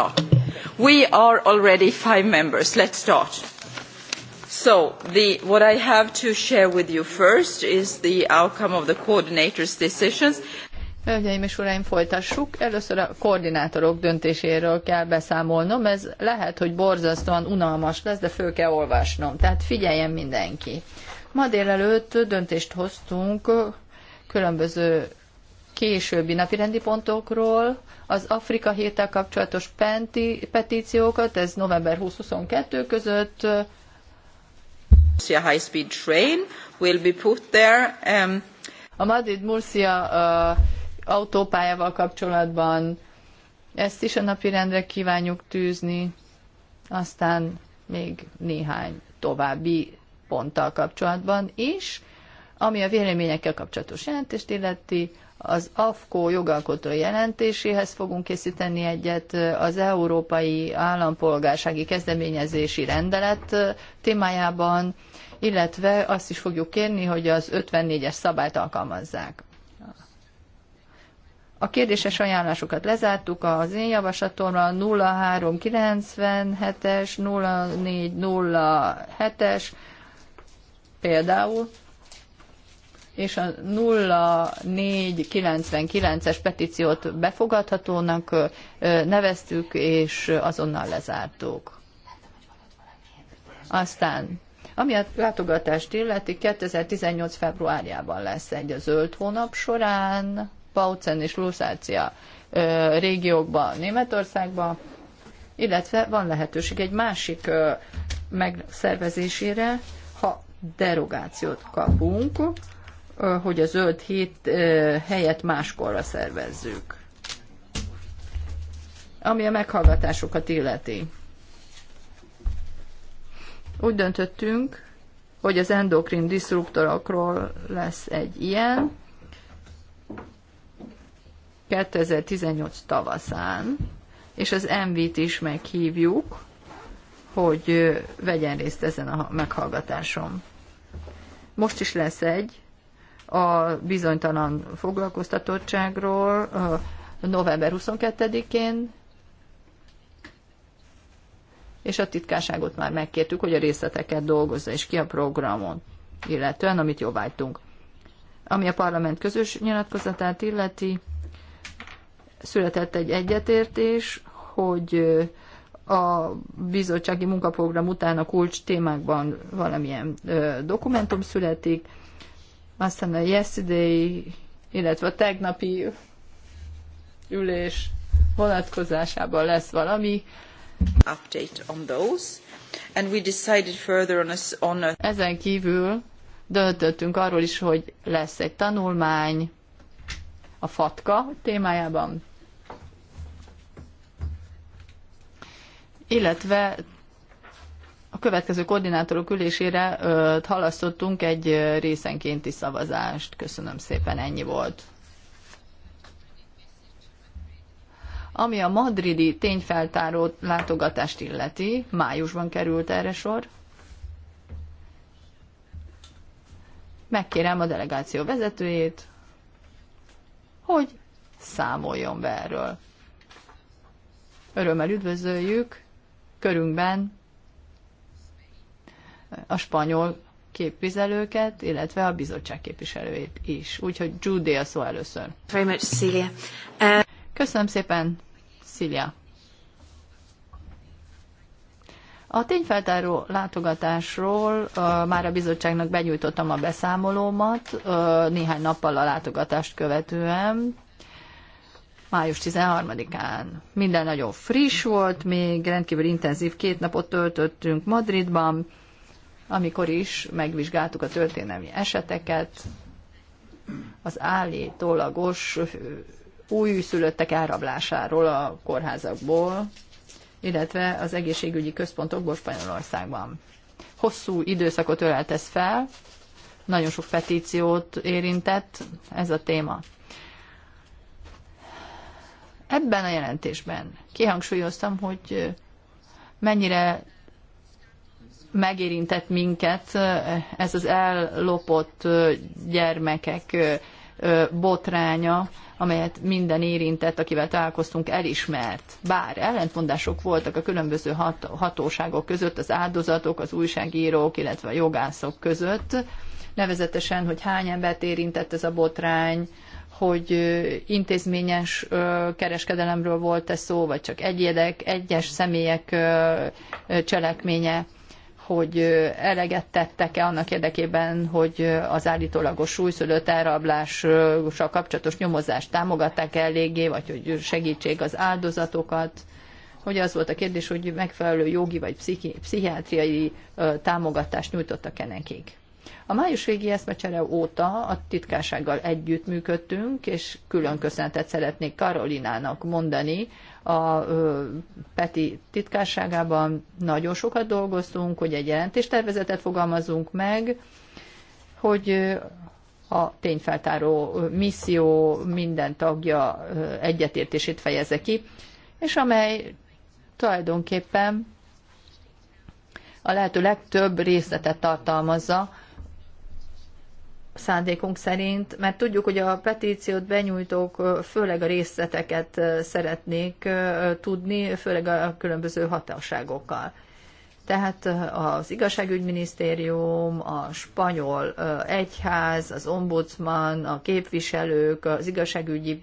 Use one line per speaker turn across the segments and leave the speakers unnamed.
start. We are already five members. Let's start. So, the, what I have to share with you first is the outcome of the coordinators' decisions.
Hölgyeim és uraim, folytassuk. Először a koordinátorok döntéséről kell beszámolnom. Ez lehet, hogy borzasztóan unalmas lesz, de föl kell olvasnom. Tehát figyeljen mindenki. Ma délelőtt döntést hoztunk különböző későbbi napirendi pontokról, az Afrika héttel kapcsolatos penti, petíciókat, ez november 20-22 között.
High speed train will be put there. Um...
A Madrid-Murcia uh, autópályával kapcsolatban ezt is a napirendre kívánjuk tűzni, aztán még néhány további ponttal kapcsolatban is, ami a véleményekkel kapcsolatos jelentést illeti, az AFKO jogalkotó jelentéséhez fogunk készíteni egyet az Európai Állampolgársági Kezdeményezési Rendelet témájában, illetve azt is fogjuk kérni, hogy az 54-es szabályt alkalmazzák. A kérdéses ajánlásokat lezártuk, az én javaslatomra 0397-es, 0407-es például, és a 0499-es petíciót befogadhatónak neveztük, és azonnal lezártuk. Aztán, ami a látogatást illeti, 2018. februárjában lesz egy a zöld hónap során, Paucen és Lusácia régiókban, Németországban, illetve van lehetőség egy másik megszervezésére, ha derogációt kapunk, hogy a zöld hét helyet máskorra szervezzük. Ami a meghallgatásokat illeti. Úgy döntöttünk, hogy az endokrin diszruptorokról lesz egy ilyen 2018 tavaszán, és az MV-t is meghívjuk, hogy vegyen részt ezen a meghallgatáson. Most is lesz egy, a bizonytalan foglalkoztatottságról november 22-én, és a titkárságot már megkértük, hogy a részleteket dolgozza és ki a programon, illetően amit jóvágytunk. Ami a parlament közös nyilatkozatát illeti, született egy egyetértés, hogy a bizottsági munkaprogram után a kulcs témákban valamilyen dokumentum születik, aztán a yesterday, illetve a tegnapi ülés
vonatkozásában lesz valami. Update on those. And we decided further on a, on a...
Ezen kívül döntöttünk arról is, hogy lesz egy tanulmány a fatka témájában, illetve következő koordinátorok ülésére halasztottunk egy részenkénti szavazást. Köszönöm szépen, ennyi volt. Ami a madridi tényfeltáró látogatást illeti, májusban került erre sor. Megkérem a delegáció vezetőjét, hogy számoljon be erről. Örömmel üdvözöljük körünkben a spanyol képviselőket, illetve a bizottság képviselőit is. Úgyhogy Judy a szó először. Very much, Cecilia. Uh... Köszönöm szépen, Szilja. A tényfeltáró látogatásról uh, már a bizottságnak benyújtottam a beszámolómat uh, néhány nappal a látogatást követően, május 13-án. Minden nagyon friss volt, még rendkívül intenzív két napot töltöttünk Madridban, amikor is megvizsgáltuk a történelmi eseteket, az állítólagos újszülöttek elrablásáról a kórházakból, illetve az egészségügyi központokból Spanyolországban. Hosszú időszakot ölelt ez fel, nagyon sok petíciót érintett ez a téma. Ebben a jelentésben kihangsúlyoztam, hogy mennyire megérintett minket ez az ellopott gyermekek botránya, amelyet minden érintett, akivel találkoztunk, elismert. Bár ellentmondások voltak a különböző hat- hatóságok között, az áldozatok, az újságírók, illetve a jogászok között, nevezetesen, hogy hány embert érintett ez a botrány, hogy intézményes kereskedelemről volt-e szó, vagy csak egyedek, egyes személyek cselekménye hogy eleget tettek-e annak érdekében, hogy az állítólagos újszülött elrablással kapcsolatos nyomozást támogatták eléggé, vagy hogy segítség az áldozatokat. Hogy az volt a kérdés, hogy megfelelő jogi vagy pszichi- pszichiátriai támogatást nyújtottak-e nekik. A május végi eszmecsere óta a titkársággal együttműködtünk, és külön köszönetet szeretnék Karolinának mondani, a Peti titkárságában nagyon sokat dolgoztunk, hogy egy jelentéstervezetet fogalmazunk meg, hogy a tényfeltáró misszió minden tagja egyetértését fejeze ki, és amely tulajdonképpen a lehető legtöbb részletet tartalmazza szándékunk szerint, mert tudjuk, hogy a petíciót benyújtók főleg a részleteket szeretnék tudni, főleg a különböző hatóságokkal. Tehát az igazságügyminisztérium, a spanyol egyház, az ombudsman, a képviselők, az igazságügyi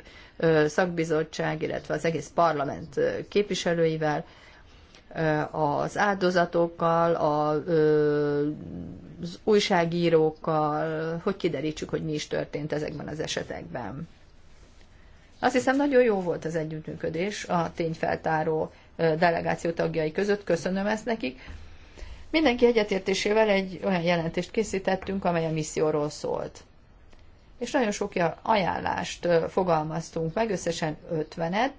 szakbizottság, illetve az egész parlament képviselőivel, az áldozatokkal, az újságírókkal, hogy kiderítsük, hogy mi is történt ezekben az esetekben. Azt hiszem, nagyon jó volt az együttműködés a tényfeltáró delegáció tagjai között. Köszönöm ezt nekik. Mindenki egyetértésével egy olyan jelentést készítettünk, amely a misszióról szólt. És nagyon sok ajánlást fogalmaztunk meg, összesen 50-et,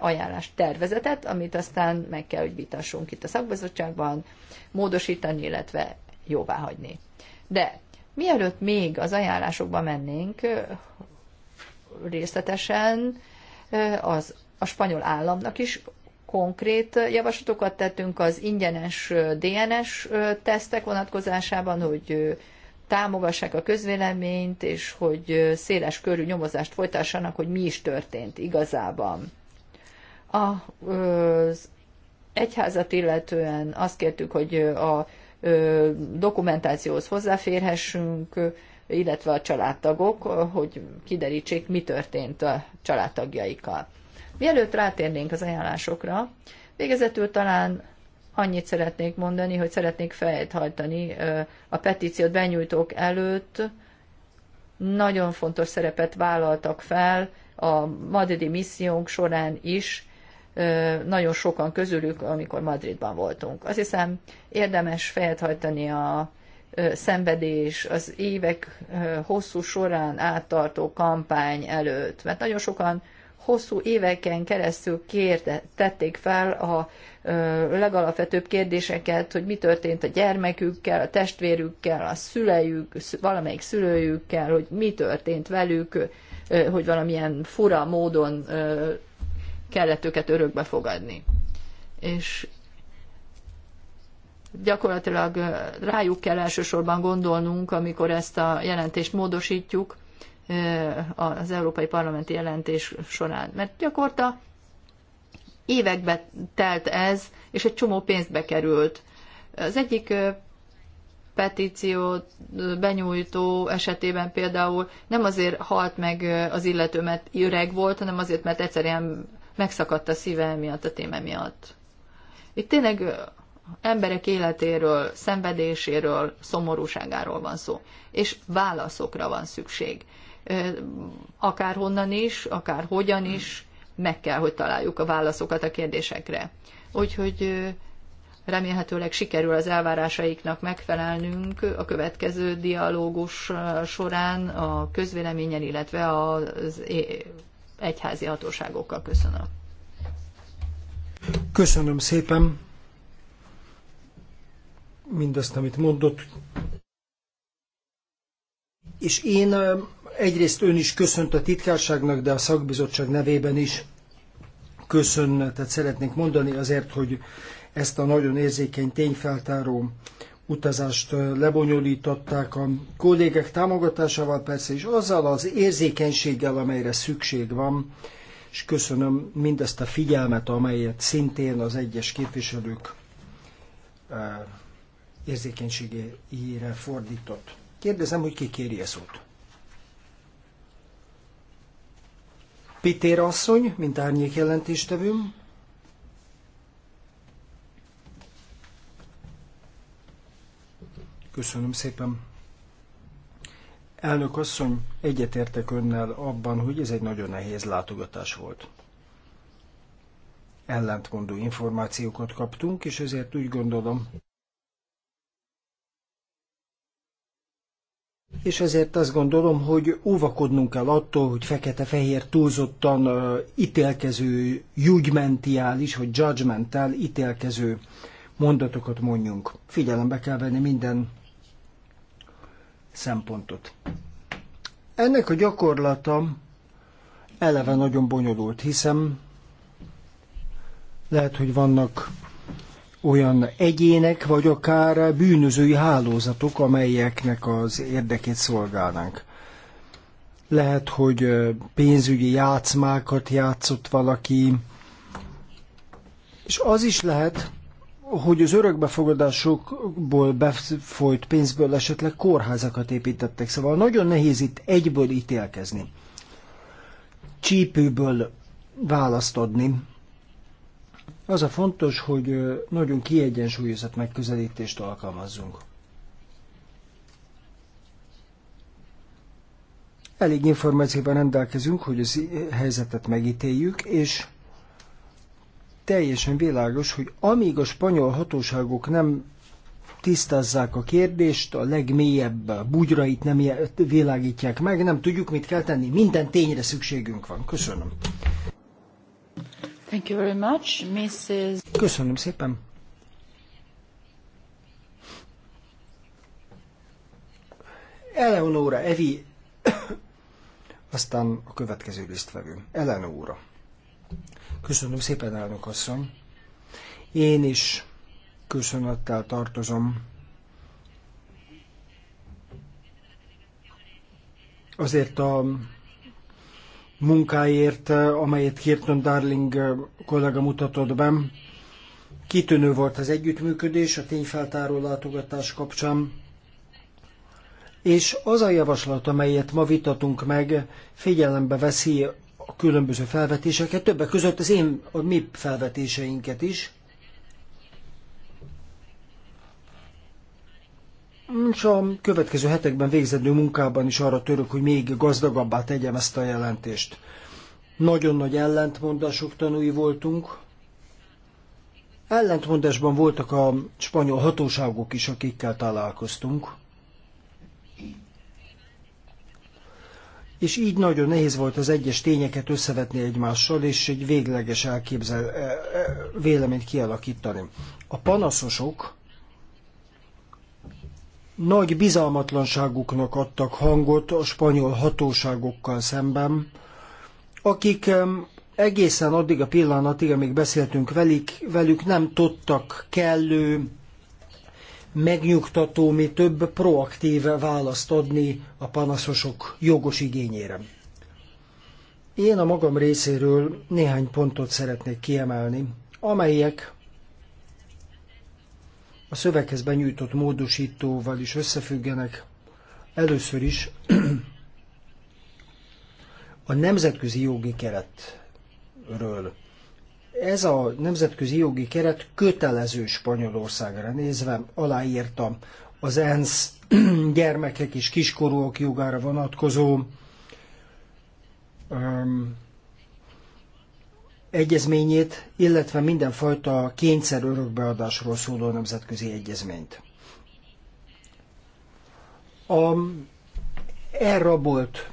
ajánlást tervezetet, amit aztán meg kell, hogy vitassunk itt a szakbizottságban, módosítani, illetve jóvá hagyni. De mielőtt még az ajánlásokba mennénk részletesen, az a spanyol államnak is konkrét javaslatokat tettünk az ingyenes DNS tesztek vonatkozásában, hogy támogassák a közvéleményt, és hogy széles körű nyomozást folytassanak, hogy mi is történt igazában. Az egyházat illetően azt kértük, hogy a dokumentációhoz hozzáférhessünk, illetve a családtagok, hogy kiderítsék, mi történt a családtagjaikkal. Mielőtt rátérnénk az ajánlásokra, végezetül talán annyit szeretnék mondani, hogy szeretnék fejthajtani a petíciót benyújtók előtt. Nagyon fontos szerepet vállaltak fel a madridi missziónk során is, nagyon sokan közülük, amikor Madridban voltunk. Azt hiszem érdemes felhajtani a szenvedés, az évek hosszú során áttartó kampány előtt, mert nagyon sokan hosszú éveken keresztül kérde, tették fel a legalapvetőbb kérdéseket, hogy mi történt a gyermekükkel, a testvérükkel, a szülejük, valamelyik szülőjükkel, hogy mi történt velük, hogy valamilyen fura módon kellett őket örökbe fogadni. És gyakorlatilag rájuk kell elsősorban gondolnunk, amikor ezt a jelentést módosítjuk, az Európai Parlamenti jelentés során. Mert gyakorta évekbe telt ez, és egy csomó pénzt bekerült. Az egyik petíció benyújtó esetében például nem azért halt meg az illető, mert öreg volt, hanem azért, mert egyszerűen megszakadt a szíve miatt, a téma miatt. Itt tényleg emberek életéről, szenvedéséről, szomorúságáról van szó, és válaszokra van szükség akárhonnan is, akár hogyan is, meg kell, hogy találjuk a válaszokat a kérdésekre. Úgyhogy remélhetőleg sikerül az elvárásaiknak megfelelnünk a következő dialógus során a közvéleményen, illetve az egyházi hatóságokkal. Köszönöm.
Köszönöm szépen mindazt, amit mondott. És én egyrészt ön is köszönt a titkárságnak, de a szakbizottság nevében is köszönetet szeretnék mondani azért, hogy ezt a nagyon érzékeny tényfeltáró utazást lebonyolították a kollégek támogatásával persze, és azzal az érzékenységgel, amelyre szükség van, és köszönöm mindezt a figyelmet, amelyet szintén az egyes képviselők érzékenységére fordított. Kérdezem, hogy ki kéri a szót. Pitér asszony, mint árnyék jelentéstevőm. Köszönöm szépen. Elnök asszony, egyetértek önnel abban, hogy ez egy nagyon nehéz látogatás volt. Ellentmondó információkat kaptunk, és ezért úgy gondolom, és ezért azt gondolom, hogy óvakodnunk kell attól, hogy fekete-fehér túlzottan uh, ítélkező, judgmentiális vagy judgmental ítélkező mondatokat mondjunk. Figyelembe kell venni minden szempontot. Ennek a gyakorlata eleve nagyon bonyolult, hiszem lehet, hogy vannak olyan egyének, vagy akár bűnözői hálózatok, amelyeknek az érdekét szolgálnánk. Lehet, hogy pénzügyi játszmákat játszott valaki, és az is lehet, hogy az örökbefogadásokból befolyt pénzből esetleg kórházakat építettek, szóval nagyon nehéz itt egyből ítélkezni. Csípőből választ adni az a fontos, hogy nagyon kiegyensúlyozott megközelítést alkalmazzunk. Elég információban rendelkezünk, hogy az helyzetet megítéljük, és teljesen világos, hogy amíg a spanyol hatóságok nem tisztázzák a kérdést, a legmélyebb bugyrait nem világítják meg, nem tudjuk, mit kell tenni. Minden tényre szükségünk van. Köszönöm.
Thank you very much, Mrs.
Köszönöm szépen. Eleonora, Evi, aztán a következő résztvevő, Eleonora. Köszönöm szépen, elnök asszony. Én is köszönettel tartozom azért a munkáért, eh, amelyet Kirton Darling eh, kollega mutatott be. Kitűnő volt az együttműködés a tényfeltáró látogatás kapcsán, és az a javaslat, amelyet ma vitatunk meg, figyelembe veszi a különböző felvetéseket, többek között az én, a mi felvetéseinket is, És a következő hetekben végzendő munkában is arra török, hogy még gazdagabbá tegyem ezt a jelentést. Nagyon nagy ellentmondások tanúi voltunk. Ellentmondásban voltak a spanyol hatóságok is, akikkel találkoztunk. És így nagyon nehéz volt az egyes tényeket összevetni egymással, és egy végleges elképzel, e- e- véleményt kialakítani. A panaszosok nagy bizalmatlanságuknak adtak hangot a spanyol hatóságokkal szemben, akik egészen addig a pillanatig, amíg beszéltünk velük, velük nem tudtak kellő, megnyugtató, mi több proaktív választ adni a panaszosok jogos igényére. Én a magam részéről néhány pontot szeretnék kiemelni, amelyek a szöveghez benyújtott módosítóval is összefüggenek. Először is a nemzetközi jogi keretről. Ez a nemzetközi jogi keret kötelező Spanyolországra nézve, aláírtam az ENSZ gyermekek és kiskorúak jogára vonatkozó um, egyezményét, illetve mindenfajta kényszer örökbeadásról szóló nemzetközi egyezményt. A elrabolt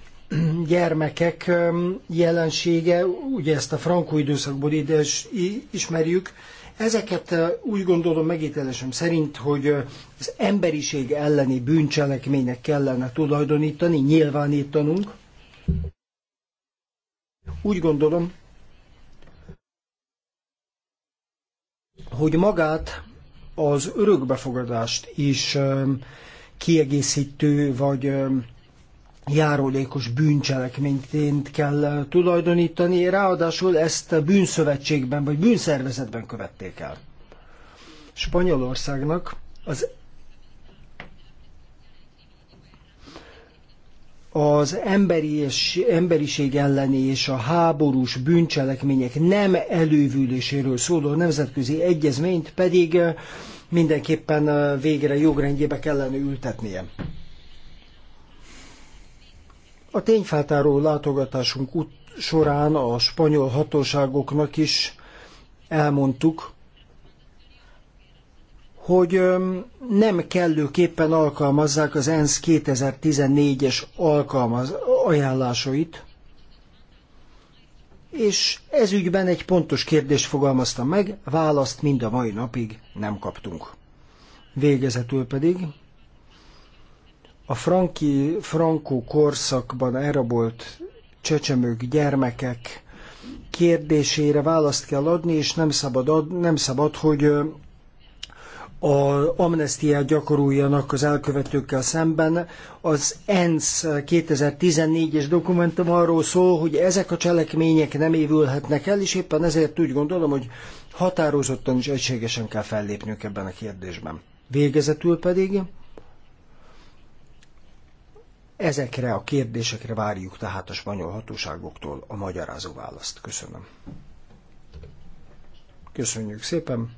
gyermekek um, jelensége, ugye ezt a frankó időszakból ide ismerjük, ezeket uh, úgy gondolom megítélésem szerint, hogy uh, az emberiség elleni bűncselekménynek kellene tulajdonítani, nyilvánítanunk. Úgy gondolom, hogy magát az örökbefogadást is kiegészítő vagy járólékos bűncselekményként kell tulajdonítani, ráadásul ezt a bűnszövetségben vagy bűnszervezetben követték el. Spanyolországnak az az emberi és, emberiség elleni és a háborús bűncselekmények nem elővüléséről szóló nemzetközi egyezményt pedig eh, mindenképpen eh, végre jogrendjébe kellene ültetnie. A tényfeltáró látogatásunk út során a spanyol hatóságoknak is elmondtuk, hogy nem kellőképpen alkalmazzák az ENSZ 2014-es alkalmaz, ajánlásait, és ez ügyben egy pontos kérdést fogalmaztam meg, választ mind a mai napig nem kaptunk. Végezetül pedig a franki, frankó korszakban elrabolt csecsemők, gyermekek kérdésére választ kell adni, és nem szabad, ad, nem szabad hogy a amnestiát gyakoroljanak az elkövetőkkel szemben. Az ENSZ 2014-es dokumentum arról szól, hogy ezek a cselekmények nem évülhetnek el, és éppen ezért úgy gondolom, hogy határozottan és egységesen kell fellépnünk ebben a kérdésben. Végezetül pedig ezekre a kérdésekre várjuk tehát a spanyol hatóságoktól a magyarázó választ. Köszönöm. Köszönjük szépen!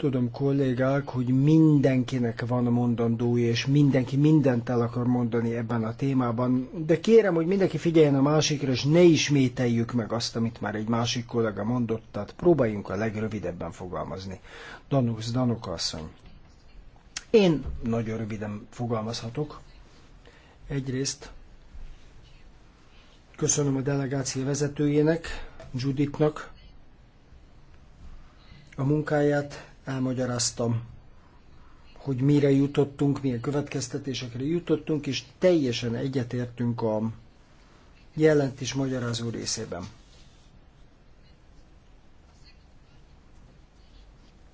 Tudom, kollégák, hogy mindenkinek van mondandója, és mindenki mindent el akar mondani ebben a témában, de kérem, hogy mindenki figyeljen a másikra, és ne ismételjük meg azt, amit már egy másik kollega mondott, tehát próbáljunk a legrövidebben fogalmazni. Danusz, Danuka asszony. Én nagyon röviden fogalmazhatok. Egyrészt köszönöm a delegáció vezetőjének, Juditnak, a munkáját, elmagyaráztam, hogy mire jutottunk, milyen következtetésekre jutottunk, és teljesen egyetértünk a jelentés magyarázó részében.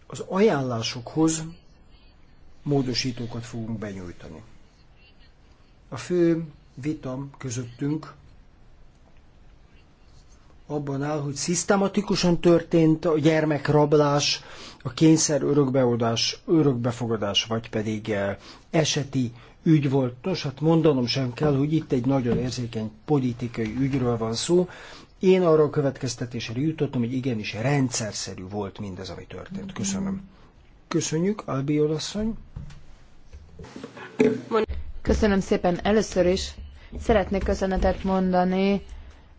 Az ajánlásokhoz módosítókat fogunk benyújtani. A fő vitam közöttünk abban áll, hogy szisztematikusan történt a gyermekrablás, a kényszer örökbeoldás, örökbefogadás, vagy pedig eh, eseti ügy volt. Nos, hát mondanom sem kell, hogy itt egy nagyon érzékeny politikai ügyről van szó. Én arra a következtetésre jutottam, hogy igenis rendszerszerű volt mindez, ami történt. Köszönöm. Köszönjük, Albi asszony.
Köszönöm szépen. Először is szeretnék köszönetet mondani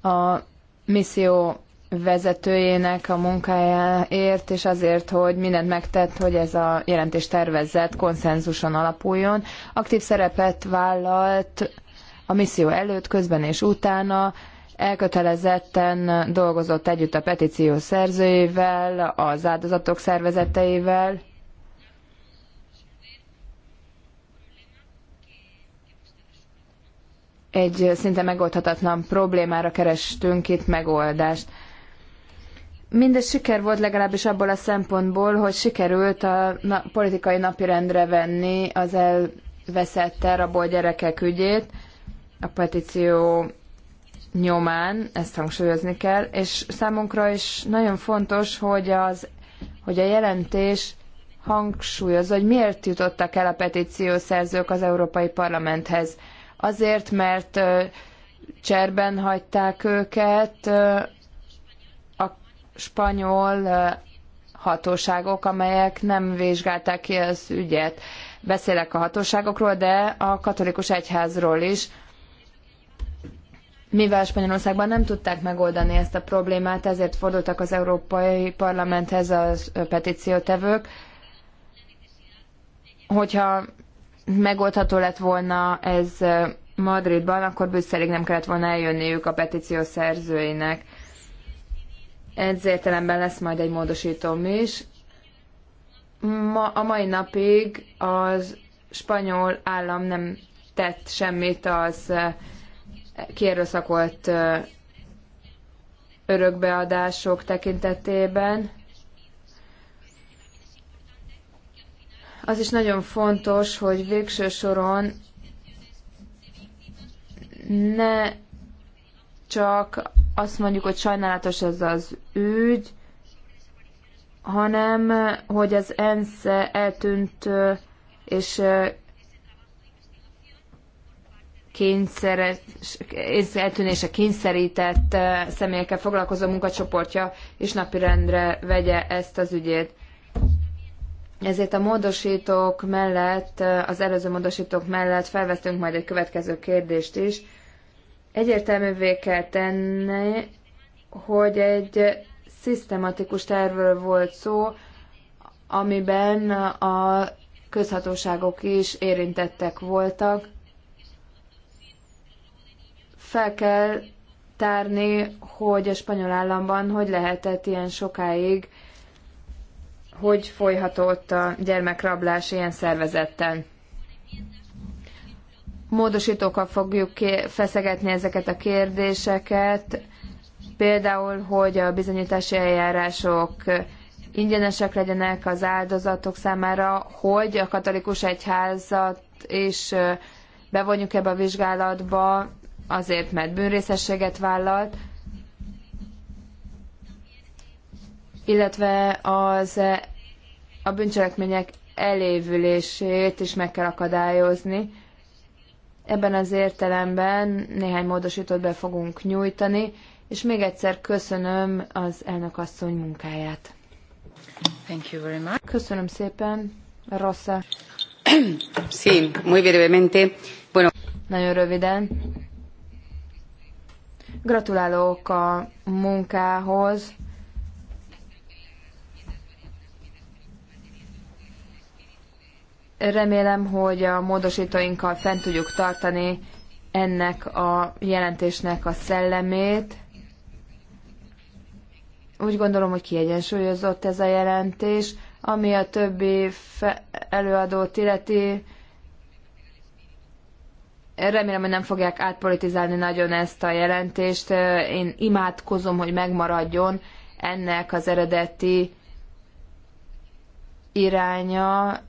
a misszió vezetőjének a munkájáért, és azért, hogy mindent megtett, hogy ez a jelentés tervezett konszenzuson alapuljon. Aktív szerepet vállalt a misszió előtt, közben és utána, elkötelezetten dolgozott együtt a petíció szerzőivel, az áldozatok szervezeteivel, egy szinte megoldhatatlan problémára kerestünk itt megoldást. Mindez siker volt legalábbis abból a szempontból, hogy sikerült a na- politikai napirendre venni az elveszett rabol gyerekek ügyét a petíció nyomán, ezt hangsúlyozni kell, és számunkra is nagyon fontos, hogy, az, hogy a jelentés hangsúlyozza, hogy miért jutottak el a petíció szerzők az Európai Parlamenthez azért, mert cserben hagyták őket a spanyol hatóságok, amelyek nem vizsgálták ki az ügyet. Beszélek a hatóságokról, de a katolikus egyházról is. Mivel Spanyolországban nem tudták megoldani ezt a problémát, ezért fordultak az Európai Parlamenthez a petíciótevők, hogyha megoldható lett volna ez Madridban, akkor Brüsszelig nem kellett volna eljönniük a petíció szerzőinek. Ez értelemben lesz majd egy módosítom is. Ma, a mai napig az spanyol állam nem tett semmit az kierőszakolt örökbeadások tekintetében. Az is nagyon fontos, hogy végső soron ne csak azt mondjuk, hogy sajnálatos ez az ügy, hanem hogy az ENSZ eltűnt és kényszeres, eltűnése kényszerített személyekkel foglalkozó munkacsoportja és napirendre vegye ezt az ügyét. Ezért a módosítók mellett, az előző módosítók mellett felvettünk majd egy következő kérdést is. Egyértelművé kell tenni, hogy egy szisztematikus tervről volt szó, amiben a közhatóságok is érintettek voltak. Fel kell tárni, hogy a spanyol államban hogy lehetett ilyen sokáig hogy folyhatott a gyermekrablás ilyen szervezetten. Módosítókkal fogjuk feszegetni ezeket a kérdéseket, például, hogy a bizonyítási eljárások ingyenesek legyenek az áldozatok számára, hogy a katolikus egyházat és bevonjuk ebbe a vizsgálatba, azért, mert bűnrészességet vállalt, illetve az eh, a bűncselekmények elévülését is meg kell akadályozni. Ebben az értelemben néhány módosítót be fogunk nyújtani, és még egyszer köszönöm az elnökasszony munkáját. Thank you very much. Köszönöm szépen, Rossa.
sí, muy brevemente. Bueno.
Nagyon röviden. Gratulálok a munkához Remélem, hogy a módosítóinkkal fent tudjuk tartani ennek a jelentésnek a szellemét. Úgy gondolom, hogy kiegyensúlyozott ez a jelentés, ami a többi előadót illeti. Remélem, hogy nem fogják átpolitizálni nagyon ezt a jelentést. Én imádkozom, hogy megmaradjon ennek az eredeti iránya,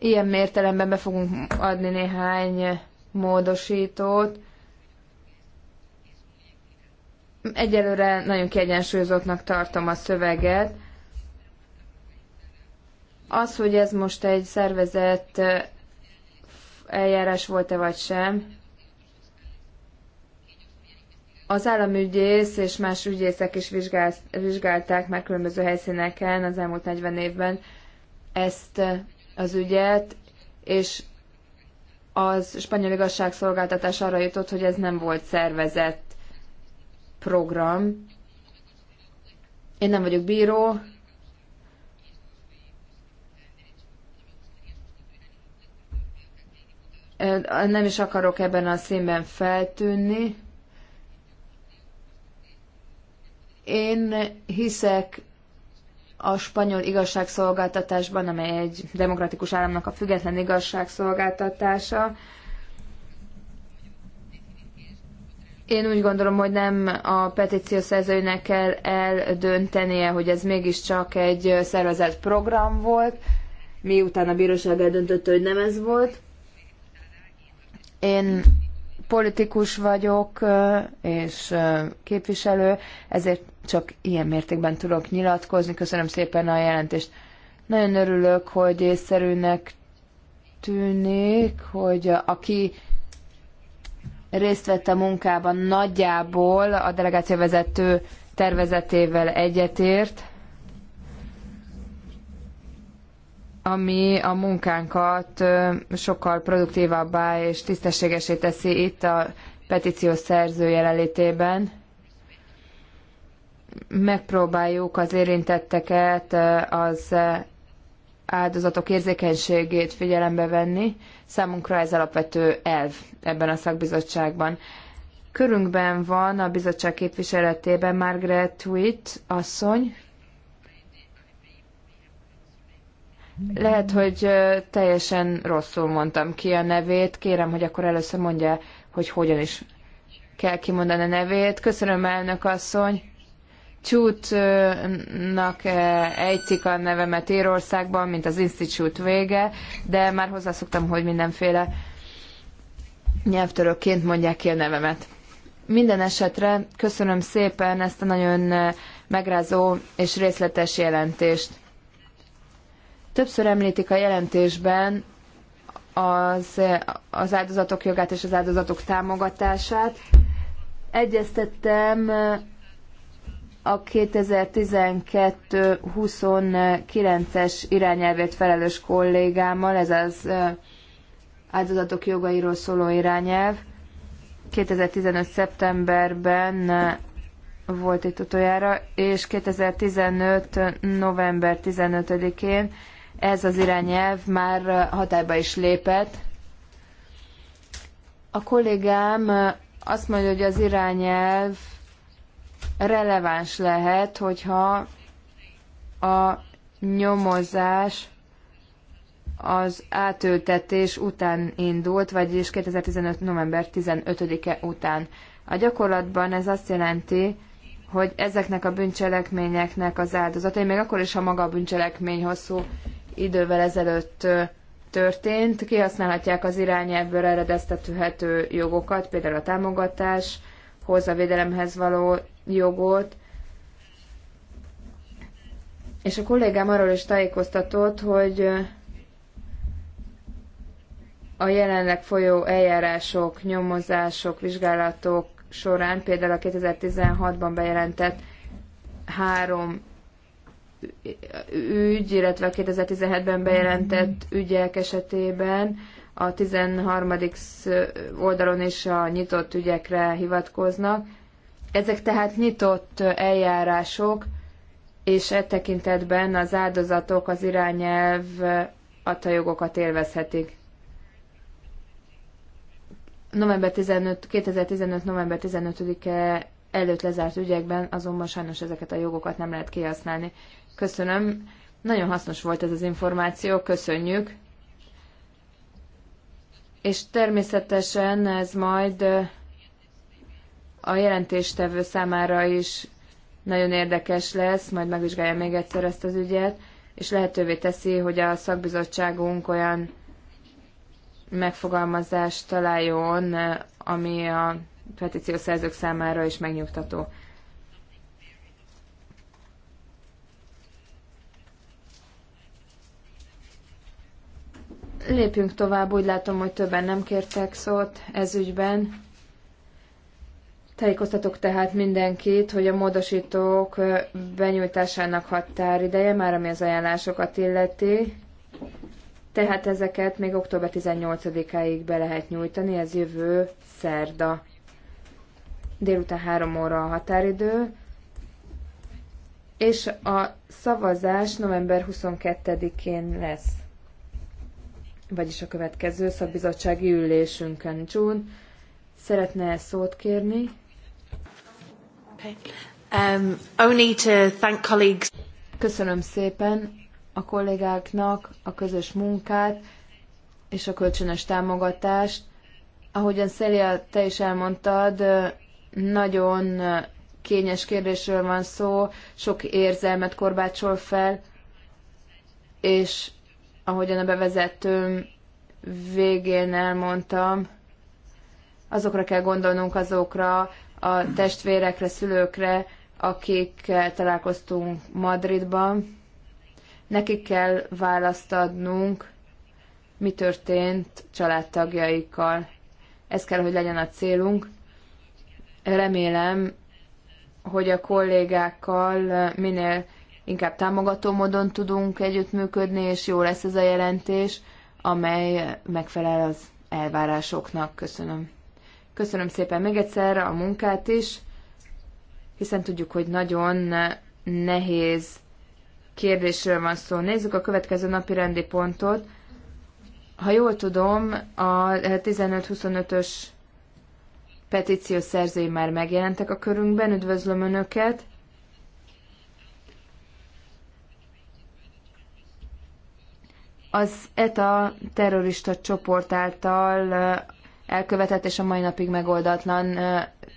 Ilyen mértelemben be fogunk adni néhány módosítót. Egyelőre nagyon kiegyensúlyozottnak tartom a szöveget. Az, hogy ez most egy szervezett eljárás volt-e vagy sem, az államügyész és más ügyészek is vizsgálták már különböző helyszíneken az elmúlt 40 évben ezt az ügyet, és az spanyol igazságszolgáltatás arra jutott, hogy ez nem volt szervezett program. Én nem vagyok bíró, nem is akarok ebben a színben feltűnni. Én hiszek a spanyol igazságszolgáltatásban, amely egy demokratikus államnak a független igazságszolgáltatása. Én úgy gondolom, hogy nem a petíció szerzőjének kell eldöntenie, hogy ez mégiscsak egy szervezett program volt, miután a bíróság eldöntött, hogy nem ez volt. Én politikus vagyok, és képviselő, ezért csak ilyen mértékben tudok nyilatkozni. Köszönöm szépen a jelentést. Nagyon örülök, hogy észszerűnek tűnik, hogy aki részt vett a munkában nagyjából a delegáció vezető tervezetével egyetért, ami a munkánkat sokkal produktívabbá és tisztességesé teszi itt a petíció szerző jelenlétében megpróbáljuk az érintetteket, az áldozatok érzékenységét figyelembe venni. Számunkra ez alapvető elv ebben a szakbizottságban. Körünkben van a bizottság képviseletében Margaret Witt asszony. Lehet, hogy teljesen rosszul mondtam ki a nevét. Kérem, hogy akkor először mondja, hogy hogyan is kell kimondani a nevét. Köszönöm, elnök asszony. Csútnak egy eh, cikk a nevemet Írországban, mint az Institute vége, de már hozzászoktam, hogy mindenféle nyelvtörőként mondják ki a nevemet. Minden esetre köszönöm szépen ezt a nagyon eh, megrázó és részletes jelentést. Többször említik a jelentésben az, eh, az áldozatok jogát és az áldozatok támogatását. Egyeztettem a 2012-29-es irányelvét felelős kollégámmal, ez az áldozatok jogairól szóló irányelv. 2015. szeptemberben volt itt utoljára, és 2015. november 15-én ez az irányelv már hatályba is lépett. A kollégám azt mondja, hogy az irányelv releváns lehet, hogyha a nyomozás az átültetés után indult, vagyis 2015. november 15-e után. A gyakorlatban ez azt jelenti, hogy ezeknek a bűncselekményeknek az áldozatai, még akkor is, ha maga a bűncselekmény hosszú idővel ezelőtt történt, kihasználhatják az irányelvből eredeztethető jogokat, például a támogatáshoz, a védelemhez való jogot, és a kollégám arról is tájékoztatott, hogy a jelenleg folyó eljárások, nyomozások, vizsgálatok során, például a 2016-ban bejelentett három ügy, illetve a 2017-ben bejelentett ügyek esetében a 13. oldalon is a nyitott ügyekre hivatkoznak, ezek tehát nyitott eljárások, és e tekintetben az áldozatok az irányelv adta jogokat élvezhetik. November 15, 2015. november 15-e előtt lezárt ügyekben azonban sajnos ezeket a jogokat nem lehet kihasználni. Köszönöm. Nagyon hasznos volt ez az információ, köszönjük. És természetesen ez majd a jelentéstevő számára is nagyon érdekes lesz, majd megvizsgálja még egyszer ezt az ügyet, és lehetővé teszi, hogy a szakbizottságunk olyan megfogalmazást találjon, ami a petíciószerzők számára is megnyugtató. Lépjünk tovább, úgy látom, hogy többen nem kértek szót ez ügyben. Tájékoztatok tehát mindenkit, hogy a módosítók benyújtásának határideje már, ami az ajánlásokat illeti, tehát ezeket még október 18-áig be lehet nyújtani, ez jövő szerda. Délután 3 óra a határidő, és a szavazás november 22-én lesz, vagyis a következő szakbizottsági ülésünkön. June szeretne szót kérni. Um, only to thank colleagues. Köszönöm szépen a kollégáknak a közös munkát és a kölcsönös támogatást. Ahogyan Celia, te is elmondtad, nagyon kényes kérdésről van szó, sok érzelmet korbácsol fel, és ahogyan a bevezetőm végén elmondtam, azokra kell gondolnunk azokra, a testvérekre, szülőkre, akikkel találkoztunk Madridban. Nekik kell választ adnunk, mi történt családtagjaikkal. Ez kell, hogy legyen a célunk. Remélem, hogy a kollégákkal minél inkább támogató módon tudunk együttműködni, és jó lesz ez a jelentés, amely megfelel az elvárásoknak. Köszönöm. Köszönöm szépen még egyszer a munkát is, hiszen tudjuk, hogy nagyon nehéz kérdésről van szó. Nézzük a következő napi rendi pontot. Ha jól tudom, a 15-25-ös petíció szerzői már megjelentek a körünkben. Üdvözlöm Önöket! Az ETA terrorista csoport által elkövetett és a mai napig megoldatlan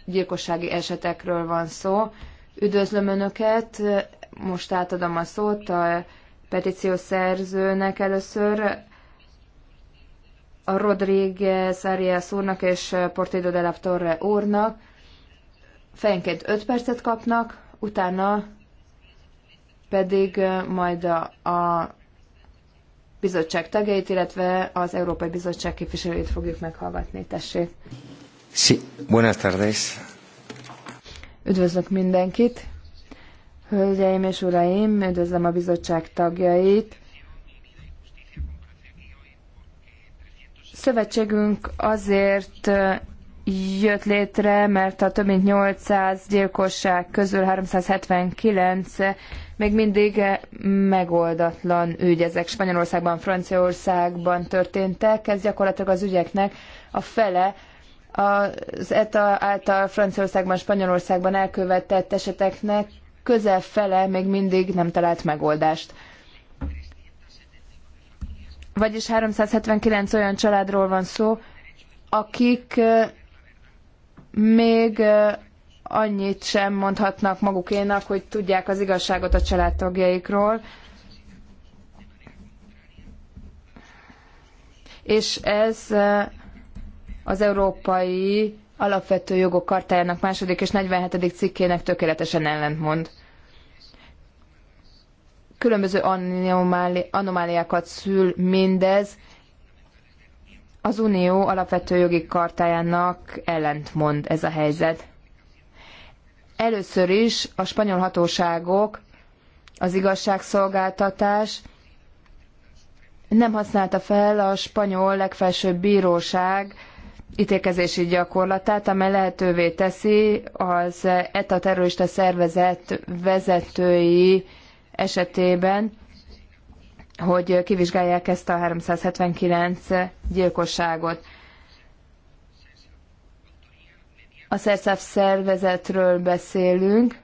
gyilkossági esetekről van szó. Üdvözlöm Önöket, most átadom a szót a petíció szerzőnek először, a Rodríguez Arias úrnak és Portido de la Torre úrnak. Fejenként 5 percet kapnak, utána pedig majd a, a bizottság tagjait, illetve az Európai Bizottság képviselőit fogjuk meghallgatni. Tessék.
Sí, buenas tardes.
Üdvözlök mindenkit. Hölgyeim és uraim, üdvözlöm a bizottság tagjait. Szövetségünk azért jött létre, mert a több mint 800 gyilkosság közül 379 még mindig eh, megoldatlan ügy. Ezek Spanyolországban, Franciaországban történtek. Ez gyakorlatilag az ügyeknek a fele az ETA által Franciaországban, Spanyolországban elkövetett eseteknek közel fele még mindig nem talált megoldást. Vagyis 379 olyan családról van szó, akik eh, még eh, annyit sem mondhatnak magukénak, hogy tudják az igazságot a családtagjaikról. És ez eh, az európai alapvető jogok kartájának második és 47. cikkének tökéletesen ellentmond. Különböző anomáliákat szül mindez, az Unió alapvető jogi kartájának ellentmond ez a helyzet. Először is a spanyol hatóságok, az igazságszolgáltatás nem használta fel a spanyol legfelsőbb bíróság ítélkezési gyakorlatát, amely lehetővé teszi az ETA terrorista szervezet vezetői esetében, hogy kivizsgálják ezt a 379 gyilkosságot. a szerszáv szervezetről beszélünk.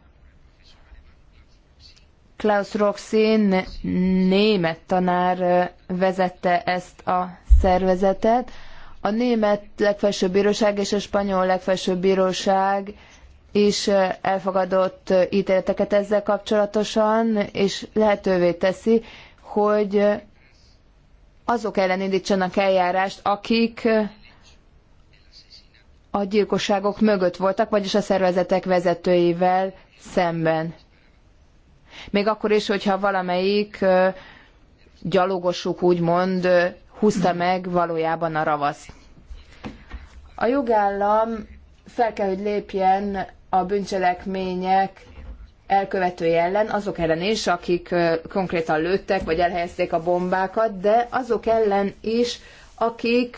Klaus Roxin német tanár vezette ezt a szervezetet. A német legfelsőbb bíróság és a spanyol legfelsőbb bíróság is elfogadott ítéleteket ezzel kapcsolatosan, és lehetővé teszi, hogy azok ellen indítsanak eljárást, akik a gyilkosságok mögött voltak, vagyis a szervezetek vezetőivel szemben. Még akkor is, hogyha valamelyik gyalogosuk úgymond húzta meg valójában a ravasz. A jogállam fel kell, hogy lépjen a bűncselekmények elkövetői ellen, azok ellen is, akik konkrétan lőttek, vagy elhelyezték a bombákat, de azok ellen is, akik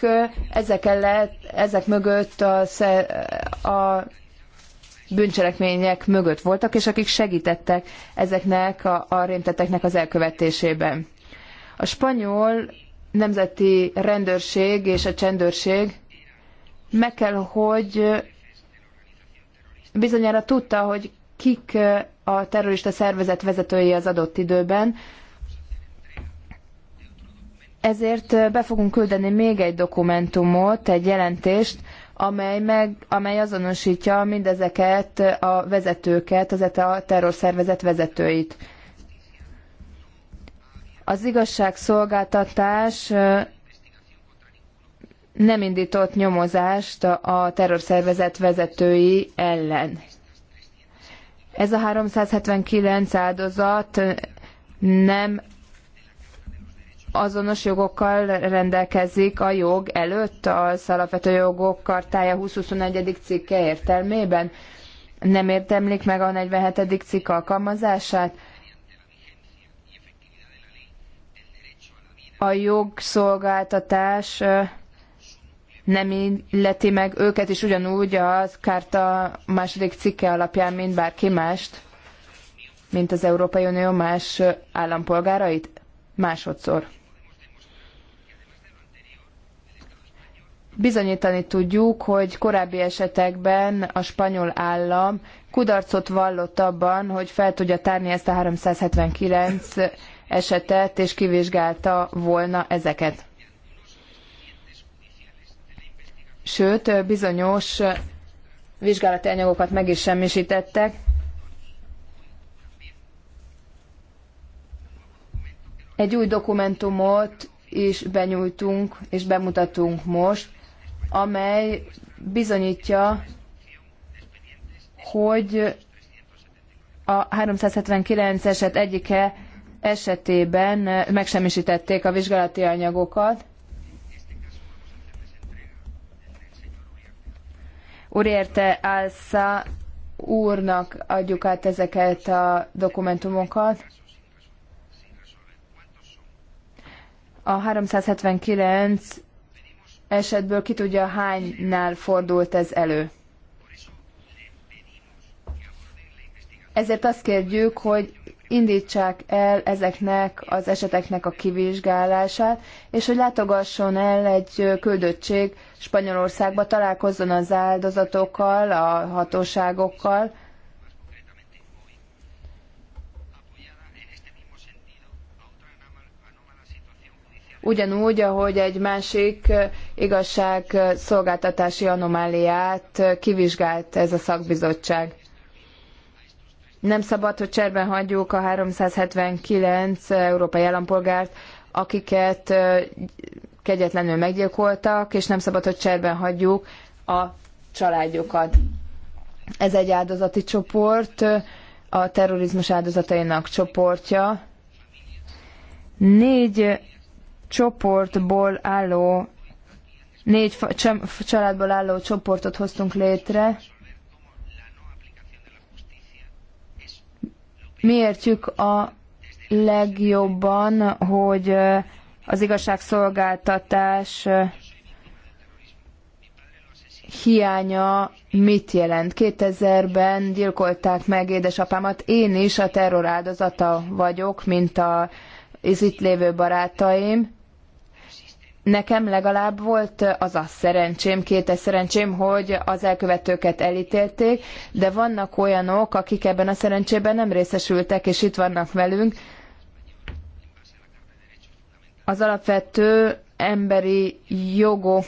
ezek, ellen, ezek mögött a, a bűncselekmények mögött voltak, és akik segítettek ezeknek a, a rémteteknek az elkövetésében. A spanyol nemzeti rendőrség és a csendőrség meg kell, hogy bizonyára tudta, hogy kik a terrorista szervezet vezetői az adott időben, ezért be fogunk küldeni még egy dokumentumot, egy jelentést, amely, meg, amely azonosítja mindezeket a vezetőket, az a terrorszervezet vezetőit. Az igazságszolgáltatás nem indított nyomozást a terrorszervezet vezetői ellen. Ez a 379 áldozat nem azonos jogokkal rendelkezik a jog előtt az alapvető jogok kartája 20 cikke értelmében. Nem értemlik meg a 47. cikk alkalmazását? A jogszolgáltatás nem illeti meg őket is ugyanúgy a kárta második cikke alapján, mint bárki mást, mint az Európai Unió más állampolgárait? Másodszor. bizonyítani tudjuk, hogy korábbi esetekben a spanyol állam kudarcot vallott abban, hogy fel tudja tárni ezt a 379 esetet, és kivizsgálta volna ezeket. Sőt, bizonyos vizsgálati anyagokat meg is semmisítettek. Egy új dokumentumot is benyújtunk és bemutatunk most, amely bizonyítja, hogy a 379 eset egyike esetében megsemmisítették a vizsgálati anyagokat. Urierte Álsza úrnak adjuk át ezeket a dokumentumokat. A 379 esetből ki tudja hánynál fordult ez elő. Ezért azt kérjük, hogy indítsák el ezeknek az eseteknek a kivizsgálását, és hogy látogasson el egy küldöttség Spanyolországba, találkozzon az áldozatokkal, a hatóságokkal, ugyanúgy, ahogy egy másik eh, igazságszolgáltatási anomáliát eh, kivizsgált ez a szakbizottság. Nem szabad, hogy cserben hagyjuk a 379 európai állampolgárt, akiket eh, kegyetlenül meggyilkoltak, és nem szabad, hogy cserben hagyjuk a családjukat. Ez egy áldozati csoport, a terrorizmus áldozatainak csoportja. Négy csoportból álló, négy családból álló csoportot hoztunk létre. Mi értjük a legjobban, hogy az igazságszolgáltatás hiánya mit jelent. 2000-ben gyilkolták meg édesapámat, én is a terror áldozata vagyok, mint a, az itt lévő barátaim. Nekem legalább volt az a szerencsém, két szerencsém, hogy az elkövetőket elítélték, de vannak olyanok, akik ebben a szerencsében nem részesültek, és itt vannak velünk. Az alapvető emberi jogok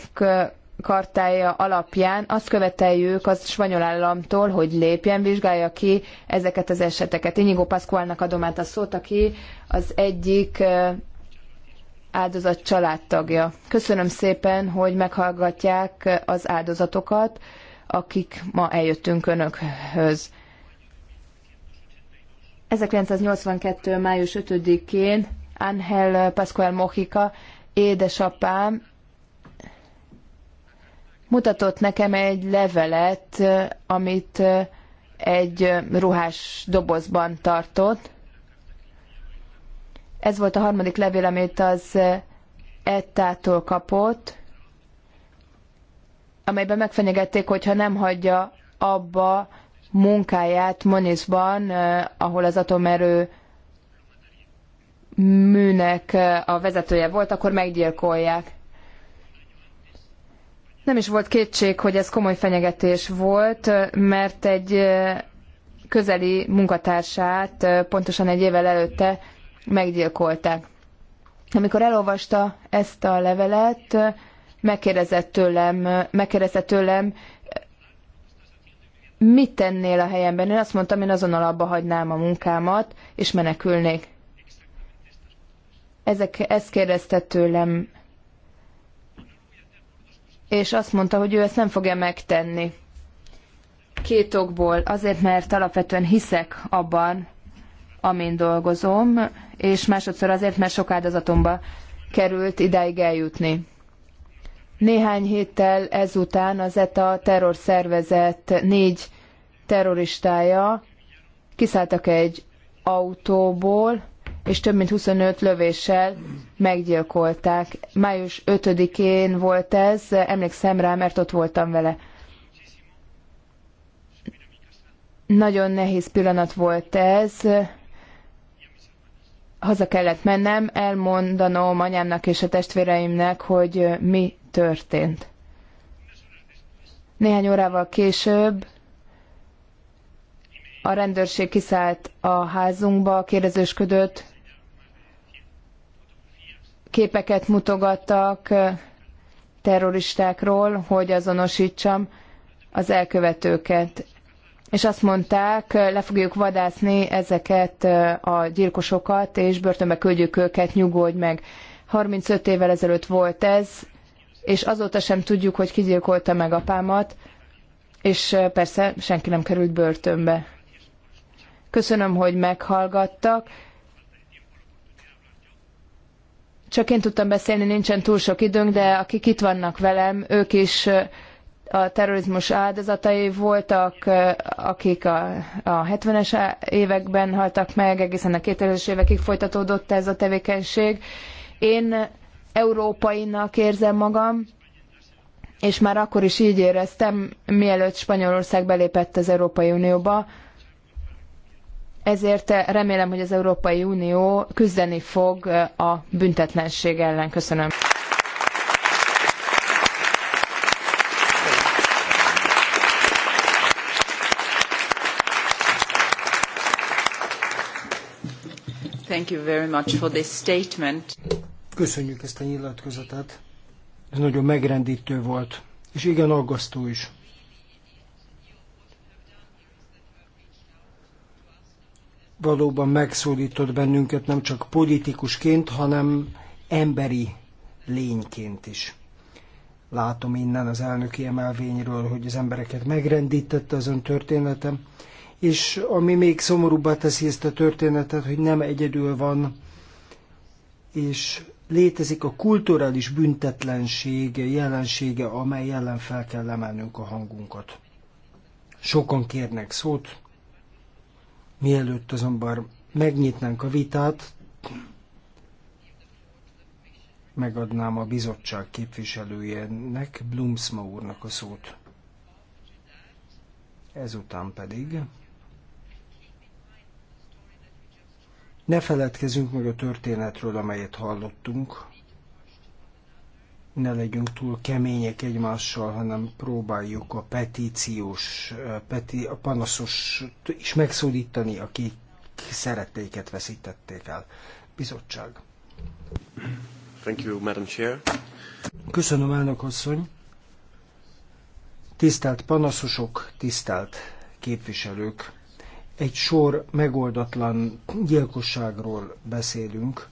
kartája alapján azt követeljük az spanyol államtól, hogy lépjen, vizsgálja ki ezeket az eseteket. Inigo Pascualnak adom át a szót, aki az egyik áldozat családtagja. Köszönöm szépen, hogy meghallgatják az áldozatokat, akik ma eljöttünk Önökhöz. 1982. május 5-én Angel Pascual Mojica, édesapám, mutatott nekem egy levelet, amit egy ruhás dobozban tartott, ez volt a harmadik levél, amit az Ettától kapott, amelyben megfenyegették, hogy ha nem hagyja abba munkáját Monisban, ahol az atomerő műnek a vezetője volt, akkor meggyilkolják. Nem is volt kétség, hogy ez komoly fenyegetés volt, mert egy közeli munkatársát pontosan egy évvel előtte meggyilkolták. Amikor elolvasta ezt a levelet, megkérdezett tőlem, megkérdezett tőlem mit tennél a helyemben? Én azt mondtam, én azonnal abba hagynám a munkámat, és menekülnék. Ezek, ezt kérdezte tőlem. És azt mondta, hogy ő ezt nem fogja megtenni. Két okból. Azért, mert alapvetően hiszek abban, amin dolgozom, és másodszor azért, mert sok áldozatomba került idáig eljutni. Néhány héttel ezután az ETA terrorszervezet négy terroristája kiszálltak egy autóból, és több mint 25 lövéssel meggyilkolták. Május 5-én volt ez, emlékszem rá, mert ott voltam vele. Nagyon nehéz pillanat volt ez, haza kellett mennem, elmondanom anyámnak és a testvéreimnek, hogy mi történt. Néhány órával később a rendőrség kiszállt a házunkba, kérdezősködött, képeket mutogattak terroristákról, hogy azonosítsam az elkövetőket és azt mondták, le fogjuk vadászni ezeket a gyilkosokat, és börtönbe küldjük őket, nyugodj meg. 35 évvel ezelőtt volt ez, és azóta sem tudjuk, hogy ki gyilkolta meg apámat, és persze senki nem került börtönbe. Köszönöm, hogy meghallgattak. Csak én tudtam beszélni, nincsen túl sok időnk, de akik itt vannak velem, ők is a terrorizmus áldozatai voltak, akik a, a 70-es években haltak meg, egészen a 2000-es évekig folytatódott ez a tevékenység. Én európainak érzem magam, és már akkor is így éreztem, mielőtt Spanyolország belépett az Európai Unióba. Ezért remélem, hogy az Európai Unió küzdeni fog a büntetlenség ellen. Köszönöm.
Thank you very much for this
statement. Köszönjük ezt a nyilatkozatát. Ez nagyon megrendítő volt, és igen aggasztó is. Valóban megszólított bennünket nem csak politikusként, hanem emberi lényként is. Látom innen az elnöki emelvényről, hogy az embereket megrendítette az ön történetem, és ami még szomorúbbá teszi ezt a történetet, hogy nem egyedül van, és létezik a kulturális büntetlenség jelensége, amely ellen fel kell emelnünk a hangunkat. Sokan kérnek szót, mielőtt azonban megnyitnánk a vitát, megadnám a bizottság képviselőjének, Blumsma úrnak a szót. Ezután pedig Ne feledkezzünk meg a történetről, amelyet hallottunk. Ne legyünk túl kemények egymással, hanem próbáljuk a petíciós, eh, peti, a panaszos is megszólítani, akik szeretteiket veszítették el. Bizottság. Thank you, Madam Chair. Köszönöm, elnök asszony. Tisztelt panaszosok, tisztelt képviselők! egy sor megoldatlan gyilkosságról beszélünk,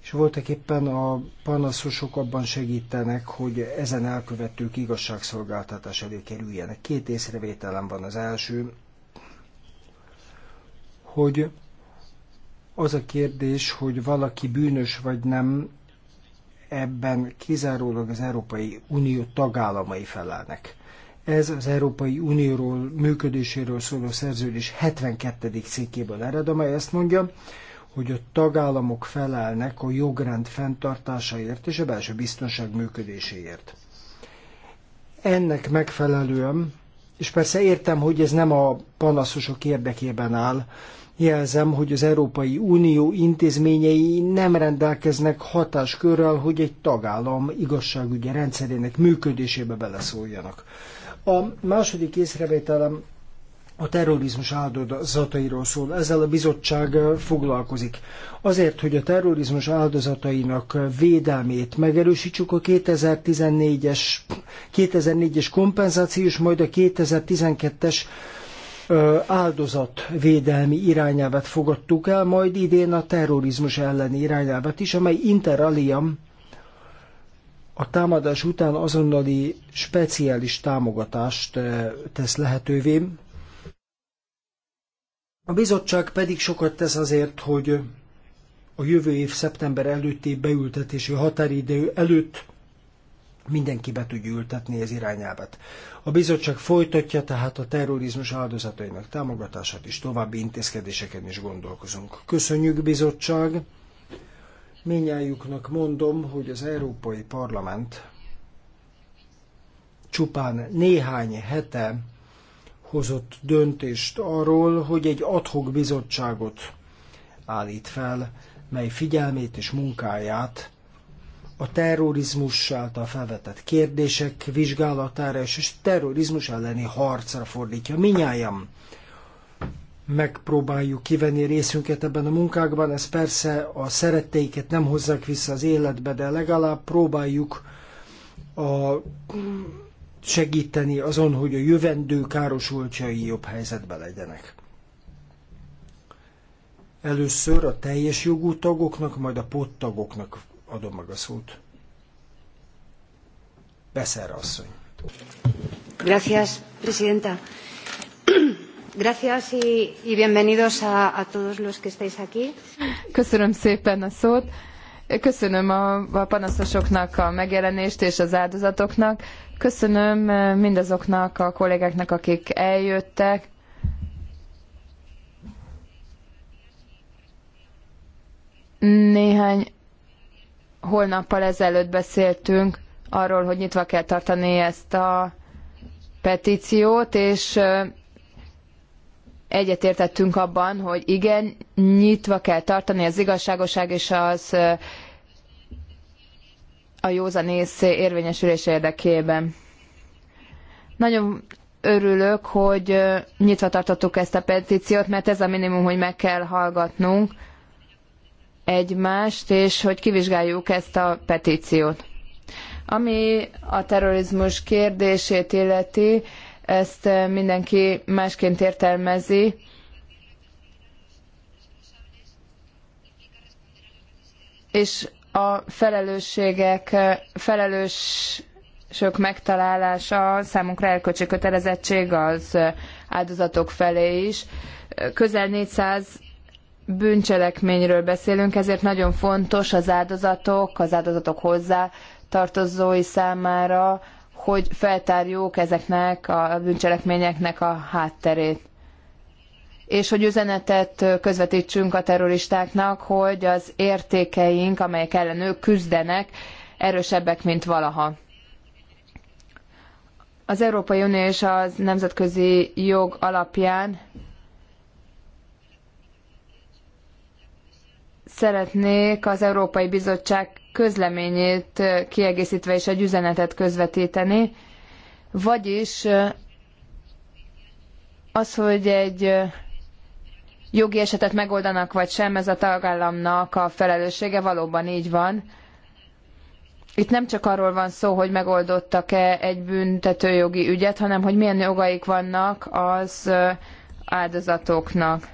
és voltak éppen a panaszosok abban segítenek, hogy ezen elkövetők igazságszolgáltatás elé kerüljenek. Két észrevételem van az első, hogy az a kérdés, hogy valaki bűnös vagy nem, ebben kizárólag az Európai Unió tagállamai felelnek. Ez az Európai Unióról működéséről szóló szerződés 72. cikkéből ered, amely ezt mondja, hogy a tagállamok felelnek a jogrend fenntartásáért és a belső biztonság működéséért. Ennek megfelelően, és persze értem, hogy ez nem a panaszosok érdekében áll, Jelzem, hogy az Európai Unió intézményei nem rendelkeznek hatáskörrel, hogy egy tagállam igazságügyi rendszerének működésébe beleszóljanak. A második észrevételem a terrorizmus áldozatairól szól. Ezzel a bizottság foglalkozik. Azért, hogy a terrorizmus áldozatainak védelmét megerősítsük a 2014-es 2004-es kompenzációs, majd a 2012-es áldozat védelmi irányelvet fogadtuk el, majd idén a terrorizmus elleni irányelvet is, amely interaliam a támadás után azonnali speciális támogatást eh, tesz lehetővé. A bizottság pedig sokat tesz azért, hogy a jövő év szeptember előtti beültetési határidő előtt mindenki be tudja ültetni az irányelvet. A bizottság folytatja tehát a terrorizmus áldozatainak támogatását és további intézkedéseken is gondolkozunk. Köszönjük bizottság! Minnyájuknak mondom, hogy az Európai Parlament csupán néhány hete hozott döntést arról, hogy egy adhok bizottságot állít fel, mely figyelmét és munkáját a terrorizmus által felvetett kérdések vizsgálatára és a terrorizmus elleni harcra fordítja. Minnyájam, megpróbáljuk kivenni részünket ebben a munkákban. Ez persze a szeretteiket nem hozzák vissza az életbe, de legalább próbáljuk a segíteni azon, hogy a jövendő károsultjai jobb helyzetben legyenek. Először a teljes jogú tagoknak, majd a pottagoknak adom meg a szót. Beszerre asszony.
Gracias, presidenta. Gracias y, y bienvenidos a, a todos los que estáis aquí.
Köszönöm szépen a szót. Köszönöm a, a panaszosoknak a megjelenést és az áldozatoknak. Köszönöm eh, mindazoknak a kollégáknak, akik eljöttek. Néhány holnappal ezelőtt beszéltünk arról, hogy nyitva kell tartani ezt a petíciót, és eh, egyetértettünk abban, hogy igen, nyitva kell tartani az igazságoság és az a józan ész érvényesülés érdekében. Nagyon örülök, hogy nyitva tartottuk ezt a petíciót, mert ez a minimum, hogy meg kell hallgatnunk egymást, és hogy kivizsgáljuk ezt a petíciót. Ami a terrorizmus kérdését illeti, ezt eh, mindenki másként értelmezi. És a felelősségek, eh, felelősök megtalálása számunkra elköcsi kötelezettség az eh, áldozatok felé is. Közel 400 bűncselekményről beszélünk, ezért nagyon fontos az áldozatok, az áldozatok hozzá tartozói számára hogy feltárjuk ezeknek a bűncselekményeknek a hátterét. És hogy üzenetet közvetítsünk a terroristáknak, hogy az értékeink, amelyek ellen ők küzdenek, erősebbek, mint valaha. Az Európai Unió és az nemzetközi jog alapján szeretnék az Európai Bizottság közleményét kiegészítve is egy üzenetet közvetíteni, vagyis eh, az, hogy egy eh, jogi esetet megoldanak vagy sem, ez a tagállamnak a felelőssége valóban így van. Itt nem csak arról van szó, hogy megoldottak-e egy büntetőjogi ügyet, hanem hogy milyen jogaik vannak az eh, áldozatoknak.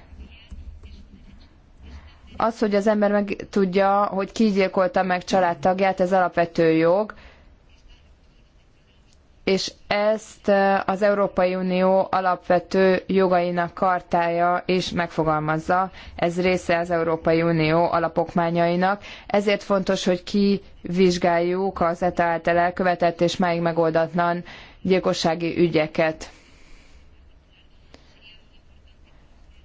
Az, hogy az ember meg tudja, hogy ki gyilkolta meg családtagját, ez alapvető jog, és ezt az Európai Unió alapvető jogainak kartája is megfogalmazza. Ez része az Európai Unió alapokmányainak. Ezért fontos, hogy kivizsgáljuk az ETA által elkövetett és máig megoldatlan gyilkossági ügyeket.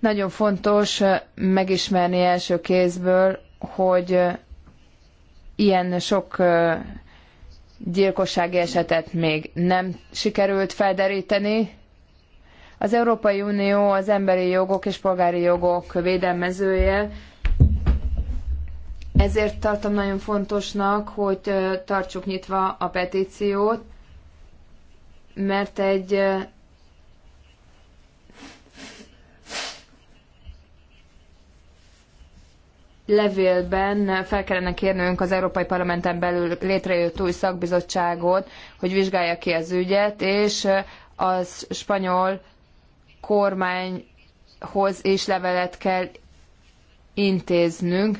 Nagyon fontos megismerni első kézből, hogy ilyen sok gyilkossági esetet még nem sikerült felderíteni. Az Európai Unió az emberi jogok és polgári jogok védelmezője, ezért tartom nagyon fontosnak, hogy tartsuk nyitva a petíciót, mert egy levélben fel kellene kérnünk az Európai Parlamenten belül létrejött új szakbizottságot, hogy vizsgálja ki az ügyet, és az spanyol kormányhoz is levelet kell intéznünk.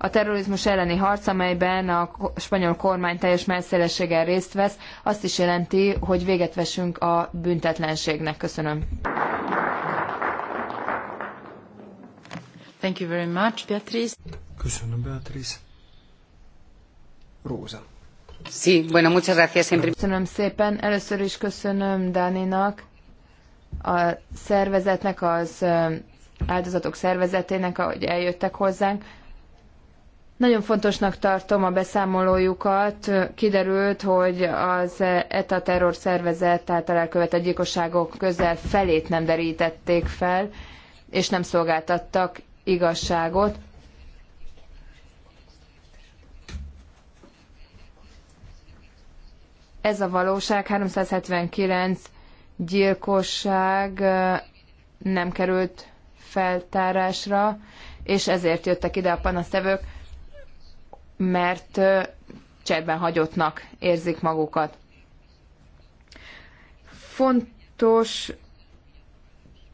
A terrorizmus elleni harc, amelyben a spanyol kormány teljes messzélességgel részt vesz, azt is jelenti, hogy véget vessünk a büntetlenségnek. Köszönöm. Thank you very much, Beatriz.
Köszönöm, Beatriz. Róza.
Sí, bueno, muchas gracias.
Köszönöm szépen. Először is köszönöm Dáninak, a szervezetnek, az áldozatok szervezetének, hogy eljöttek hozzánk. Nagyon fontosnak tartom a beszámolójukat. Kiderült, hogy az ETA terror szervezet által elkövetett gyilkosságok közel felét nem derítették fel, és nem szolgáltattak igazságot. Ez a valóság, 379 gyilkosság nem került feltárásra, és ezért jöttek ide a panasztevők, mert cserben hagyottnak érzik magukat. Fontos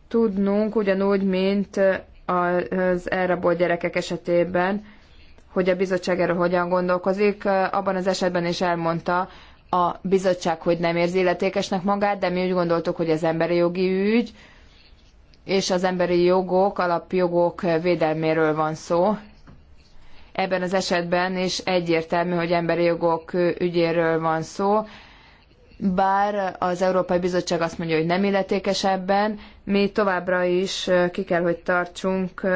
tudnunk ugyanúgy, mint az elrabolt gyerekek esetében, hogy a bizottság erről hogyan gondolkozik. Abban az esetben is elmondta a bizottság, hogy nem érzi illetékesnek magát, de mi úgy gondoltuk, hogy az emberi jogi ügy és az emberi jogok, alapjogok védelméről van szó. Ebben az esetben is egyértelmű, hogy emberi jogok ügyéről van szó bár az Európai Bizottság azt mondja, hogy nem illetékes ebben, mi továbbra is ki kell, hogy tartsunk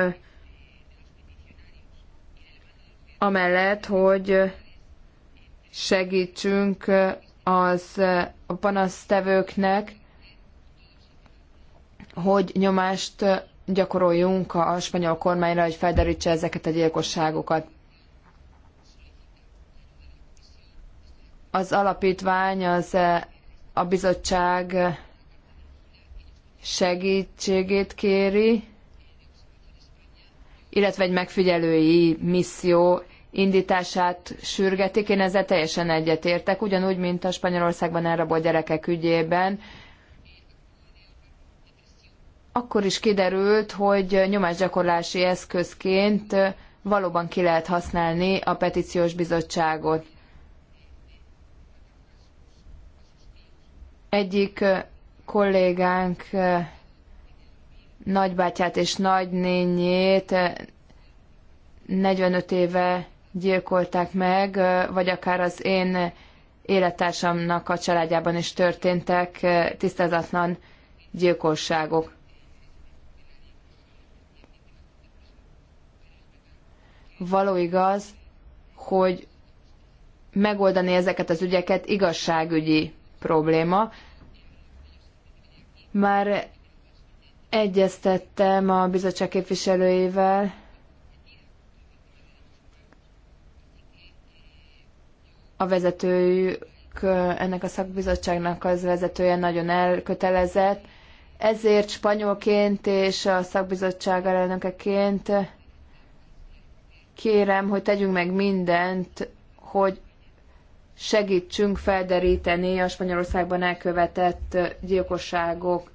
amellett, hogy segítsünk az a panasztevőknek, hogy nyomást gyakoroljunk a spanyol kormányra, hogy felderítse ezeket a gyilkosságokat. Az alapítvány az eh, a bizottság segítségét kéri, illetve egy megfigyelői misszió indítását sürgetik. Én ezzel teljesen egyetértek, ugyanúgy, mint a Spanyolországban elrabolt gyerekek ügyében. Akkor is kiderült, hogy nyomásgyakorlási eszközként valóban ki lehet használni a petíciós bizottságot. Egyik kollégánk nagybátyát és nagynényét 45 éve gyilkolták meg, vagy akár az én élettársamnak a családjában is történtek tisztázatlan gyilkosságok. Való igaz, hogy megoldani ezeket az ügyeket igazságügyi probléma. Már egyeztettem a bizottság képviselőivel, a vezetőjük, ennek a szakbizottságnak az vezetője nagyon elkötelezett, ezért spanyolként és a szakbizottság elnökeként kérem, hogy tegyünk meg mindent, hogy segítsünk felderíteni a Spanyolországban elkövetett gyilkosságok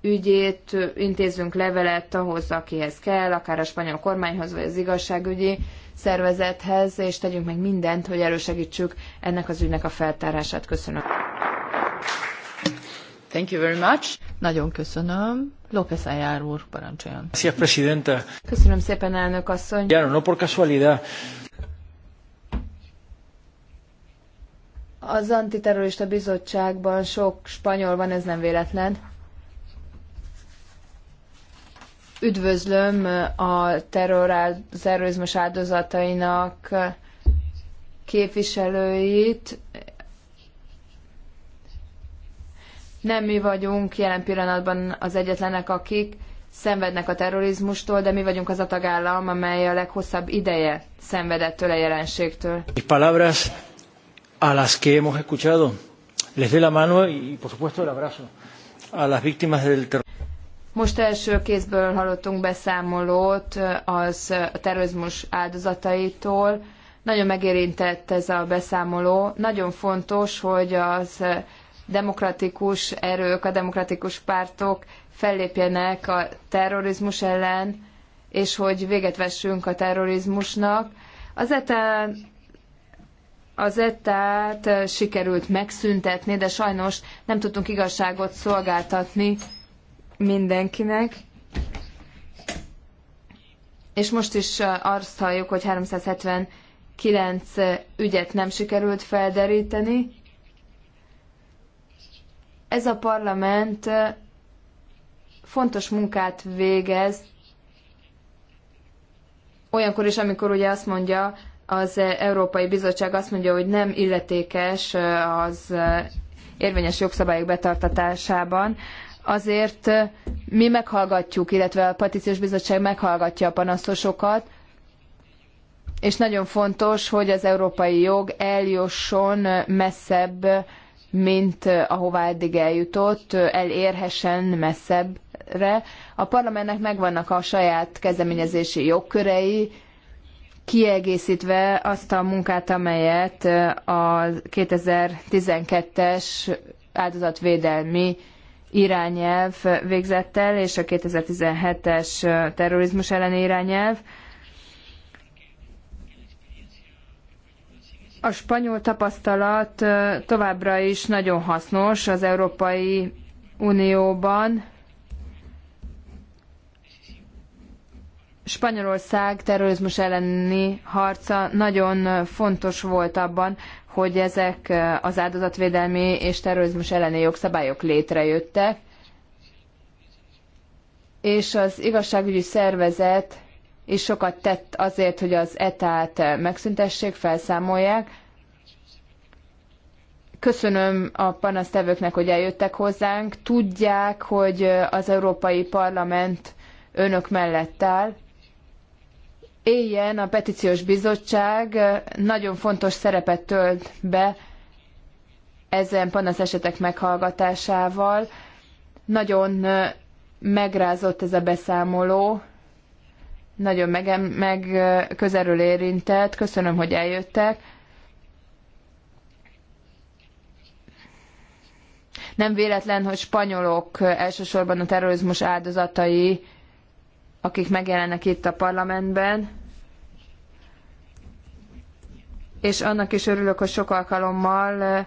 ügyét, Intézzünk levelet ahhoz, akihez kell, akár a spanyol kormányhoz, vagy az igazságügyi szervezethez, és tegyünk meg mindent, hogy elősegítsük ennek az ügynek a feltárását. Köszönöm. Thank you very much. Nagyon köszönöm. López Ayár úr, parancsoljon.
presidenta.
Köszönöm szépen, elnök asszony.
Claro, no por casualidad.
Az antiterrorista bizottságban sok spanyol van, ez nem véletlen. Üdvözlöm a terrorizmus áldozatainak képviselőit. Nem mi vagyunk jelen pillanatban az egyetlenek, akik szenvednek a terrorizmustól, de mi vagyunk az a tagállam, amely a leghosszabb ideje szenvedettől tőle jelenségtől
a las que hemos escuchado. Les doy la mano y, por supuesto, el abrazo a las víctimas del terrorismo.
Most első kézből hallottunk beszámolót az a terrorizmus áldozataitól. Nagyon megérintett ez a beszámoló. Nagyon fontos, hogy az demokratikus erők, a demokratikus pártok fellépjenek a terrorizmus ellen, és hogy véget vessünk a terrorizmusnak. Az ETA az ettát eh, sikerült megszüntetni, de sajnos nem tudtunk igazságot szolgáltatni mindenkinek. És most is eh, azt halljuk, hogy 379 eh, ügyet nem sikerült felderíteni. Ez a parlament fontos munkát végez, olyankor is, amikor ugye azt mondja, az Európai Bizottság azt mondja, hogy nem illetékes az érvényes jogszabályok betartatásában, azért mi meghallgatjuk, illetve a Petíciós Bizottság meghallgatja a panaszosokat, és nagyon fontos, hogy az európai jog eljusson messzebb, mint ahová eddig eljutott, elérhessen messzebbre. A parlamentnek megvannak a saját kezdeményezési jogkörei, kiegészítve azt a munkát, amelyet a 2012-es áldozatvédelmi irányelv végzett el, és a 2017-es terrorizmus elleni irányelv. A spanyol tapasztalat továbbra is nagyon hasznos az Európai Unióban, Spanyolország terrorizmus elleni harca nagyon fontos volt abban, hogy ezek az áldozatvédelmi és terrorizmus elleni jogszabályok létrejöttek, és az igazságügyi szervezet is sokat tett azért, hogy az etát megszüntessék, felszámolják. Köszönöm a panasztevőknek, hogy eljöttek hozzánk. Tudják, hogy az Európai Parlament önök mellett áll éljen a petíciós bizottság nagyon fontos szerepet tölt be ezen panasz esetek meghallgatásával. Nagyon megrázott ez a beszámoló, nagyon meg, meg közelről érintett. Köszönöm, hogy eljöttek. Nem véletlen, hogy spanyolok elsősorban a terrorizmus áldozatai akik megjelennek itt a parlamentben, és annak is örülök, hogy sok alkalommal eh,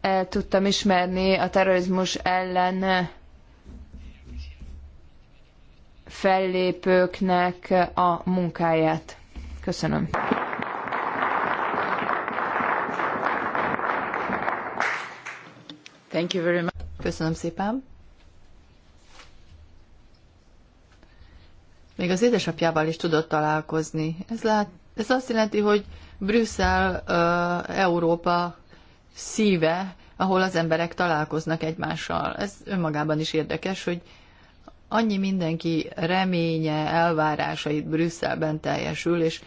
el tudtam ismerni a terrorizmus ellen eh, fellépőknek a munkáját. Köszönöm.
Thank you very much. Köszönöm szépen. Még az édesapjával is tudott találkozni. Ez, lát, ez azt jelenti, hogy Brüsszel Európa szíve, ahol az emberek találkoznak egymással. Ez önmagában is érdekes, hogy annyi mindenki reménye, elvárásait Brüsszelben teljesül, és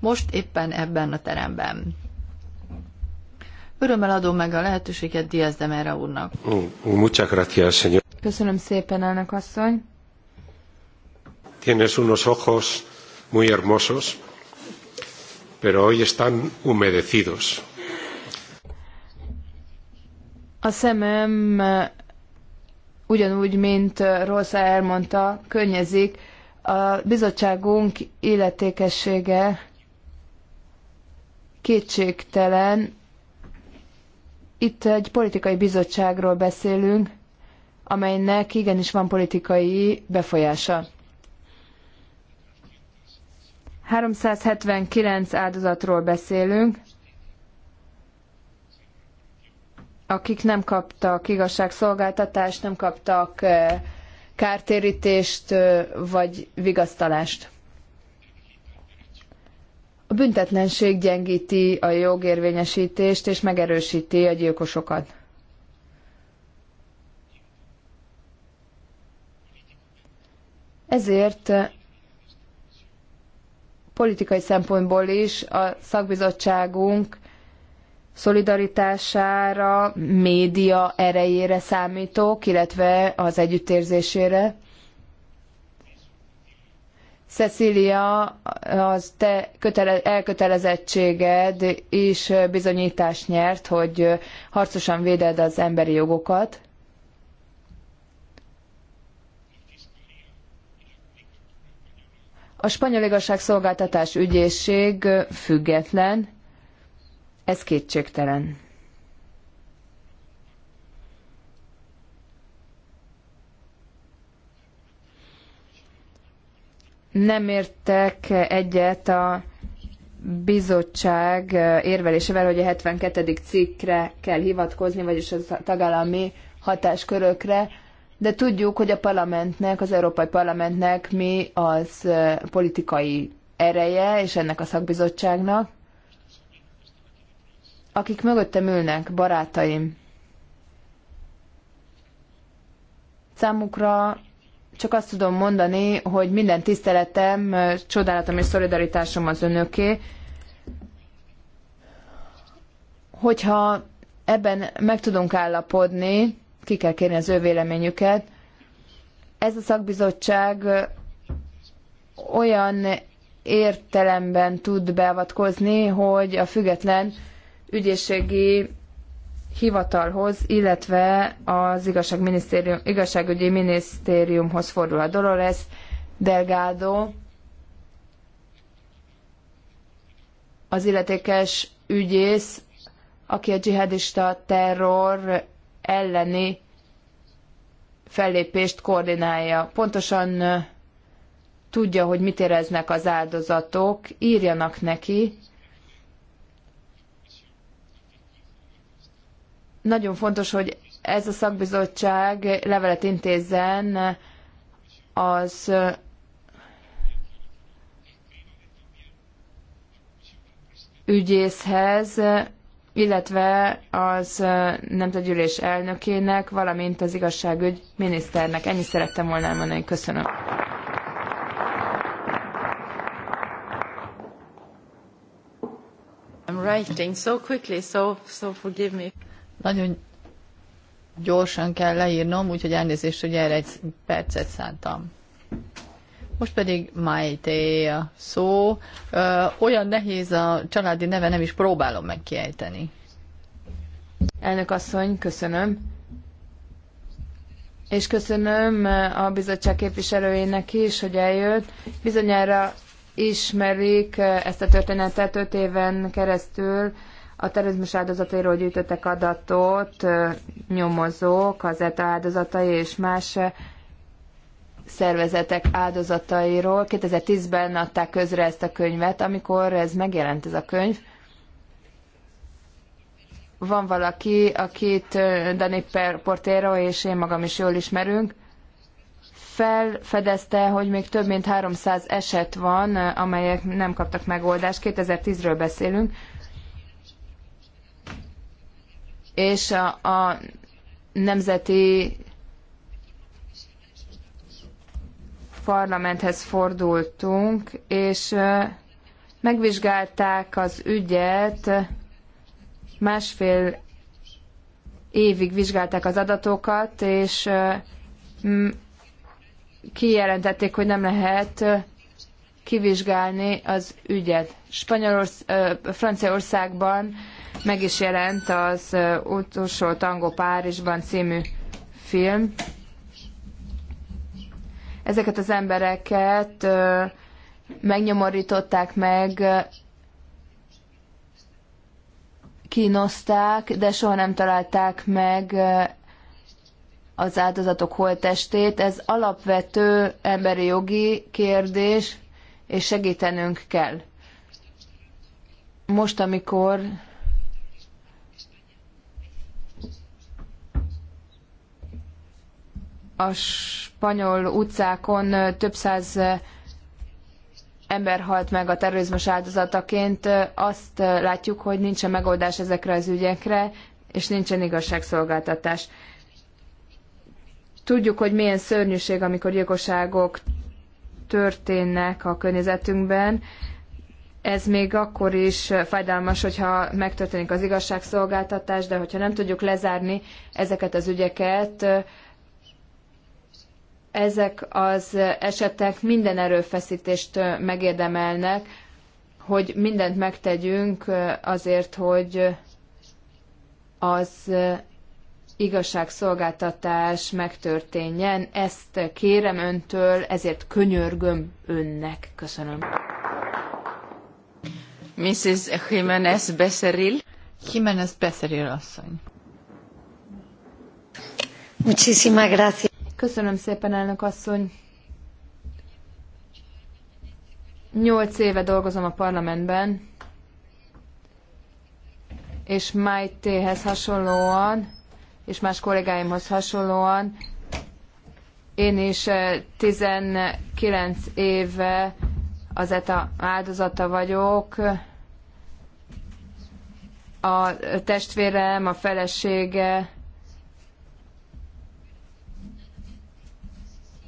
most éppen ebben a teremben. Örömmel adom meg a lehetőséget
Diaz de Mera úrnak. Köszönöm szépen, elnök asszony.
Tienes unos ojos muy hermosos, pero hoy están humedecidos.
A szemem eh, ugyanúgy, mint eh, Rosa elmondta, könnyezik. A bizottságunk illetékessége kétségtelen. Itt egy politikai bizottságról beszélünk, amelynek igenis van politikai befolyása. 379 áldozatról beszélünk, akik nem kaptak igazságszolgáltatást, nem kaptak kártérítést vagy vigasztalást. A büntetlenség gyengíti a jogérvényesítést és megerősíti a gyilkosokat. Ezért politikai szempontból is a szakbizottságunk szolidaritására, média erejére számítok, illetve az együttérzésére. Cecilia, az te kötele, elkötelezettséged is bizonyítást nyert, hogy harcosan véded az emberi jogokat. A spanyol igazságszolgáltatás ügyészség független, ez kétségtelen. Nem értek egyet a bizottság érvelésével, hogy a 72. cikkre kell hivatkozni, vagyis a tagállami hatáskörökre de tudjuk, hogy a parlamentnek, az Európai Parlamentnek mi az politikai ereje, és ennek a szakbizottságnak, akik mögöttem ülnek, barátaim. Számukra csak azt tudom mondani, hogy minden tiszteletem, csodálatom és szolidaritásom az önöké. Hogyha ebben meg tudunk állapodni, ki kell kérni az ő véleményüket. Ez a szakbizottság olyan értelemben tud beavatkozni, hogy a független ügyészségi hivatalhoz, illetve az igazságminisztérium, igazságügyi minisztériumhoz fordul a Dolores Delgado, az illetékes ügyész, aki a dzsihadista terror elleni fellépést koordinálja. Pontosan tudja, hogy mit éreznek az áldozatok, írjanak neki. Nagyon fontos, hogy ez a szakbizottság levelet intézzen az ügyészhez, illetve az nemzetgyűlés elnökének, valamint az igazságügy miniszternek. Ennyi szerettem volna elmondani. Köszönöm.
I'm writing so quickly, so, so forgive me.
Nagyon gyorsan kell leírnom, úgyhogy elnézést, hogy erre egy percet szántam. Most pedig Maite a szó. Ö, olyan nehéz a családi neve, nem is próbálom megkiejteni. Elnök asszony,
köszönöm. És köszönöm a bizottság képviselőjének is, hogy eljött. Bizonyára ismerik ezt a történetet öt éven keresztül. A terrorizmus áldozatairól gyűjtöttek adatot nyomozók, az ETA áldozatai és más szervezetek áldozatairól. 2010-ben adták közre ezt a könyvet, amikor ez megjelent ez a könyv. Van valaki, akit Dani Portero és én magam is jól ismerünk, felfedezte, hogy még több mint 300 eset van, amelyek nem kaptak megoldást. 2010-ről beszélünk. És a, a nemzeti parlamenthez fordultunk, és megvizsgálták az ügyet, másfél évig vizsgálták az adatokat, és kijelentették, hogy nem lehet kivizsgálni az ügyet. Spanyolorsz- Franciaországban meg is jelent az utolsó tangó Párizsban című film, ezeket az embereket megnyomorították meg, kínozták, de soha nem találták meg az áldozatok holttestét. Ez alapvető emberi jogi kérdés, és segítenünk kell. Most, amikor a spanyol utcákon több száz ember halt meg a terrorizmus áldozataként, azt látjuk, hogy nincsen megoldás ezekre az ügyekre, és nincsen igazságszolgáltatás. Tudjuk, hogy milyen szörnyűség, amikor gyilkosságok történnek a környezetünkben. Ez még akkor is fájdalmas, hogyha megtörténik az igazságszolgáltatás, de hogyha nem tudjuk lezárni ezeket az ügyeket, ezek az esetek minden erőfeszítést megérdemelnek, hogy mindent megtegyünk azért, hogy az igazságszolgáltatás megtörténjen. Ezt kérem öntől, ezért könyörgöm önnek. Köszönöm.
Mrs. Jimenez Becerril. Jimenez Becerril asszony.
Köszönöm szépen, elnök asszony. Nyolc éve dolgozom a parlamentben, és Májtéhez hasonlóan, és más kollégáimhoz hasonlóan, én is 19 eh, éve az ETA áldozata vagyok. A testvérem, a felesége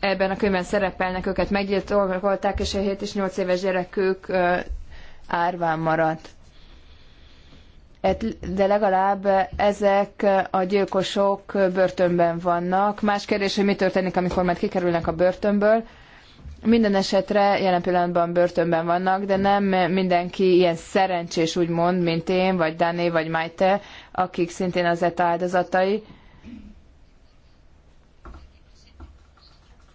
ebben a könyvben szerepelnek, őket meggyilkolták, és a 7 és 8 éves gyerekük árván maradt. De legalább ezek a gyilkosok börtönben vannak. Más kérdés, hogy mi történik, amikor már kikerülnek a börtönből. Minden esetre jelen pillanatban börtönben vannak, de nem mindenki ilyen szerencsés úgymond, mint én, vagy Dani, vagy Maite, akik szintén az ETA áldozatai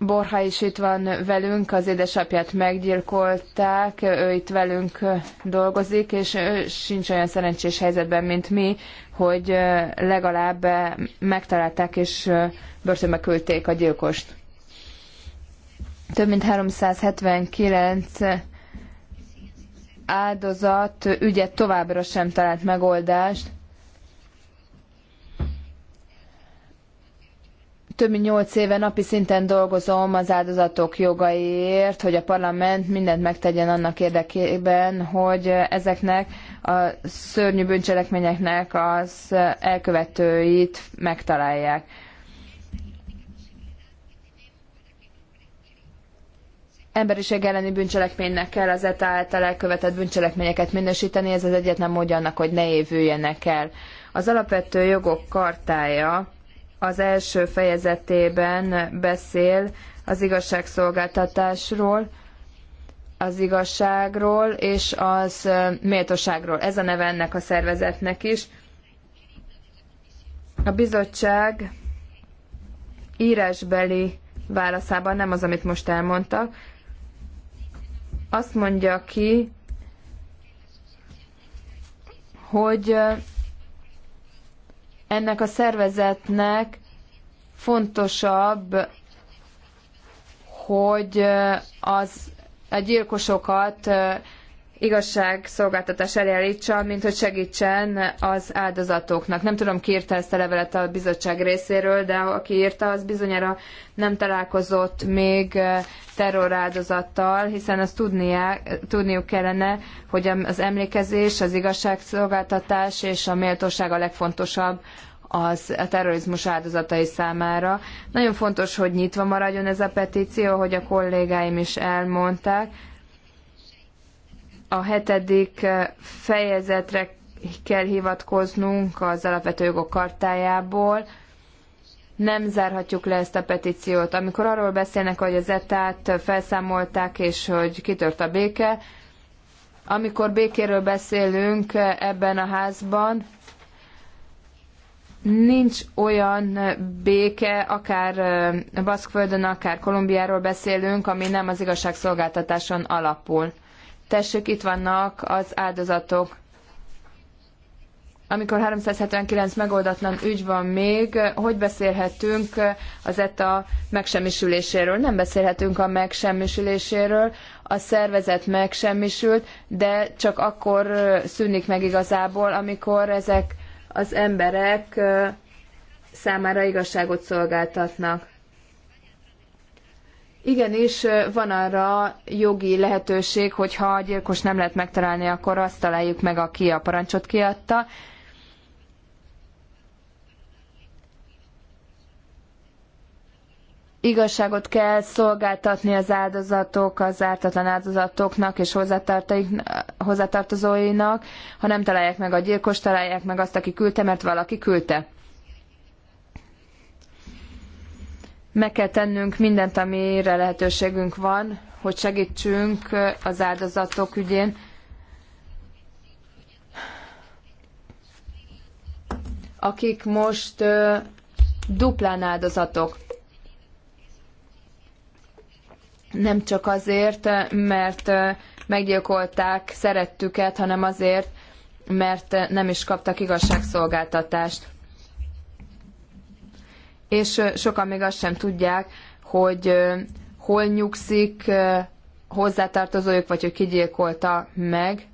Borha is itt van velünk, az édesapját meggyilkolták, ő itt velünk dolgozik, és ő sincs olyan szerencsés helyzetben, mint mi, hogy legalább megtalálták és börtönbe küldték a gyilkost. Több mint 379 áldozat ügyet továbbra sem talált megoldást. több mint nyolc éve napi szinten dolgozom az áldozatok jogaiért, hogy a parlament mindent megtegyen annak érdekében, hogy ezeknek a szörnyű bűncselekményeknek az elkövetőit megtalálják. emberiség elleni bűncselekménynek kell az ETA által elkövetett bűncselekményeket minősíteni, ez az egyetlen módja annak, hogy ne évüljenek el. Az alapvető jogok kartája az első fejezetében beszél az igazságszolgáltatásról, az igazságról és az méltóságról. Ez a neve ennek a szervezetnek is. A bizottság írásbeli válaszában nem az, amit most elmondtak, azt mondja ki, hogy ennek a szervezetnek fontosabb, hogy az a gyilkosokat igazságszolgáltatás elé állítsa, mint hogy segítsen az áldozatoknak. Nem tudom, ki írta ezt a levelet a bizottság részéről, de aki írta, az bizonyára nem találkozott még terroráldozattal, hiszen azt tudnia, tudniuk kellene, hogy az emlékezés, az igazságszolgáltatás és a méltóság a legfontosabb az a terrorizmus áldozatai számára. Nagyon fontos, hogy nyitva maradjon ez a petíció, hogy a kollégáim is elmondták a hetedik fejezetre kell hivatkoznunk az alapvető jogok kartájából. Nem zárhatjuk le ezt a petíciót. Amikor arról beszélnek, hogy az etát felszámolták, és hogy kitört a béke, amikor békéről beszélünk ebben a házban, nincs olyan béke, akár Baszkföldön, akár Kolumbiáról beszélünk, ami nem az igazságszolgáltatáson alapul. Tessék, itt vannak az áldozatok. Amikor 379 megoldatlan ügy van még, hogy beszélhetünk az ETA megsemmisüléséről? Nem beszélhetünk a megsemmisüléséről, a szervezet megsemmisült, de csak akkor szűnik meg igazából, amikor ezek az emberek számára igazságot szolgáltatnak. Igenis, van arra jogi lehetőség, hogyha a gyilkos nem lehet megtalálni, akkor azt találjuk meg, aki a parancsot kiadta. Igazságot kell szolgáltatni az áldozatok, az ártatlan áldozatoknak és hozzátartozóinak. Ha nem találják meg a gyilkos, találják meg azt, aki küldte, mert valaki küldte. Meg kell tennünk mindent, amire lehetőségünk van, hogy segítsünk az áldozatok ügyén. akik most ö, duplán áldozatok. Nem csak azért, mert meggyilkolták szerettüket, hanem azért, mert nem is kaptak igazságszolgáltatást és sokan még azt sem tudják, hogy hol nyugszik hozzátartozójuk, vagy hogy kigyilkolta meg.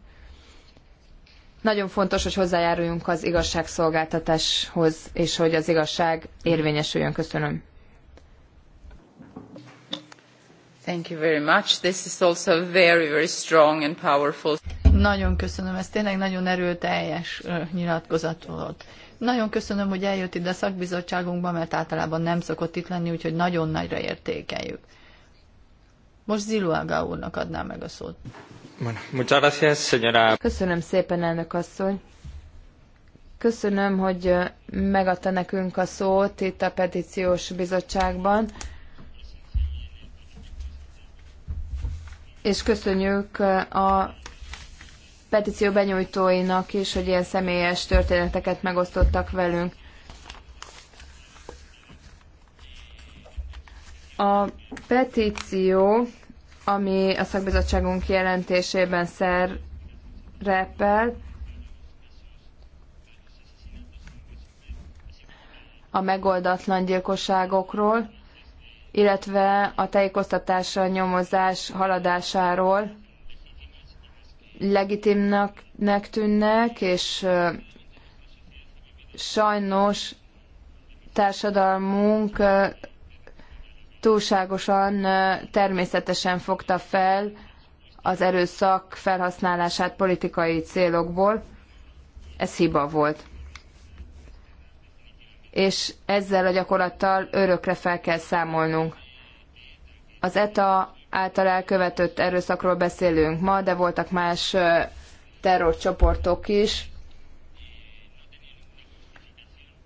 Nagyon fontos, hogy hozzájáruljunk az igazságszolgáltatáshoz, és hogy az igazság érvényesüljön. Köszönöm.
Thank you very much. This is also very, very strong and powerful.
Nagyon köszönöm, ez
tényleg nagyon erőteljes nyilatkozat volt. Nagyon köszönöm, hogy eljött ide a szakbizottságunkba, mert általában nem szokott itt lenni, úgyhogy nagyon nagyra értékeljük.
Most Ziluaga úrnak adnám meg a szót. Köszönöm szépen, elnök asszony. Köszönöm, hogy megadta nekünk a szót itt a petíciós bizottságban. És köszönjük a petíció benyújtóinak is, hogy ilyen személyes történeteket megosztottak velünk. A petíció, ami a szakbizottságunk jelentésében szerepel, a megoldatlan gyilkosságokról, illetve a tájékoztatásra nyomozás haladásáról legitimnek tűnnek, és sajnos társadalmunk túlságosan természetesen fogta fel az erőszak felhasználását politikai célokból. Ez hiba volt. És ezzel a gyakorlattal örökre fel kell számolnunk. Az ETA által elkövetett erőszakról beszélünk ma, de voltak más terrorcsoportok is.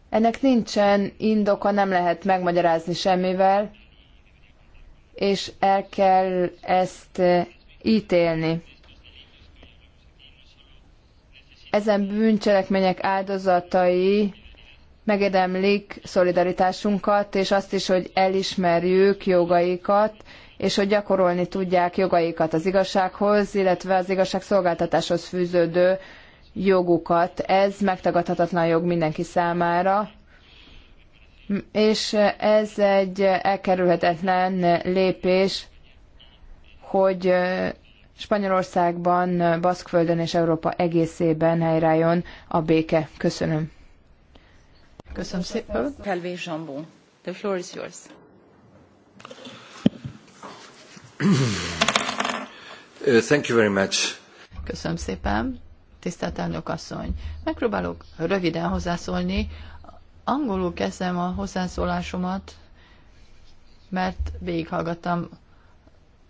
Ennek nincsen indoka, nem lehet megmagyarázni semmivel, és el kell ezt ítélni. Ezen bűncselekmények áldozatai megedemlik szolidaritásunkat, és azt is, hogy elismerjük jogaikat, és hogy gyakorolni tudják jogaikat az igazsághoz, illetve az igazságszolgáltatáshoz fűződő jogukat. Ez megtagadhatatlan jog mindenki számára, és ez egy elkerülhetetlen lépés, hogy Spanyolországban, Baszkföldön és Európa egészében helyreálljon a béke. Köszönöm. Köszönöm
szépen.
Calvé Jambon, the floor is yours.
Thank you very much.
Köszönöm szépen, tisztelt elnök asszony. Megpróbálok röviden hozzászólni. Angolul kezdem a hozzászólásomat, mert végighallgattam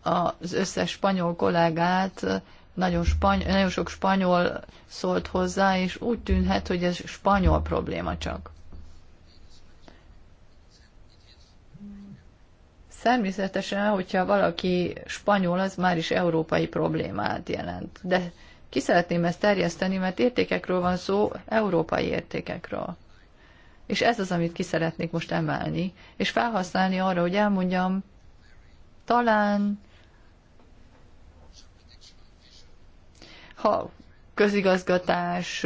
az összes spanyol kollégát, nagyon, spany- nagyon sok spanyol szólt hozzá, és úgy tűnhet, hogy ez spanyol probléma csak. Természetesen, hogyha valaki spanyol, az már is európai problémát jelent. De ki szeretném ezt terjeszteni, mert értékekről van szó, európai értékekről. És ez az, amit ki szeretnék most emelni, és felhasználni arra, hogy elmondjam, talán ha közigazgatás,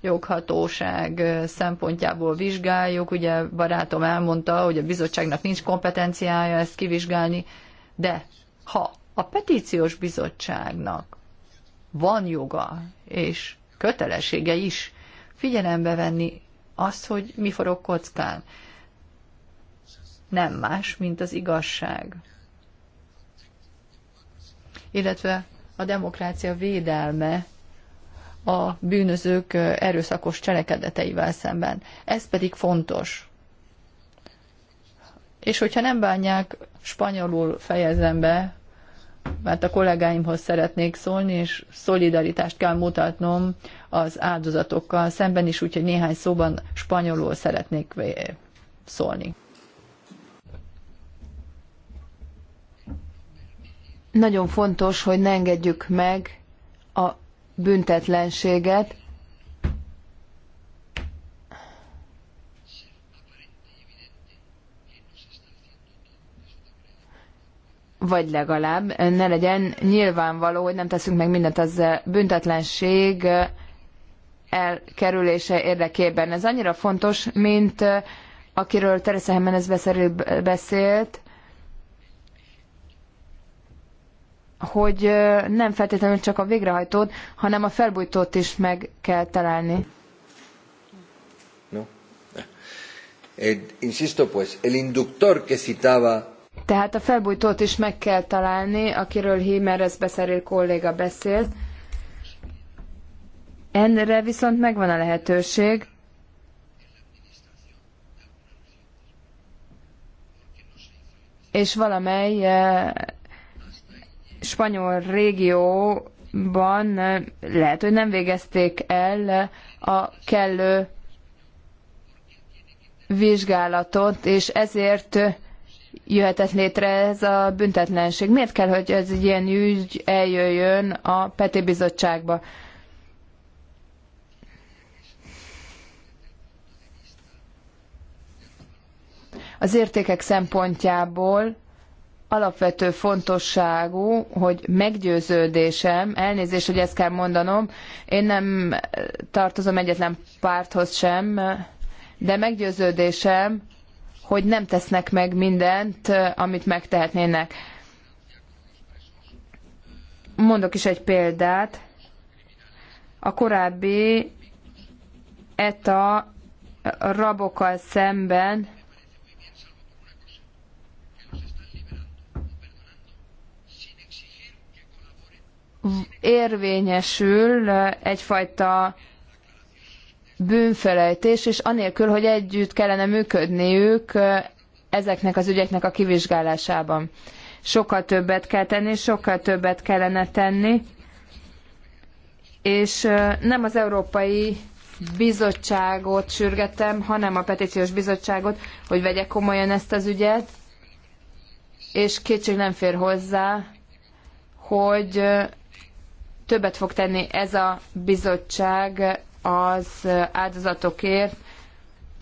joghatóság szempontjából vizsgáljuk. Ugye barátom elmondta, hogy a bizottságnak nincs kompetenciája ezt kivizsgálni, de ha a petíciós bizottságnak van joga és kötelessége is figyelembe venni azt, hogy mi forog kockán, nem más, mint az igazság. Illetve a demokrácia védelme a bűnözők erőszakos cselekedeteivel szemben. Ez pedig fontos. És hogyha nem bánják, spanyolul fejezem be, mert a kollégáimhoz szeretnék szólni, és szolidaritást kell mutatnom az áldozatokkal szemben is, úgyhogy néhány szóban spanyolul szeretnék
szólni. Nagyon fontos, hogy ne engedjük meg a büntetlenséget, vagy legalább ne legyen nyilvánvaló, hogy nem teszünk meg mindent az büntetlenség elkerülése érdekében. Ez annyira fontos, mint eh, akiről Teresa Hemenez beszélt, hogy nem feltétlenül csak a végrehajtót, hanem a felbújtót is meg kell találni.
No.
Eh, insisto pues, el inductor que citaba
tehát a felbújtót is meg kell találni, akiről Himerez beszerél kolléga beszélt. Enre viszont megvan a lehetőség. És valamely eh, spanyol régióban lehet, hogy nem végezték el a kellő vizsgálatot, és ezért jöhetett létre ez a büntetlenség. Miért kell, hogy ez egy ilyen ügy eljöjjön a Peti Bizottságba? Az értékek szempontjából alapvető fontosságú, hogy meggyőződésem, elnézést, hogy ezt kell mondanom, én nem tartozom egyetlen párthoz sem, de meggyőződésem, hogy nem tesznek meg mindent, amit megtehetnének. Mondok is egy példát. A korábbi ETA rabokkal szemben érvényesül egyfajta bűnfelejtés, és anélkül, hogy együtt kellene működniük ezeknek az ügyeknek a kivizsgálásában. Sokkal többet kell tenni, sokkal többet kellene tenni, és nem az Európai Bizottságot sürgetem, hanem a Petíciós Bizottságot, hogy vegye komolyan ezt az ügyet, és kétség nem fér hozzá, hogy többet fog tenni ez a bizottság az áldozatokért,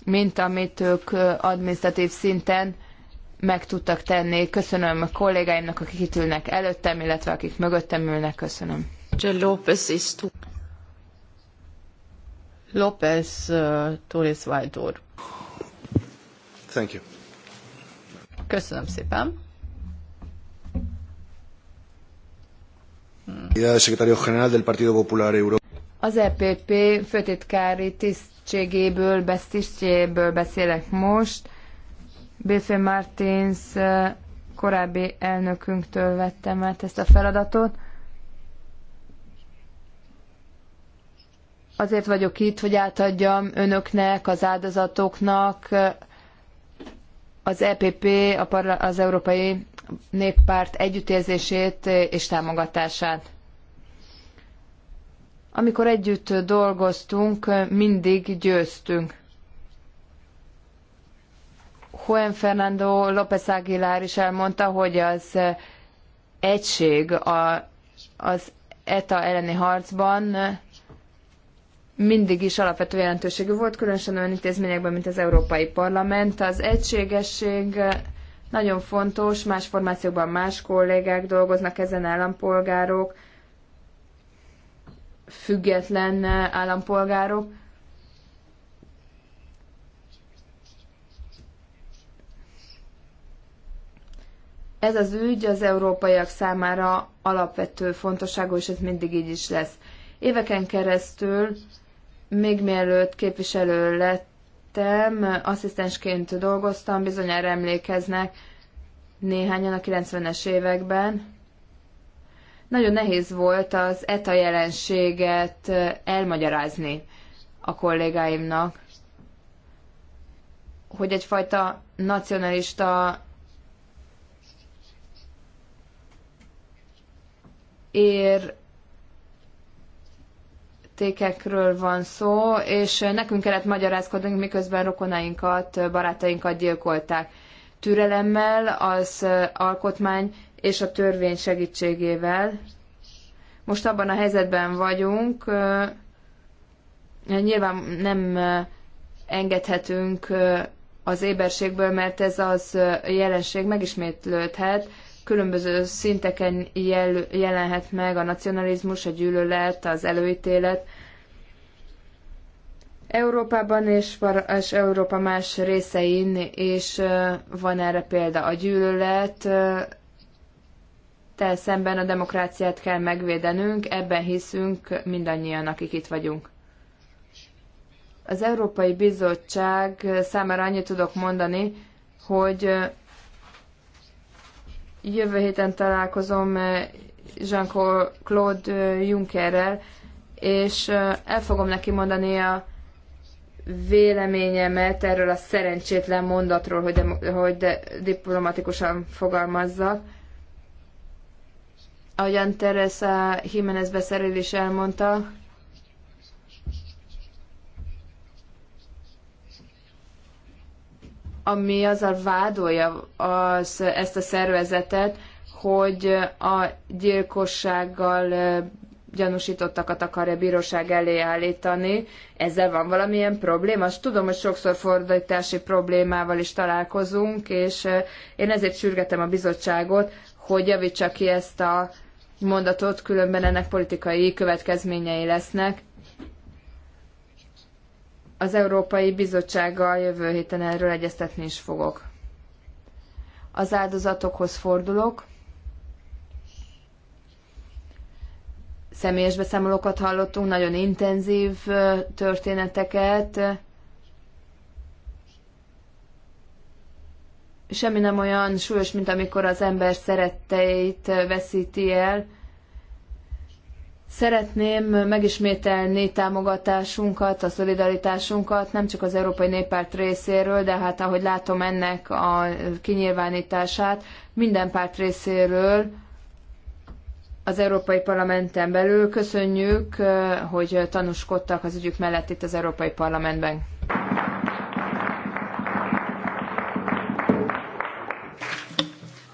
mint amit ők administratív szinten meg tudtak tenni. Köszönöm a kollégáimnak, akik itt ülnek előttem, illetve akik mögöttem ülnek. Köszönöm.
López is
López uh, Torres Thank
you.
Köszönöm szépen.
Az EPP főtitkári tisztségéből, tisztségéből beszélek most. Béfé Martins eh, korábbi elnökünktől vettem át ezt a feladatot. Azért vagyok itt, hogy átadjam önöknek, az áldozatoknak, eh, az EPP, az Európai Néppárt együttérzését és támogatását. Amikor együtt dolgoztunk, mindig győztünk. Juan Fernando López Aguilar is elmondta, hogy az egység a, az ETA elleni harcban mindig is alapvető jelentőségű volt, különösen olyan intézményekben, mint az Európai Parlament. Az egységesség eh, nagyon fontos, más formációkban más kollégák dolgoznak ezen állampolgárok, független eh, állampolgárok. Ez az ügy az európaiak számára alapvető fontosságú, és ez mindig így is lesz. Éveken keresztül még mielőtt képviselő lettem, asszisztensként dolgoztam, bizonyára emlékeznek néhányan a 90-es években. Nagyon nehéz volt az ETA jelenséget elmagyarázni a kollégáimnak, hogy egyfajta nacionalista ér értékekről van szó, és nekünk kellett magyarázkodnunk, miközben rokonainkat, barátainkat gyilkolták. Türelemmel, az alkotmány és a törvény segítségével. Most abban a helyzetben vagyunk, nyilván nem engedhetünk az éberségből, mert ez az jelenség megismétlődhet, különböző szinteken jel, jelenhet meg a nacionalizmus, a gyűlölet, az előítélet. Európában és, és Európa más részein is van erre példa a gyűlölet, tel szemben a demokráciát kell megvédenünk, ebben hiszünk mindannyian, akik itt vagyunk. Az Európai Bizottság számára annyit tudok mondani, hogy Jövő héten találkozom eh, Jean-Claude eh, Junckerrel, és eh, el fogom neki mondani a véleményemet erről a szerencsétlen mondatról, hogy, de, hogy de, diplomatikusan fogalmazzak. Ahogyan Teresa Jiménez beszerelés elmondta, ami azzal vádolja az, ezt a szervezetet, hogy a gyilkossággal gyanúsítottakat akarja a bíróság elé állítani. Ezzel van valamilyen probléma? Azt tudom, hogy sokszor fordítási problémával is találkozunk, és én ezért sürgetem a bizottságot, hogy javítsa ki ezt a mondatot, különben ennek politikai következményei lesznek. Az Európai Bizottsággal jövő héten erről egyeztetni is fogok. Az áldozatokhoz fordulok. Személyes beszámolókat hallottunk, nagyon intenzív történeteket. Semmi nem olyan súlyos, mint amikor az ember szeretteit veszíti el, Szeretném megismételni támogatásunkat, a szolidaritásunkat, nem csak az Európai Néppárt részéről, de hát ahogy látom ennek a kinyilvánítását, minden párt részéről az Európai Parlamenten belül. Köszönjük, eh, hogy tanúskodtak az ügyük mellett itt az Európai Parlamentben.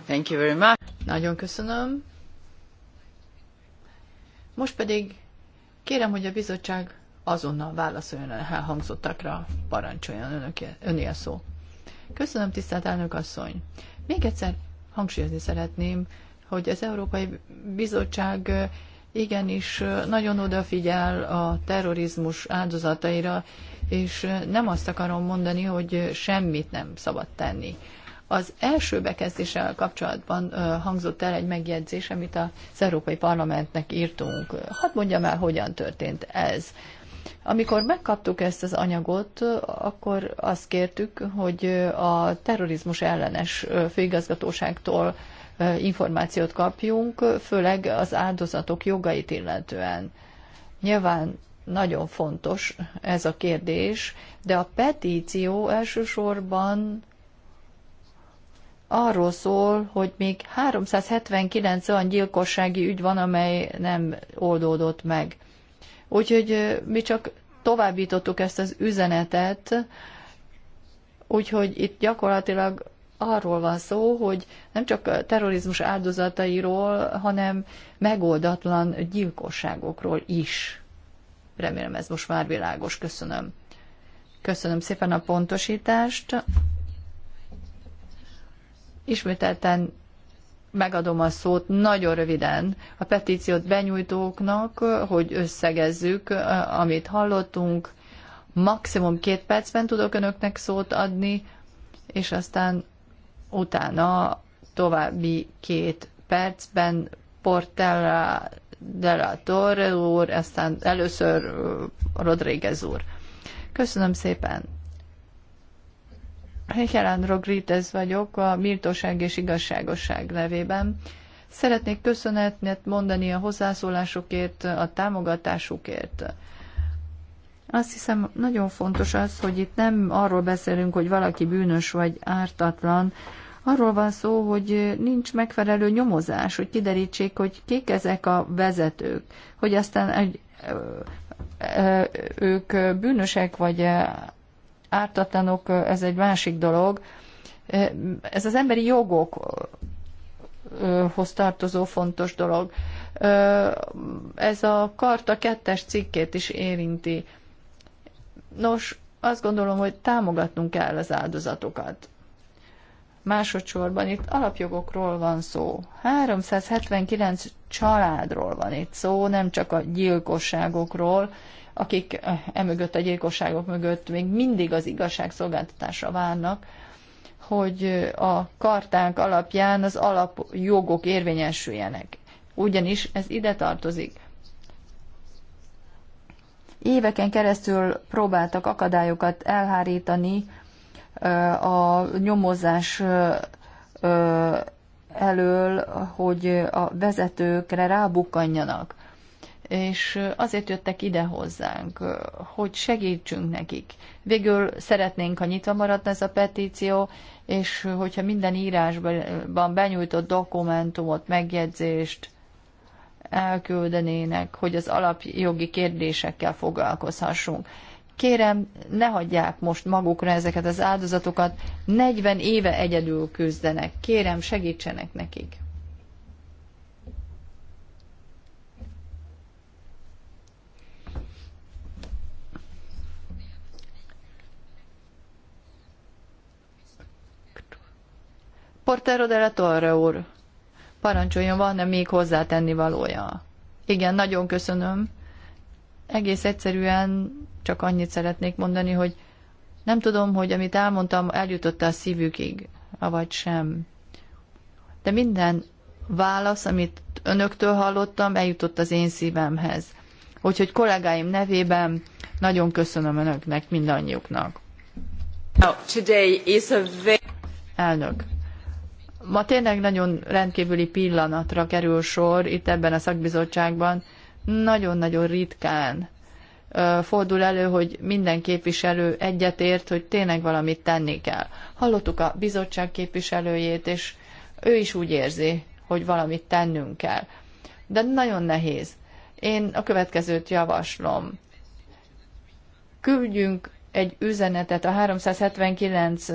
Thank you very much. Nagyon köszönöm. Most pedig kérem, hogy a bizottság azonnal válaszoljon a elhangzottakra, parancsoljon önél öné szó. Köszönöm, tisztelt elnök asszony. Még egyszer hangsúlyozni szeretném, hogy az Európai Bizottság igenis nagyon odafigyel a terrorizmus áldozataira, és nem azt akarom mondani, hogy semmit nem szabad tenni. Az első bekezdéssel kapcsolatban hangzott el egy megjegyzés, amit az Európai Parlamentnek írtunk. Hadd mondjam el, hogyan történt ez. Amikor megkaptuk ezt az anyagot, akkor azt kértük, hogy a terrorizmus ellenes főigazgatóságtól információt kapjunk, főleg az áldozatok jogait illetően. Nyilván nagyon fontos ez a kérdés, de a petíció elsősorban arról szól, hogy még 379 olyan gyilkossági ügy van, amely nem oldódott meg. Úgyhogy mi csak továbbítottuk ezt az üzenetet, úgyhogy itt gyakorlatilag arról van szó, hogy nem csak terrorizmus áldozatairól, hanem megoldatlan gyilkosságokról is. Remélem ez most már világos. Köszönöm. Köszönöm szépen a pontosítást. Ismételten megadom a szót nagyon röviden a petíciót benyújtóknak, hogy összegezzük, eh, amit hallottunk. Maximum két percben tudok önöknek szót adni, és aztán utána további két percben Portella de la Torre úr, aztán először eh, Rodríguez úr. Köszönöm szépen! Helyen Rogrites vagyok a Mirtóság és Igazságosság nevében. Szeretnék köszönetet mondani a hozzászólásokért, a támogatásukért. Azt hiszem, nagyon fontos az, hogy itt nem arról beszélünk, hogy valaki bűnös vagy ártatlan, arról van szó, hogy nincs megfelelő nyomozás, hogy kiderítsék, hogy kik ezek a vezetők, hogy aztán egy, ők bűnösek vagy ártatlanok, ez egy másik dolog. Ez az emberi hoz tartozó fontos dolog. Ez a karta kettes cikkét is érinti. Nos, azt gondolom, hogy támogatnunk kell az áldozatokat. Másodszorban itt alapjogokról van szó. 379 családról van itt szó, nem csak a gyilkosságokról, akik eh, emögött a gyilkosságok mögött még mindig az igazságszolgáltatásra várnak, hogy eh, a kartánk alapján az alapjogok érvényesüljenek. Ugyanis ez ide tartozik. Éveken keresztül próbáltak akadályokat elhárítani eh, a nyomozás elől, hogy a vezetőkre rábukkanjanak és azért jöttek ide hozzánk, hogy segítsünk nekik. Végül szeretnénk, ha nyitva maradna ez a petíció, és hogyha minden írásban benyújtott dokumentumot, megjegyzést elküldenének, hogy az alapjogi kérdésekkel foglalkozhassunk. Kérem, ne hagyják most magukra ezeket az áldozatokat, 40 éve egyedül küzdenek. Kérem, segítsenek nekik. Portero de la Torre úr, parancsoljon, van-e még hozzátenni valója? Igen, nagyon köszönöm. Egész egyszerűen csak annyit szeretnék mondani, hogy nem tudom, hogy amit elmondtam, eljutott a szívükig, avagy sem. De minden válasz, amit önöktől hallottam, eljutott az én szívemhez. Úgyhogy kollégáim nevében nagyon köszönöm önöknek, mindannyiuknak. Elnök. Ma tényleg nagyon rendkívüli pillanatra kerül sor itt ebben a szakbizottságban. Nagyon-nagyon ritkán fordul elő, hogy minden képviselő egyetért, hogy tényleg valamit tenni kell. Hallottuk a bizottság képviselőjét, és ő is úgy érzi, hogy valamit tennünk kell. De nagyon nehéz. Én a következőt javaslom. Küldjünk egy üzenetet a 379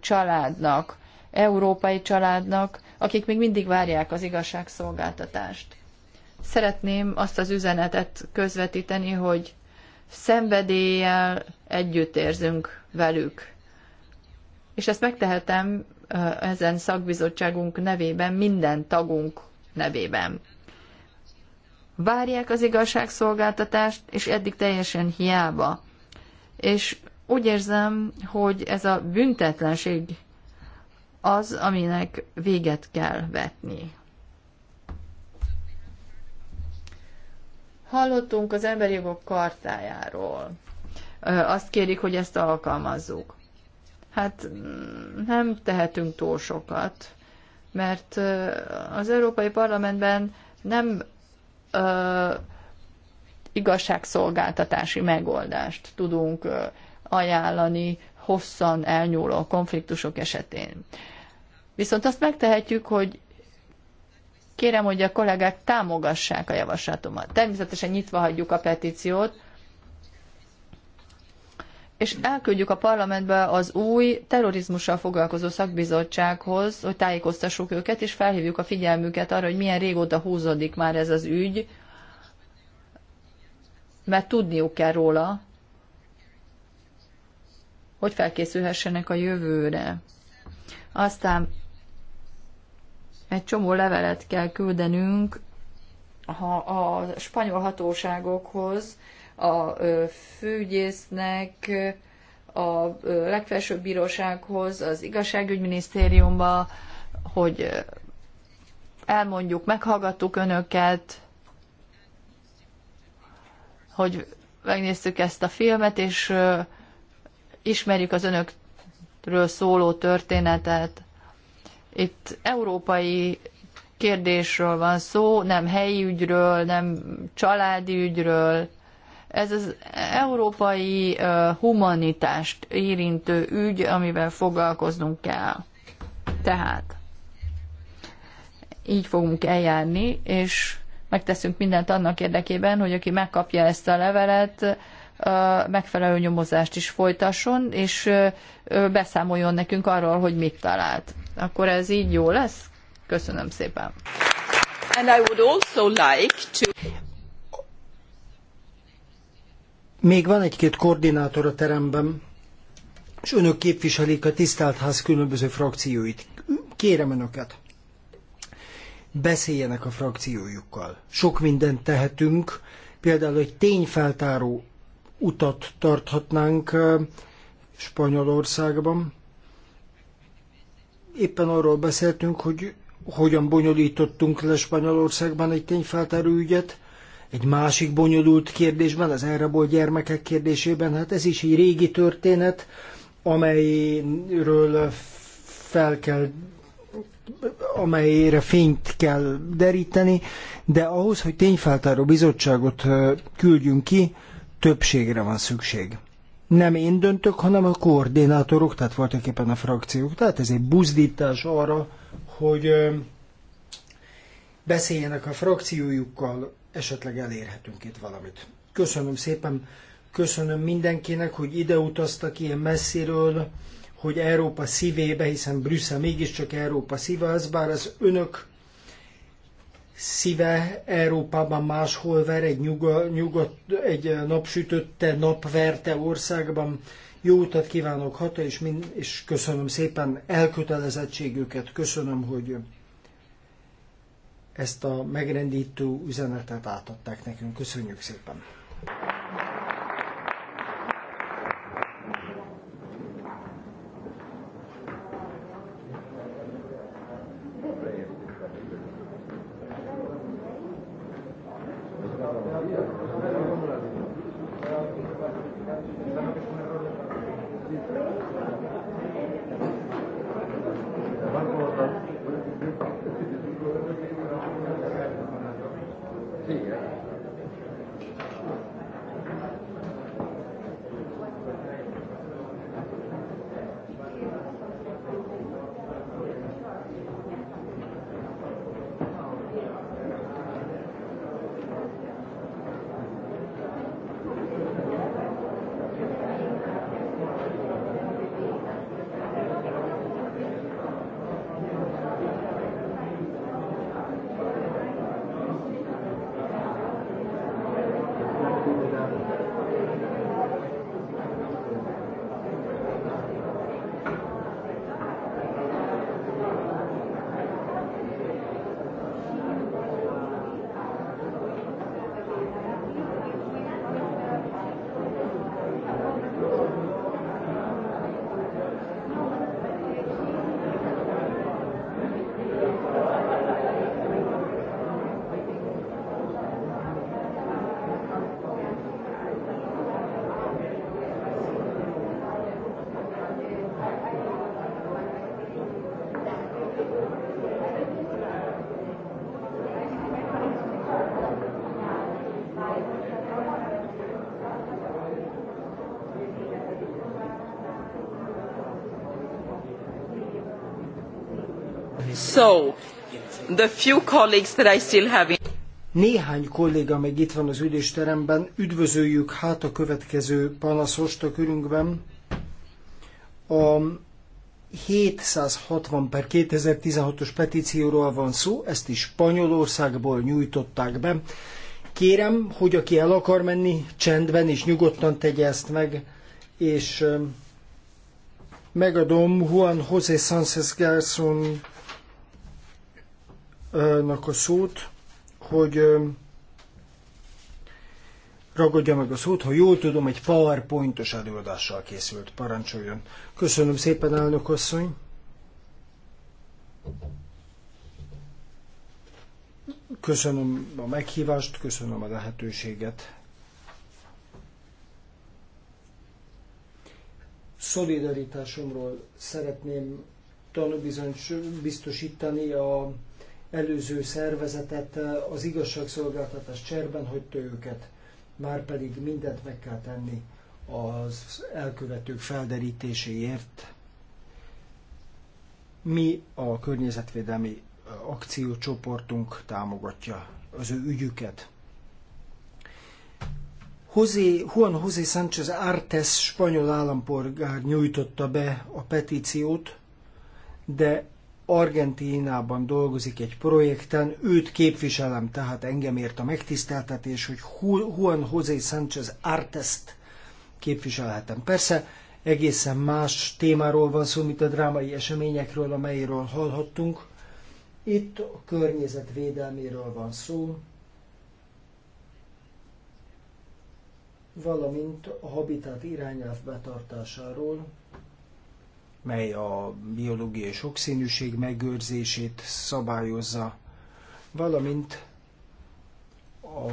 családnak, európai családnak, akik még mindig várják az igazságszolgáltatást. Szeretném azt az üzenetet közvetíteni, hogy szenvedéllyel együttérzünk velük. És ezt megtehetem ezen szakbizottságunk nevében, minden tagunk nevében. Várják az igazságszolgáltatást, és eddig teljesen hiába. És úgy érzem, hogy ez a büntetlenség az, aminek véget kell vetni. Hallottunk az emberi jogok kartájáról. Azt kérik, hogy ezt alkalmazzuk. Hát mm, nem tehetünk túl sokat, mert az Európai Parlamentben nem ö, igazságszolgáltatási megoldást tudunk ajánlani hosszan elnyúló konfliktusok esetén. Viszont azt megtehetjük, hogy kérem, hogy a kollégák támogassák a javaslatomat. Természetesen nyitva hagyjuk a petíciót, és elküldjük a parlamentbe az új terrorizmussal foglalkozó szakbizottsághoz, hogy tájékoztassuk őket, és felhívjuk a figyelmüket arra, hogy milyen régóta húzódik már ez az ügy, mert tudniuk kell róla, hogy felkészülhessenek a jövőre. Aztán egy csomó levelet kell küldenünk a, a spanyol hatóságokhoz, a főügyésznek, a legfelsőbb bírósághoz, az igazságügyminisztériumba, hogy elmondjuk, meghallgattuk önöket, hogy megnéztük ezt a filmet, és ismerjük az önökről szóló történetet. Itt európai kérdésről van szó, nem helyi ügyről, nem családi ügyről. Ez az európai humanitást érintő ügy, amivel foglalkoznunk kell. Tehát így fogunk eljárni, és megteszünk mindent annak érdekében, hogy aki megkapja ezt a levelet, megfelelő nyomozást is folytasson, és beszámoljon nekünk arról, hogy mit talált. Akkor ez így jó lesz? Köszönöm szépen.
And I would also like to...
Még van egy-két koordinátor a teremben, és önök képviselik a tisztelt ház különböző frakcióit. Kérem önöket, beszéljenek a frakciójukkal. Sok mindent tehetünk, például egy tényfeltáró utat tarthatnánk eh, Spanyolországban, éppen arról beszéltünk, hogy hogyan bonyolítottunk le Spanyolországban egy tényfeltáró ügyet, egy másik bonyolult kérdésben, az elrabolt gyermekek kérdésében, hát ez is egy régi történet, amelyről fel kell amelyre fényt kell deríteni, de ahhoz, hogy tényfeltáró bizottságot küldjünk ki, többségre van szükség nem én döntök, hanem a koordinátorok, tehát voltak éppen a frakciók. Tehát ez egy buzdítás arra, hogy beszéljenek a frakciójukkal, esetleg elérhetünk itt valamit. Köszönöm szépen, köszönöm mindenkinek, hogy ide utaztak ilyen messziről, hogy Európa szívébe, hiszen Brüsszel mégiscsak Európa szíve az, bár az önök szíve Európában máshol ver, egy, nyuga, egy napsütötte, napverte országban. Jó utat kívánok Hata, és, mind, és köszönöm szépen elkötelezettségüket, köszönöm, hogy ezt a megrendítő üzenetet átadták nekünk. Köszönjük szépen!
So, the few colleagues that I still have in...
Néhány kolléga még itt van az ülésteremben, üdvözöljük hát a következő panaszost a körünkben. A 760 per 2016-os petícióról van szó, ezt is Spanyolországból nyújtották be. Kérem, hogy aki el akar menni, csendben és nyugodtan tegye ezt meg, és megadom Juan José Sánchez Garzón nak a szót, hogy ragadja meg a szót, ha jól tudom, egy powerpointos előadással készült. Parancsoljon. Köszönöm szépen, elnök asszony. Köszönöm a meghívást, köszönöm a lehetőséget. Szolidaritásomról szeretném tanúbizonyos biztosítani a előző szervezetet, eh, az igazságszolgáltatás cserben hagyta őket, már pedig mindent meg kell tenni az elkövetők felderítéséért. Mi a környezetvédelmi eh, akciócsoportunk támogatja az ő ügyüket. José, Juan José Sánchez Artes spanyol állampolgár nyújtotta be a petíciót, de Argentínában dolgozik egy projekten, őt képviselem, tehát engem ért a megtiszteltetés, hogy Juan José Sánchez Artest képviselhetem. Persze egészen más témáról van szó, mint a drámai eseményekről, amelyről hallhattunk. Itt a környezet védelméről van szó, valamint a habitat irányelv betartásáról, mely a biológiai sokszínűség megőrzését szabályozza, valamint a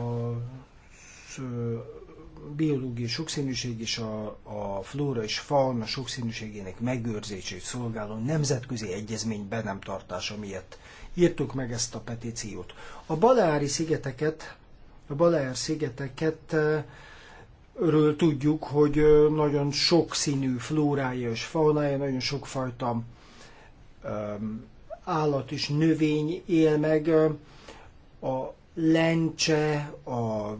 biológiai sokszínűség és a, a flóra és fauna sokszínűségének megőrzését szolgáló nemzetközi egyezmény be nem tartása miatt írtuk meg ezt a petíciót. A Baleári szigeteket, a Baleár szigeteket ről tudjuk, hogy nagyon sokszínű flórája és faunája, nagyon sokfajta állat és növény él meg. A lencse, a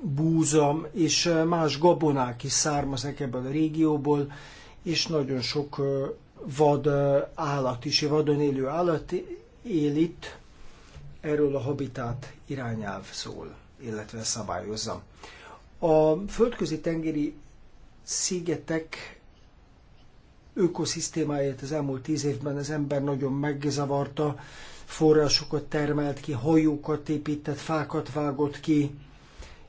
búzam és más gabonák is származnak ebből a régióból, és nagyon sok vad állat is, vadon élő állat él itt. Erről a habitát irányelv szól, illetve szabályozza. A földközi tengeri szigetek ökoszisztémáját az elmúlt tíz évben az ember nagyon megzavarta, forrásokat termelt ki, hajókat épített, fákat vágott ki,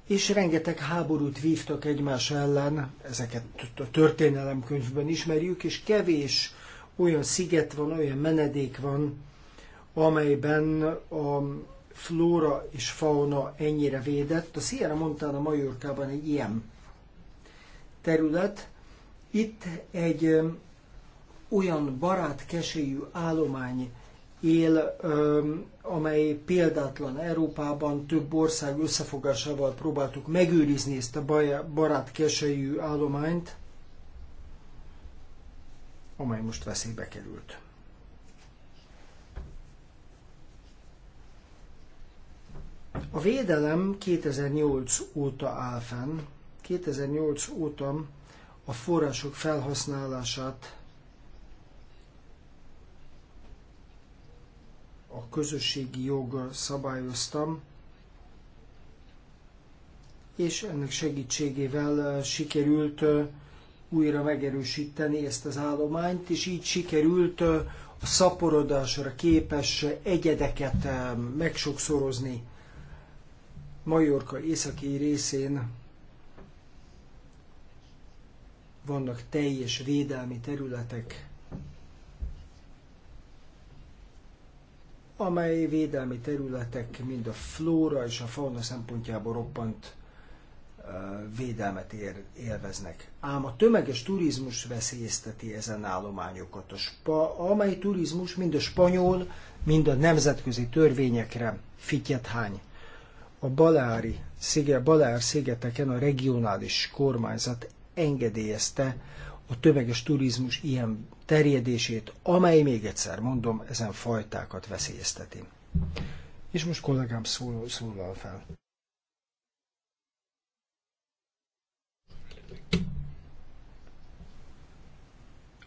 és rengeteg háborút vívtak egymás ellen, ezeket a történelemkönyvben ismerjük, és kevés olyan sziget van, olyan menedék van, amelyben a flóra és fauna ennyire védett. A Sierra Montana Majorkában egy ilyen terület. Itt egy ö, olyan barátkesélyű állomány él, ö, amely példátlan Európában több ország összefogásával próbáltuk megőrizni ezt a barátkesélyű állományt, amely most veszélybe került. A védelem 2008 óta áll fenn. 2008 óta a források felhasználását a közösségi joggal szabályoztam, és ennek segítségével sikerült újra megerősíteni ezt az állományt, és így sikerült a szaporodásra képes egyedeket megsokszorozni Majorka északi részén vannak teljes védelmi területek, amely védelmi területek mind a flóra és a fauna szempontjából roppant védelmet élveznek. Ám a tömeges turizmus veszélyezteti ezen állományokat, a spa, amely turizmus mind a spanyol, mind a nemzetközi törvényekre fityethány. hány a Balári sziget, Balár szigeteken a regionális kormányzat engedélyezte a tömeges turizmus ilyen terjedését, amely még egyszer mondom, ezen fajtákat veszélyezteti. És most kollégám szól, szólal fel.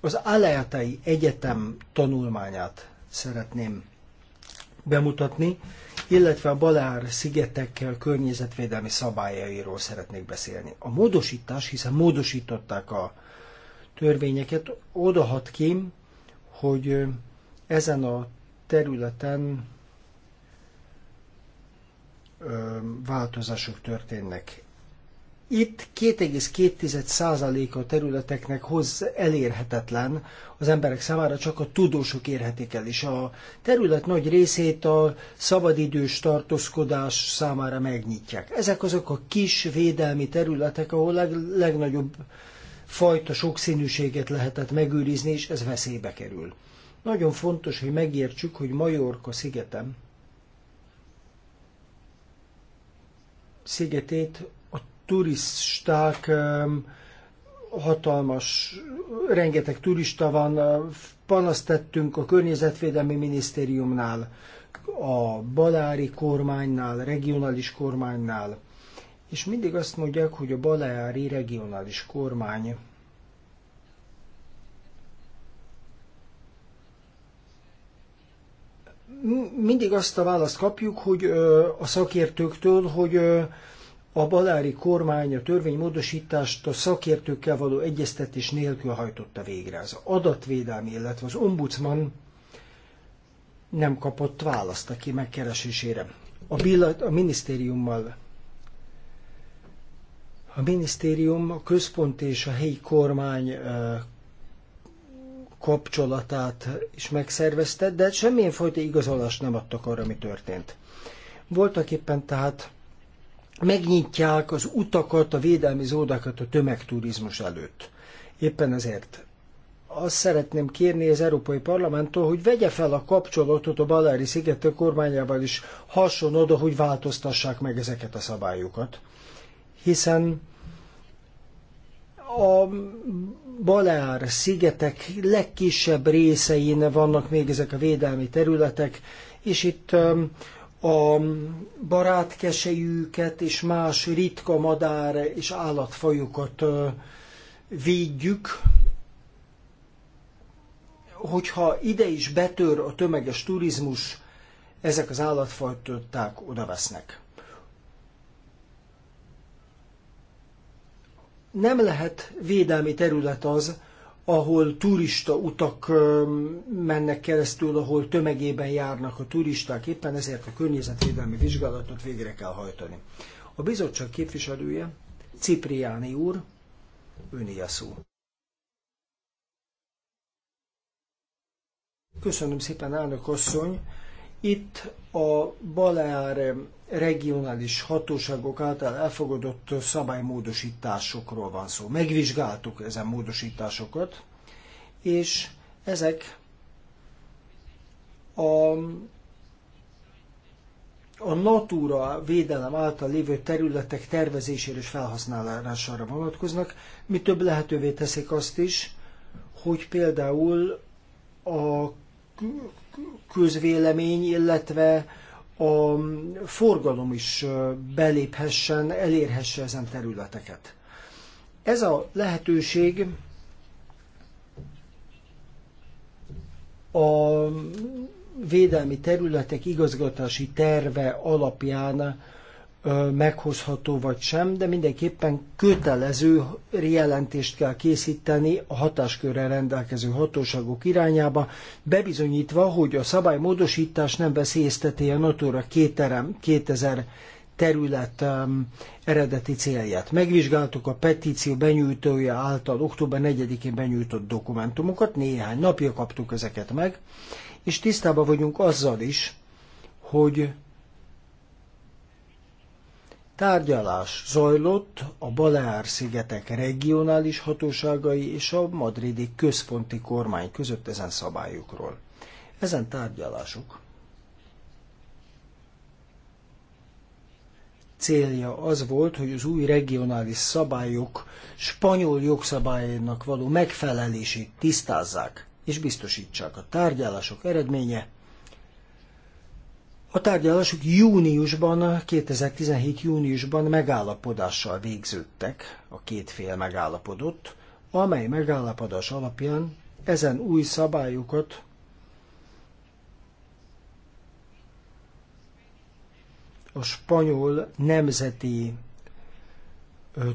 Az Aleatai Egyetem tanulmányát szeretném bemutatni, illetve a Balár-szigetekkel környezetvédelmi szabályairól szeretnék beszélni. A módosítás, hiszen módosították a törvényeket, odahat ki, hogy ezen a területen változások történnek. Itt 2,2% a területeknek hoz elérhetetlen az emberek számára, csak a tudósok érhetik el, és a terület nagy részét a szabadidős tartózkodás számára megnyitják. Ezek azok a kis védelmi területek, ahol leg, legnagyobb fajta sokszínűséget lehetett megőrizni, és ez veszélybe kerül. Nagyon fontos, hogy megértsük, hogy Majorka szigetem, szigetét turisták hatalmas, rengeteg turista van, panaszt tettünk a Környezetvédelmi Minisztériumnál, a Balári kormánynál, regionális kormánynál, és mindig azt mondják, hogy a Balári regionális kormány mindig azt a választ kapjuk, hogy a szakértőktől, hogy a balári kormány a törvénymódosítást a szakértőkkel való egyeztetés nélkül hajtotta végre. Az adatvédelmi, illetve az ombudsman nem kapott választ a megkeresésére. A, a minisztériummal a minisztérium, a központ és a helyi kormány kapcsolatát is megszervezte, de semmilyen fajta igazolást nem adtak arra, mi történt. Voltak éppen tehát megnyitják az utakat, a védelmi zódákat a tömegturizmus előtt. Éppen ezért azt szeretném kérni az Európai Parlamenttól, hogy vegye fel a kapcsolatot a Balári szigetek kormányával is hasonló oda, hogy változtassák meg ezeket a szabályokat. Hiszen a Balár szigetek legkisebb részein vannak még ezek a védelmi területek, és itt um, a barátkesejüket és más ritka madár és állatfajokat védjük. Hogyha ide is betör a tömeges turizmus, ezek az állatfajták oda vesznek. Nem lehet védelmi terület az, ahol turista utak mennek keresztül, ahol tömegében járnak a turisták, éppen ezért a környezetvédelmi vizsgálatot végre kell hajtani. A bizottság képviselője, Cipriáni úr, öné a szó. Köszönöm szépen, elnök asszony! Itt a Balear regionális hatóságok által elfogadott szabálymódosításokról van szó. Megvizsgáltuk ezen módosításokat, és ezek a, a Natura védelem által lévő területek tervezésére és felhasználására vonatkoznak, mi több lehetővé teszik azt is, hogy például a közvélemény, illetve a forgalom is beléphessen, elérhesse ezen területeket. Ez a lehetőség a védelmi területek igazgatási terve alapján meghozható vagy sem, de mindenképpen kötelező jelentést kell készíteni a hatáskörrel rendelkező hatóságok irányába, bebizonyítva, hogy a szabálymódosítás nem veszélyezteti a Natura 2000 terület eredeti célját. Megvizsgáltuk a petíció benyújtója által október 4-én benyújtott dokumentumokat, néhány napja kaptuk ezeket meg, és tisztában vagyunk azzal is, hogy Tárgyalás zajlott a Baleár-szigetek regionális hatóságai és a madridi központi kormány között ezen szabályokról. Ezen tárgyalások célja az volt, hogy az új regionális szabályok spanyol jogszabályainak való megfelelését tisztázzák és biztosítsák. A tárgyalások eredménye a tárgyalások júniusban, 2017 júniusban megállapodással végződtek, a két fél megállapodott, amely megállapodás alapján ezen új szabályokat a spanyol nemzeti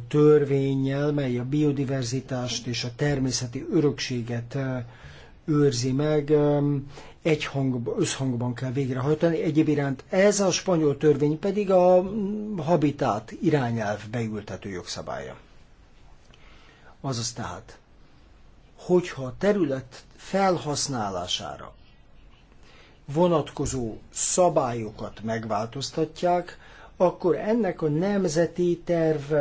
törvényel, mely a biodiverzitást és a természeti örökséget őrzi meg, egy hangban, összhangban kell végrehajtani. Egyéb iránt ez a spanyol törvény pedig a mm, habitát irányelv beültető jogszabálya. Azaz tehát, hogyha a terület felhasználására vonatkozó szabályokat megváltoztatják, akkor ennek a nemzeti terv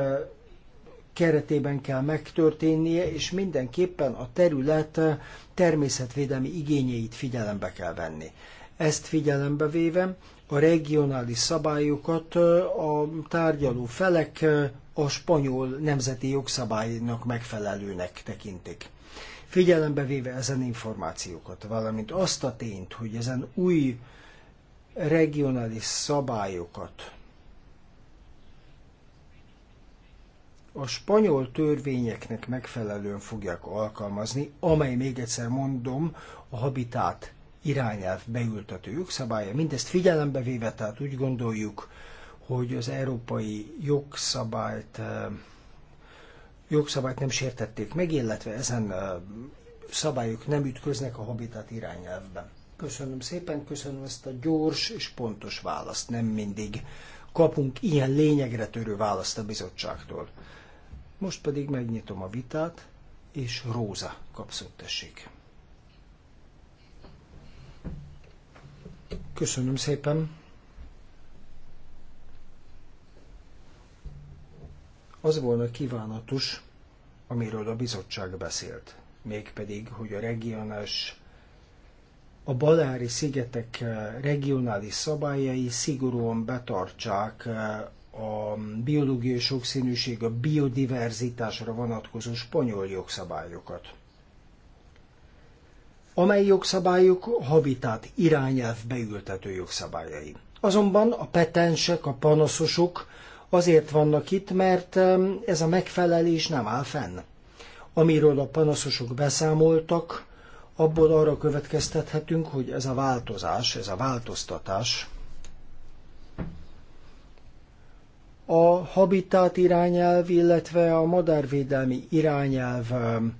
keretében kell megtörténnie, és mindenképpen a terület természetvédelmi igényeit figyelembe kell venni. Ezt figyelembe véve a regionális szabályokat a tárgyaló felek a spanyol nemzeti jogszabálynak megfelelőnek tekintik. Figyelembe véve ezen információkat, valamint azt a tényt, hogy ezen új regionális szabályokat a spanyol törvényeknek megfelelően fogják alkalmazni, amely még egyszer mondom, a habitát irányelv beültető jogszabálya. Mindezt figyelembe véve, tehát úgy gondoljuk, hogy az európai jogszabályt, eh, jogszabályt nem sértették meg, illetve ezen eh, szabályok nem ütköznek a habitat irányelvben. Köszönöm szépen, köszönöm ezt a gyors és pontos választ. Nem mindig kapunk ilyen lényegre törő választ a bizottságtól. Most pedig megnyitom a vitát, és Róza kapszott tessék. Köszönöm szépen. Az volna kívánatos, amiről a bizottság beszélt, mégpedig, hogy a regionális a Balári szigetek regionális szabályai szigorúan betartsák a biológiai sokszínűség, a biodiverzitásra vonatkozó spanyol jogszabályokat amely jogszabályok habitát irányelv beültető jogszabályai. Azonban a petensek, a panaszosok azért vannak itt, mert ez a megfelelés nem áll fenn. Amiről a panaszosok beszámoltak, abból arra következtethetünk, hogy ez a változás, ez a változtatás a habitat irányelv, illetve a madárvédelmi irányelv um,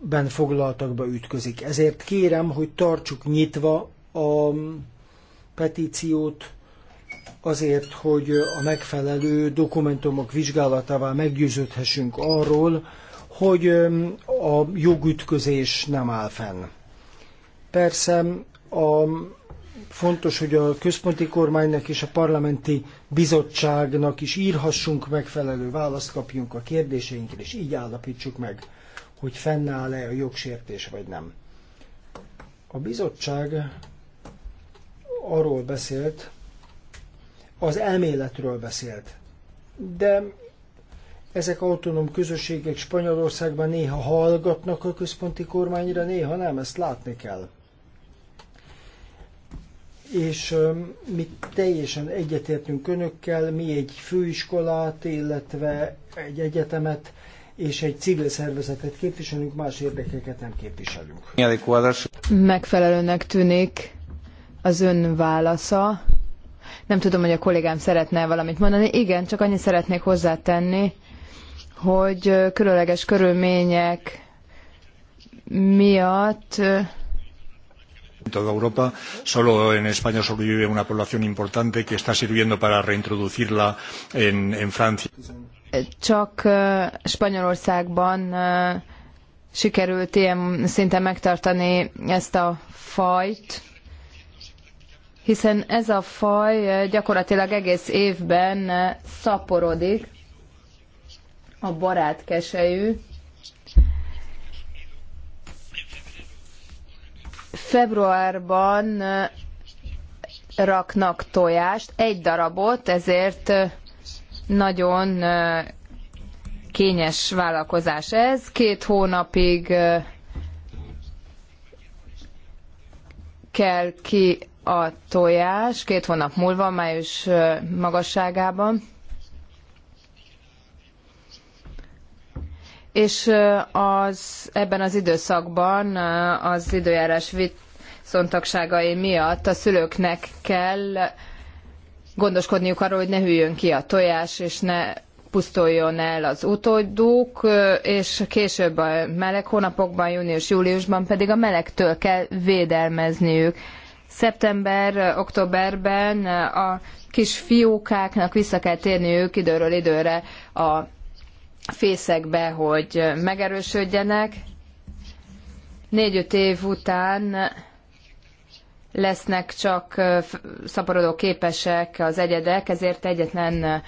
ben foglaltakba ütközik. Ezért kérem, hogy tartsuk nyitva a um, petíciót azért, hogy a megfelelő dokumentumok vizsgálatával meggyőződhessünk arról, hogy um, a jogütközés nem áll fenn. Persze a fontos, hogy a központi kormánynak és a parlamenti bizottságnak is írhassunk megfelelő választ kapjunk a kérdéseinkre, és így állapítsuk meg, hogy fennáll-e a jogsértés vagy nem. A bizottság arról beszélt, az elméletről beszélt, de ezek autonóm közösségek Spanyolországban néha hallgatnak a központi kormányra, néha nem, ezt látni kell és mi teljesen egyetértünk önökkel, mi egy főiskolát, illetve egy egyetemet és egy civil szervezetet képviselünk, más érdekeket nem képviselünk.
Megfelelőnek tűnik az ön válasza. Nem tudom, hogy a kollégám szeretne valamit mondani. Igen, csak annyit szeretnék hozzátenni, hogy különleges körülmények miatt
toda Europa. Solo en España sobrevive una población importante que está sirviendo para reintroducirla en, en
Francia.
Csak eh, Spanyolországban eh, sikerült ilyen szinte megtartani ezt a fajt, hiszen ez a faj eh, gyakorlatilag egész évben szaporodik, a barátkesejű, Februárban eh, raknak tojást, egy darabot, ezért eh, nagyon eh, kényes vállalkozás ez. Két hónapig kell ki a tojás, két hónap múlva, május magasságában. és az, ebben az időszakban az időjárás viszontagságai miatt a szülőknek kell gondoskodniuk arról, hogy ne hűljön ki a tojás, és ne pusztuljon el az utódjuk, és később a meleg hónapokban, június-júliusban pedig a melegtől kell védelmezniük. Szeptember, októberben a kis fiókáknak vissza kell térniük időről időre a fészekbe, hogy megerősödjenek. Négy-öt év után lesznek csak szaporodó képesek az egyedek, ezért egyetlen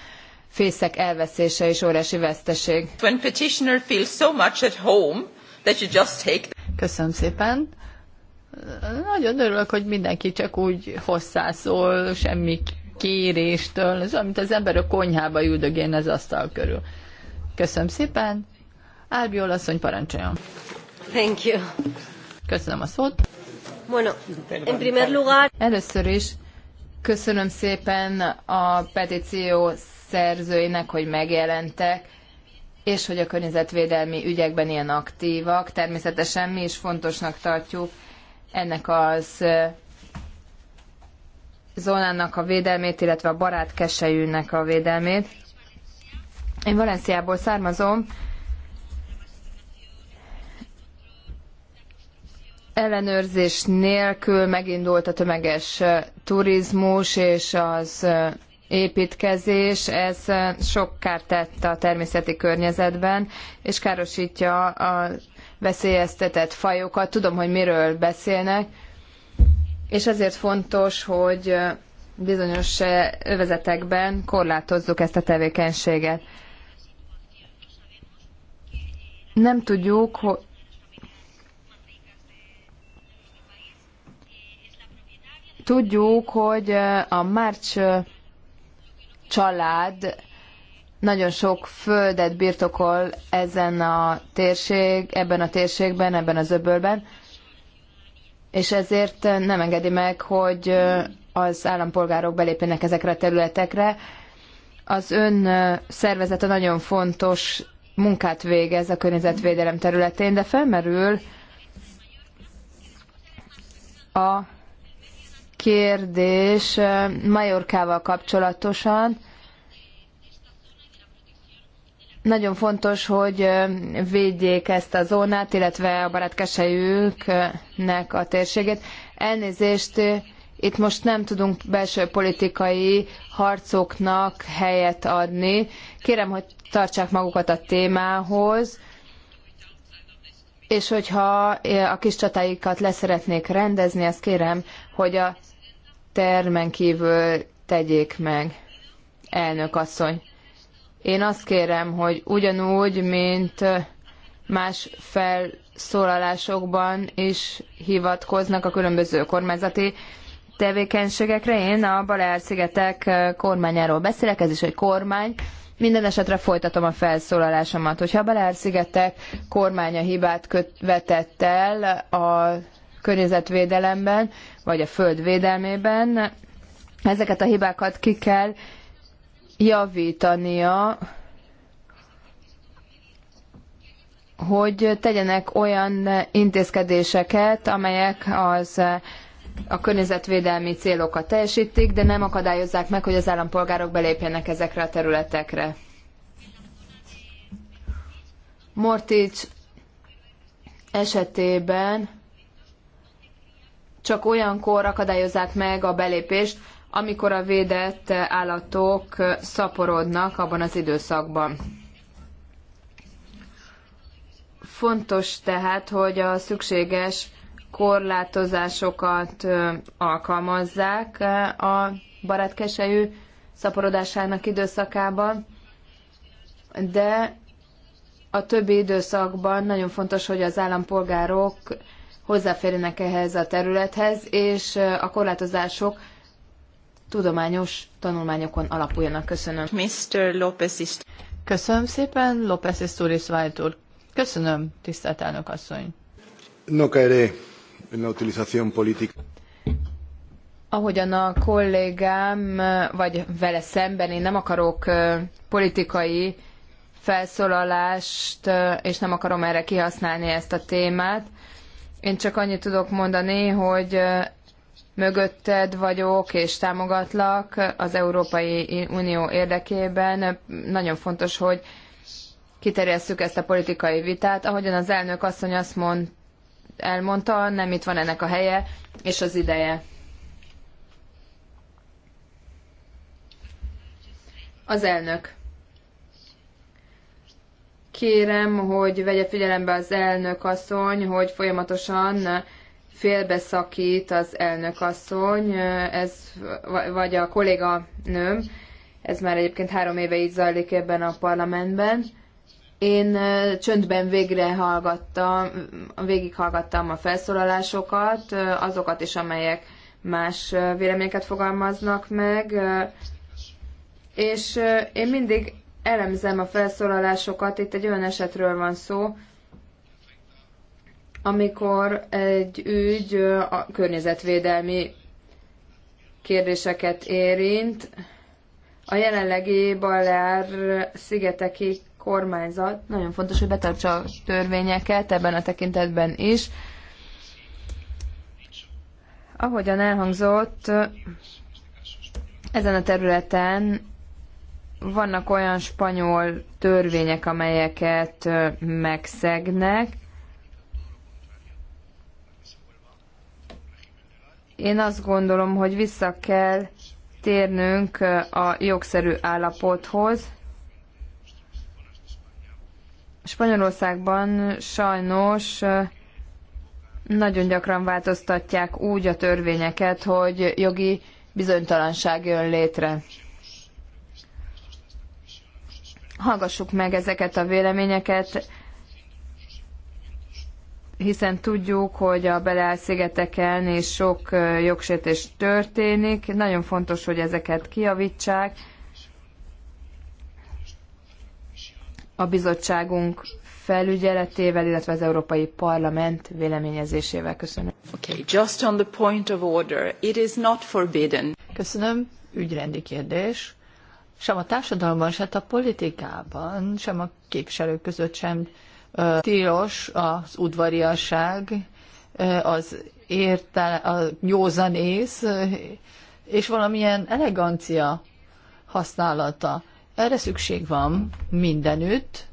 fészek elveszése és óriási veszteség.
When petitioner feels so much at home that you
just take Köszönöm szépen. Nagyon örülök, hogy mindenki csak úgy hozzászól, semmi kéréstől. Ez olyan, mint az ember a konyhába üldögén az asztal körül. Köszönöm szépen. Árbiol asszony parancsoljon.
Thank you. Köszönöm a szót.
Bueno, en primer
lugar... Először is köszönöm szépen a petíció szerzőinek, hogy megjelentek, és hogy a környezetvédelmi ügyekben ilyen aktívak. Természetesen mi is fontosnak tartjuk ennek az zónának a védelmét, illetve a barátkesejűnek a védelmét. Én Valenciából származom, ellenőrzés nélkül megindult a tömeges turizmus és az építkezés, ez sok kárt tett a természeti környezetben, és károsítja a veszélyeztetett fajokat. Tudom, hogy miről beszélnek, és ezért fontos, hogy bizonyos övezetekben korlátozzuk ezt a tevékenységet nem tudjuk, hogy tudjuk, hogy a Márcs család nagyon sok földet birtokol ezen a térség, ebben a térségben, ebben az öbölben, és ezért nem engedi meg, hogy az állampolgárok belépjenek ezekre a területekre. Az ön szervezete nagyon fontos munkát végez a környezetvédelem területén, de felmerül a kérdés eh, Majorkával kapcsolatosan. Nagyon fontos, hogy eh, védjék ezt a zónát, illetve a barátkesejüknek a térségét. Elnézést, eh, itt most nem tudunk belső politikai harcoknak helyet adni. Kérem, hogy tartsák magukat a témához, és hogyha a kis csatáikat leszeretnék rendezni, azt kérem, hogy a termen kívül tegyék meg, elnök asszony. Én azt kérem, hogy ugyanúgy, mint más felszólalásokban is hivatkoznak a különböző kormányzati tevékenységekre. Én a balear szigetek kormányáról beszélek, ez is egy kormány. Minden esetre folytatom a felszólalásomat. Hogyha a balear szigetek kormánya hibát köt, vetett el a környezetvédelemben, vagy a földvédelmében, ezeket a hibákat ki kell javítania, hogy tegyenek olyan intézkedéseket, amelyek az a környezetvédelmi célokat teljesítik, de nem akadályozzák meg, hogy az állampolgárok belépjenek ezekre a területekre. Mortics esetében csak olyankor akadályozzák meg a belépést, amikor a védett állatok szaporodnak abban az időszakban. Fontos tehát, hogy a szükséges korlátozásokat alkalmazzák a barátkesejű szaporodásának időszakában, de a többi időszakban nagyon fontos, hogy az állampolgárok hozzáférjenek ehhez a területhez, és a korlátozások tudományos tanulmányokon alapuljanak. Köszönöm.
Mr. López is... Köszönöm szépen, López Isturis Vájt Köszönöm, tisztelt elnök asszony.
No,
Ahogyan a kollégám, vagy vele szemben én nem akarok politikai felszólalást, és nem akarom erre kihasználni ezt a témát. Én csak annyit tudok mondani, hogy mögötted vagyok és támogatlak az Európai Unió érdekében. Nagyon fontos, hogy kiterjesszük ezt a politikai vitát. Ahogyan az elnök asszony azt mondta, elmondta, nem itt van ennek a helye és az ideje. Az elnök. Kérem, hogy vegye figyelembe az elnök asszony, hogy folyamatosan félbeszakít az elnök asszony, ez, vagy a kolléga nőm, ez már egyébként három éve így zajlik ebben a parlamentben én csöndben hallgattam, végighallgattam a felszólalásokat, azokat is, amelyek más véleményeket fogalmaznak meg, és én mindig elemzem a felszólalásokat, itt egy olyan esetről van szó, amikor egy ügy a környezetvédelmi kérdéseket érint. A jelenlegi Balear szigeteki kormányzat nagyon fontos, hogy betartsa a törvényeket ebben a tekintetben is. Ahogyan elhangzott, ezen a területen vannak olyan spanyol törvények, amelyeket megszegnek. Én azt gondolom, hogy vissza kell térnünk a jogszerű állapothoz, Spanyolországban sajnos nagyon gyakran változtatják úgy a törvényeket, hogy jogi bizonytalanság jön létre. Hallgassuk meg ezeket a véleményeket, hiszen tudjuk, hogy a Beleál szigeteken is sok jogsértés történik. Nagyon fontos, hogy ezeket kiavítsák a bizottságunk felügyeletével, illetve az Európai Parlament véleményezésével. Köszönöm.
Okay, just on the point of order. It is not forbidden. Köszönöm. Ügyrendi kérdés. Sem a társadalomban, sem a politikában, sem a képviselők között sem uh, tilos az udvariasság, uh, az értele, a józanész uh, és valamilyen elegancia használata. Erre szükség van mindenütt,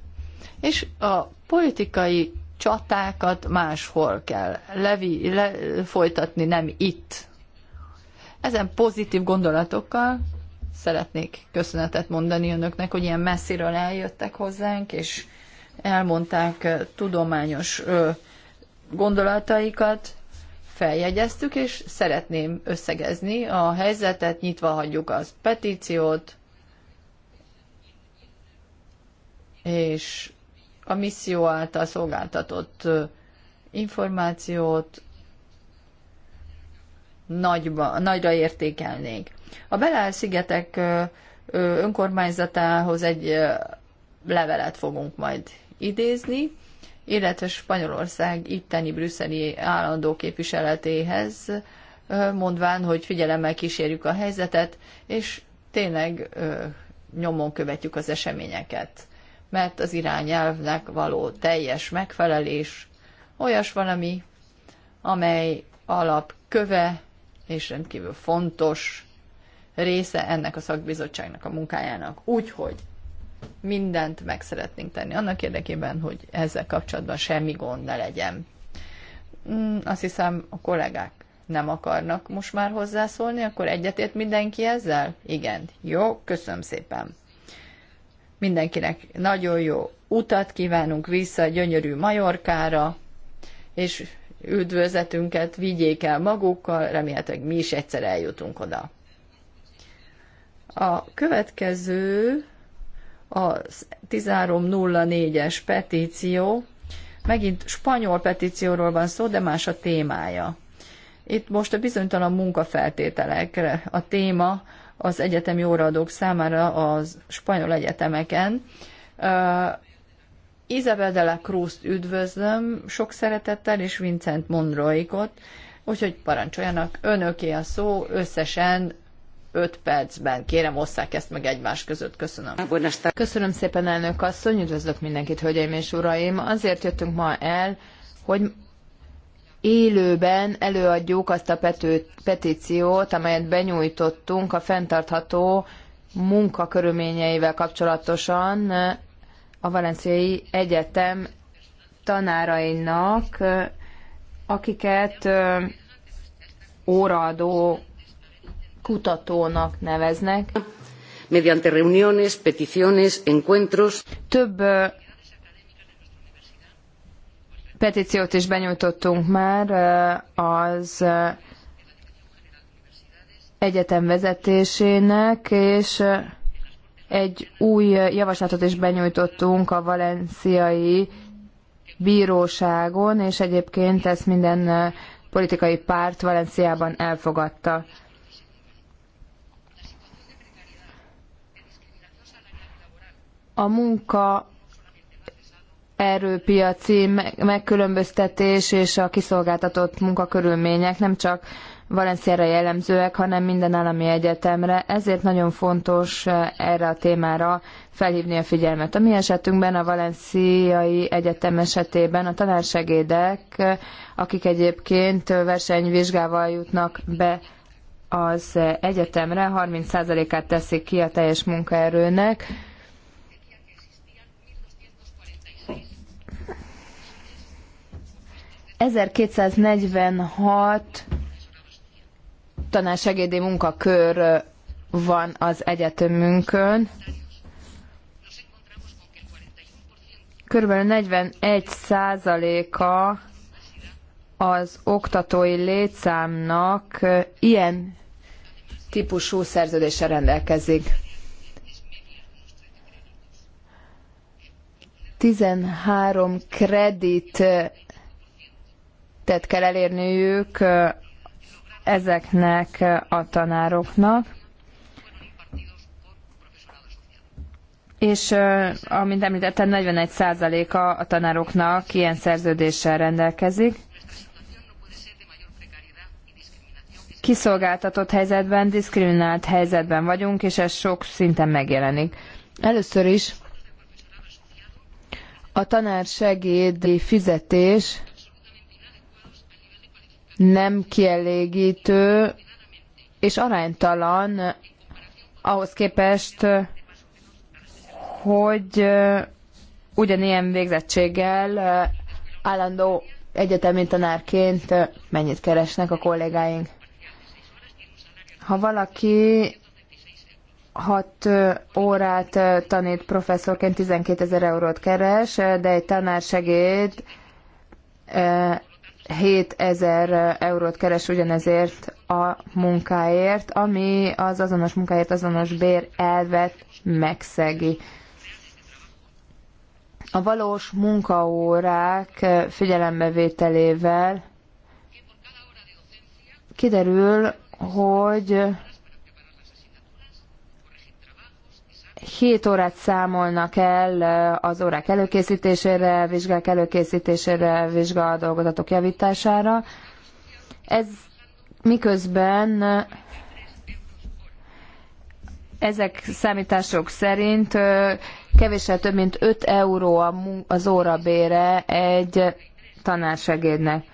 és a politikai csatákat máshol kell levi, le, folytatni, nem itt. Ezen pozitív gondolatokkal szeretnék köszönetet mondani önöknek, hogy ilyen messziről eljöttek hozzánk, és elmondták tudományos gondolataikat, feljegyeztük, és szeretném összegezni a helyzetet, nyitva hagyjuk az petíciót, és a misszió által szolgáltatott információt nagyba, nagyra értékelnék. A Belál szigetek önkormányzatához egy levelet fogunk majd idézni, illetve Spanyolország itteni brüsszeli állandó képviseletéhez, mondván, hogy figyelemmel kísérjük a helyzetet, és tényleg nyomon követjük az eseményeket mert az irányelvnek való teljes megfelelés olyas valami, amely alapköve és rendkívül fontos része ennek a szakbizottságnak a munkájának. Úgyhogy mindent meg szeretnénk tenni annak érdekében, hogy ezzel kapcsolatban semmi gond ne legyen. Mm, azt hiszem, a kollégák nem akarnak most már hozzászólni, akkor egyetért mindenki ezzel? Igen. Jó, köszönöm szépen. Mindenkinek nagyon jó utat kívánunk vissza gyönyörű Majorkára, és üdvözletünket vigyék el magukkal, remélhetőleg mi is egyszer eljutunk oda. A következő a 1304-es petíció, megint spanyol petícióról van szó, de más a témája. Itt most a bizonytalan munkafeltételekre a téma, az egyetemi óraadók számára az spanyol egyetemeken. Uh, Isabel de la cruz üdvözlöm sok szeretettel, és Vincent Monroikot, úgyhogy parancsoljanak, önöké a szó, összesen
5 percben. Kérem, osszák ezt meg egymás között. Köszönöm. Köszönöm szépen, elnök asszony, üdvözlök mindenkit, hölgyeim és uraim. Azért jöttünk ma el, hogy élőben előadjuk azt a pető, petíciót, amelyet benyújtottunk a fenntartható munkakörülményeivel kapcsolatosan a Valenciai Egyetem tanárainak, akiket óraadó kutatónak neveznek. Mediante reuniones, peticiones, encuentros. Több petíciót is benyújtottunk már az egyetem vezetésének, és egy új javaslatot is benyújtottunk a valenciai bíróságon, és egyébként ezt minden politikai párt Valenciában elfogadta. A munka erőpiaci megkülönböztetés és a kiszolgáltatott munkakörülmények nem csak Valenciára jellemzőek, hanem minden állami egyetemre, ezért nagyon fontos eh, erre a témára felhívni a figyelmet. A mi esetünkben a Valenciai Egyetem esetében a tanársegédek, eh, akik egyébként versenyvizsgával jutnak be az egyetemre, 30%-át teszik ki a teljes munkaerőnek, 1246 tanársegédi munkakör van az egyetemünkön. Körülbelül 41 százaléka az oktatói létszámnak ilyen típusú szerződése rendelkezik. 13 kredit tehát kell elérniük ezeknek a tanároknak. És amint említettem, 41%-a a tanároknak ilyen szerződéssel rendelkezik. Kiszolgáltatott helyzetben, diszkriminált helyzetben vagyunk, és ez sok szinten megjelenik. Először is a segédi fizetés nem kielégítő és aránytalan ahhoz képest, hogy ugyanilyen végzettséggel állandó egyetemi tanárként mennyit keresnek a kollégáink. Ha valaki 6 órát tanít professzorként 12 ezer eurót keres, de egy tanársegéd 7000 eurót keres ugyanezért a munkáért, ami az azonos munkáért azonos bér elvet megszegi. A valós munkaórák figyelembevételével kiderül, hogy 7 órát számolnak el az órák előkészítésére, vizsgák előkészítésére, vizsga dolgozatok javítására. Ez miközben ezek számítások szerint kevéssel több mint 5 euró az órabére egy tanársegédnek.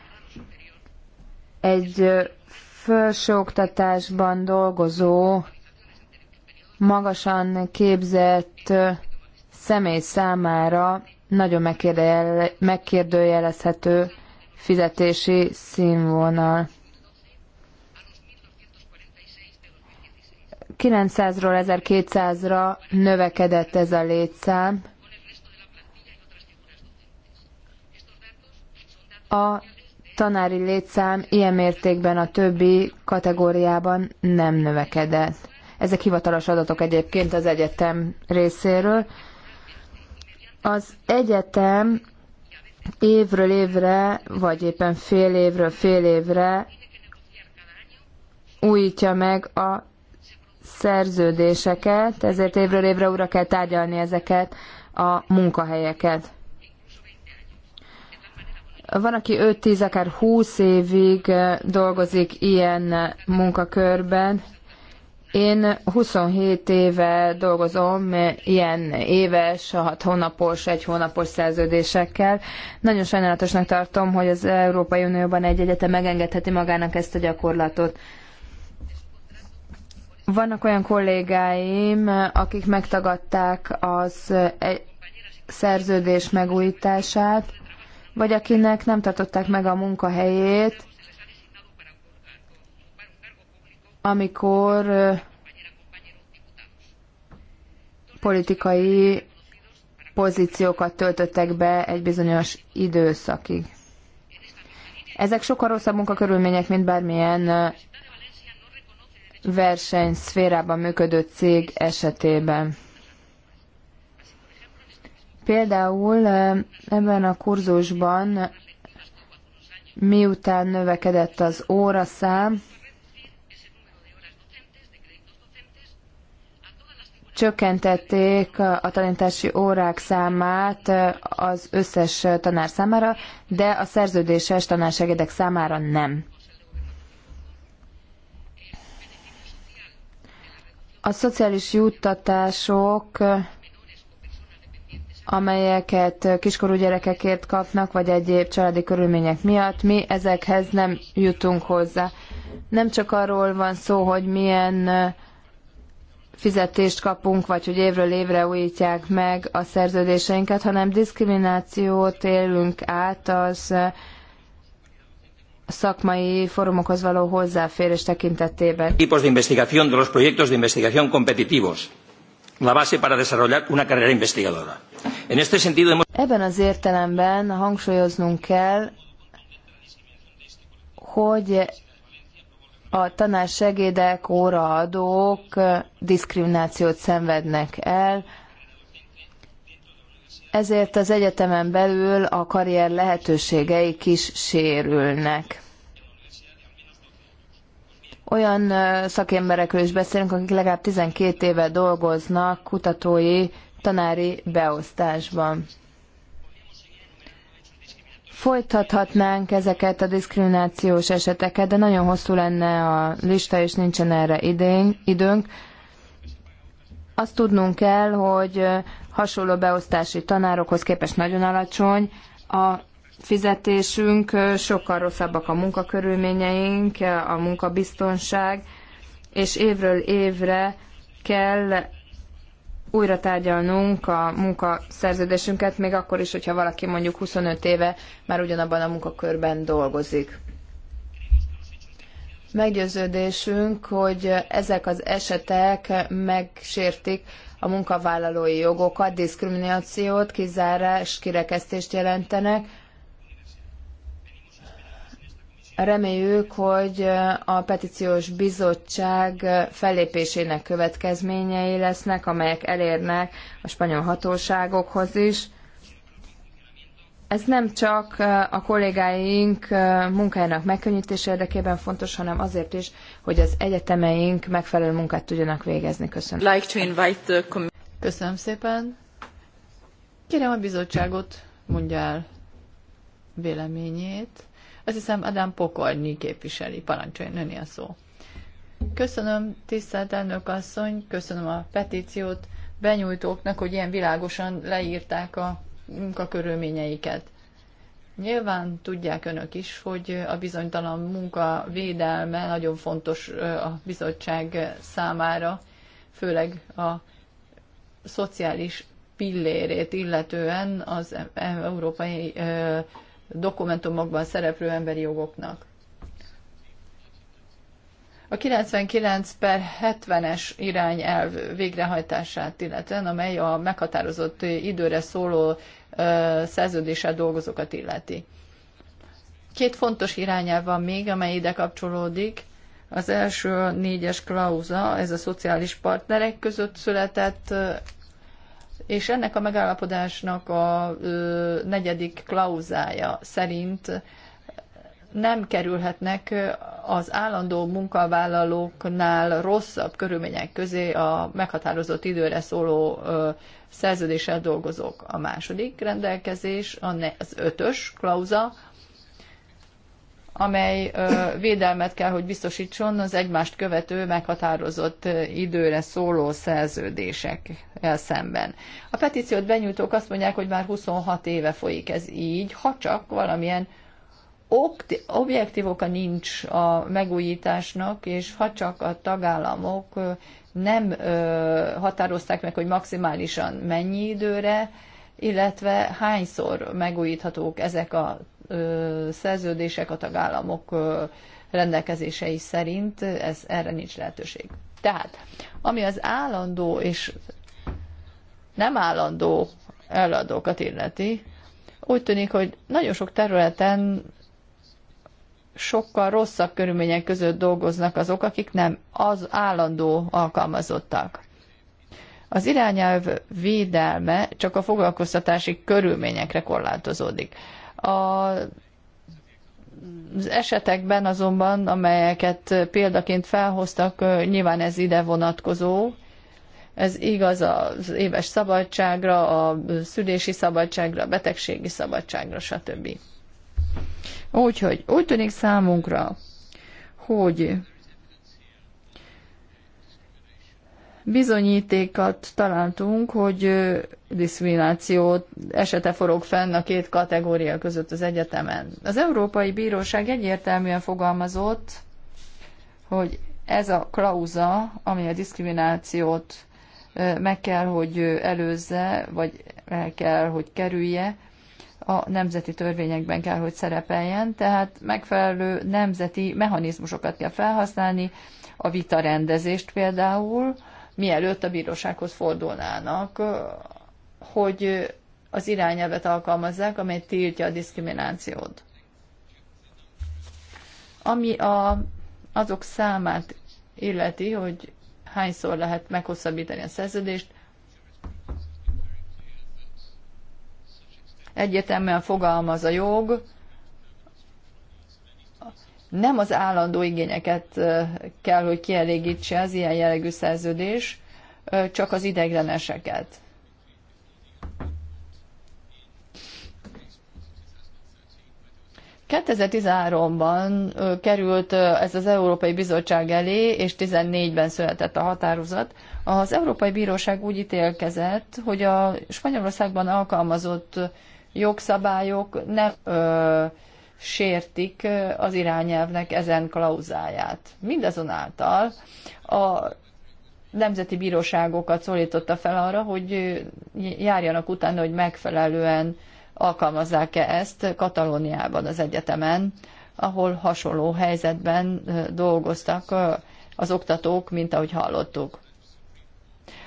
Egy felsőoktatásban dolgozó magasan képzett személy számára nagyon megkérdőjelezhető fizetési színvonal. 900-ról 1200-ra növekedett ez a létszám. A tanári létszám ilyen mértékben a többi kategóriában nem növekedett. Ezek hivatalos adatok egyébként az egyetem részéről. Az egyetem évről évre, vagy éppen fél évről fél évre újítja meg a szerződéseket, ezért évről évre újra kell tárgyalni ezeket a munkahelyeket. Van, aki 5-10, akár 20 évig dolgozik ilyen munkakörben, én 27 éve dolgozom ilyen éves, 6 hónapos, 1 hónapos szerződésekkel. Nagyon sajnálatosnak tartom, hogy az Európai Unióban egy egyetem megengedheti magának ezt a gyakorlatot. Vannak olyan kollégáim, akik megtagadták az e- szerződés megújítását, vagy akinek nem tartották meg a munkahelyét, amikor politikai pozíciókat töltöttek be egy bizonyos időszakig. Ezek sokkal rosszabb munkakörülmények, mint bármilyen versenyszférában működő cég esetében. Például ebben a kurzusban miután növekedett az óraszám, csökkentették a tanítási órák számát az összes tanár számára, de a szerződéses tanársegedek számára nem. A szociális juttatások, amelyeket kiskorú gyerekekért kapnak, vagy egyéb családi körülmények miatt, mi ezekhez nem jutunk hozzá. Nem csak arról van szó, hogy milyen fizetést kapunk, vagy hogy évről évre újítják meg a szerződéseinket, hanem diszkriminációt élünk át az eh, szakmai fórumokhoz való hozzáférés tekintetében.
Tipos de investigación de los proyectos de investigación competitivos. La base para desarrollar una carrera investigadora. En este sentido hemos...
Ebben az értelemben hangsúlyoznunk kell, hogy a tanár segédek, óraadók diszkriminációt szenvednek el, ezért az egyetemen belül a karrier lehetőségeik is sérülnek. Olyan szakemberekről is beszélünk, akik legalább 12 éve dolgoznak kutatói, tanári beosztásban. Folytathatnánk ezeket a diszkriminációs eseteket, de nagyon hosszú lenne a lista, és nincsen erre idén, időnk. Azt tudnunk kell, hogy hasonló beosztási tanárokhoz képest nagyon alacsony a fizetésünk, sokkal rosszabbak a munkakörülményeink, a munkabiztonság, és évről évre kell újra tárgyalnunk a munkaszerződésünket, még akkor is, hogyha valaki mondjuk 25 éve már ugyanabban a munkakörben dolgozik. Meggyőződésünk, hogy ezek az esetek megsértik a munkavállalói jogokat, diszkriminációt, kizárás, kirekesztést jelentenek, Reméljük, hogy a petíciós bizottság fellépésének következményei lesznek, amelyek elérnek a spanyol hatóságokhoz is. Ez nem csak a kollégáink munkájának megkönnyítése érdekében fontos, hanem azért is, hogy az egyetemeink megfelelő munkát tudjanak végezni. Köszönöm.
Like to invite the Köszönöm
szépen.
Kérem a bizottságot, mondja el véleményét. Azt hiszem, Adam Pokornyi képviseli. Parancsoljon, nőni a szó. Köszönöm, tisztelt elnök asszony, köszönöm a petíciót benyújtóknak, hogy ilyen világosan leírták a munkakörülményeiket. Nyilván tudják önök is, hogy a bizonytalan munka védelme nagyon fontos a bizottság számára, főleg a szociális pillérét illetően az e-, e-, európai dokumentumokban szereplő emberi jogoknak. A 99 per 70-es irányelv végrehajtását illetően, amely a meghatározott időre szóló szerződéssel dolgozókat illeti. Két fontos irányelv van még, amely ide kapcsolódik. Az első négyes klauza, ez a szociális partnerek között született és ennek a megállapodásnak a negyedik klauzája szerint nem kerülhetnek az állandó munkavállalóknál rosszabb körülmények közé a meghatározott időre szóló szerződéssel dolgozók. A második rendelkezés, az ötös klauza, amely védelmet kell, hogy biztosítson az egymást követő meghatározott időre szóló szerződésekkel szemben. A petíciót benyújtók azt mondják, hogy már 26 éve folyik ez így, ha csak valamilyen objektív oka nincs a megújításnak, és ha csak a tagállamok nem határozták meg, hogy maximálisan mennyi időre, illetve hányszor megújíthatók ezek a szerződések a tagállamok rendelkezései szerint ez, erre nincs lehetőség. Tehát, ami az állandó és nem állandó eladókat illeti, úgy tűnik, hogy nagyon sok területen sokkal rosszabb körülmények között dolgoznak azok, akik nem az állandó alkalmazottak. Az irányelv védelme csak a foglalkoztatási körülményekre korlátozódik. A az esetekben azonban, amelyeket példaként felhoztak, nyilván ez ide vonatkozó, ez igaz az éves szabadságra, a szülési szabadságra, a betegségi szabadságra, stb. Úgyhogy úgy tűnik számunkra, hogy bizonyítékat találtunk, hogy diszkrimináció esete forog fenn a két kategória között az egyetemen. Az Európai Bíróság egyértelműen fogalmazott, hogy ez a klauza, ami a diszkriminációt meg kell, hogy előzze, vagy el kell, hogy kerülje, a nemzeti törvényekben kell, hogy szerepeljen, tehát megfelelő nemzeti mechanizmusokat kell felhasználni, a vitarendezést például, mielőtt a bírósághoz fordulnának, hogy az irányelvet alkalmazzák, amely tiltja a diszkriminációt. Ami a, azok számát illeti, hogy hányszor lehet meghosszabbítani a szerződést, egyértelműen fogalmaz a jog, nem az állandó igényeket kell, hogy kielégítse az ilyen jellegű szerződés, csak az ideigleneseket. ban került ez az Európai Bizottság elé, és 14-ben született a határozat. Az Európai Bíróság úgy ítélkezett, hogy a Spanyolországban alkalmazott jogszabályok nem ö, sértik az irányelvnek ezen klauzáját. Mindazonáltal a nemzeti bíróságokat szólította fel arra, hogy járjanak utána, hogy megfelelően alkalmazzák-e ezt Katalóniában az egyetemen, ahol hasonló helyzetben dolgoztak az oktatók, mint ahogy hallottuk.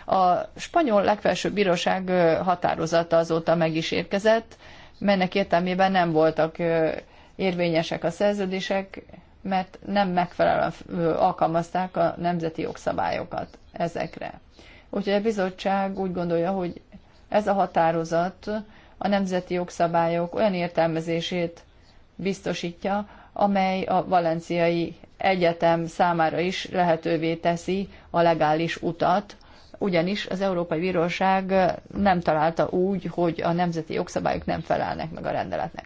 A spanyol legfelsőbb bíróság határozata azóta meg is érkezett, melynek értelmében nem voltak érvényesek a szerződések, mert nem megfelelően alkalmazták a nemzeti jogszabályokat ezekre. Úgyhogy a bizottság úgy gondolja, hogy ez a határozat a nemzeti jogszabályok olyan értelmezését biztosítja, amely a valenciai egyetem számára is lehetővé teszi a legális utat, ugyanis az Európai Bíróság nem találta úgy, hogy a nemzeti jogszabályok nem felelnek meg a rendeletnek.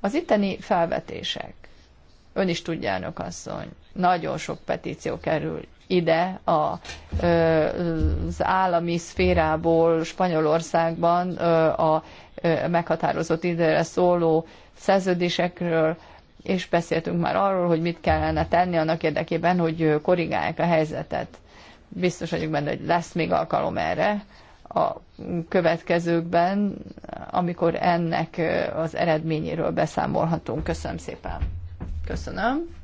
Az itteni felvetések, ön is tudja, elnök asszony, nagyon sok petíció kerül ide a, az állami szférából Spanyolországban a meghatározott időre szóló szerződésekről, és beszéltünk már arról, hogy mit kellene tenni annak érdekében, hogy korrigálják a helyzetet. Biztos vagyok benne, hogy lesz még alkalom erre a következőkben, amikor ennek az eredményéről beszámolhatunk. Köszönöm
szépen. Köszönöm.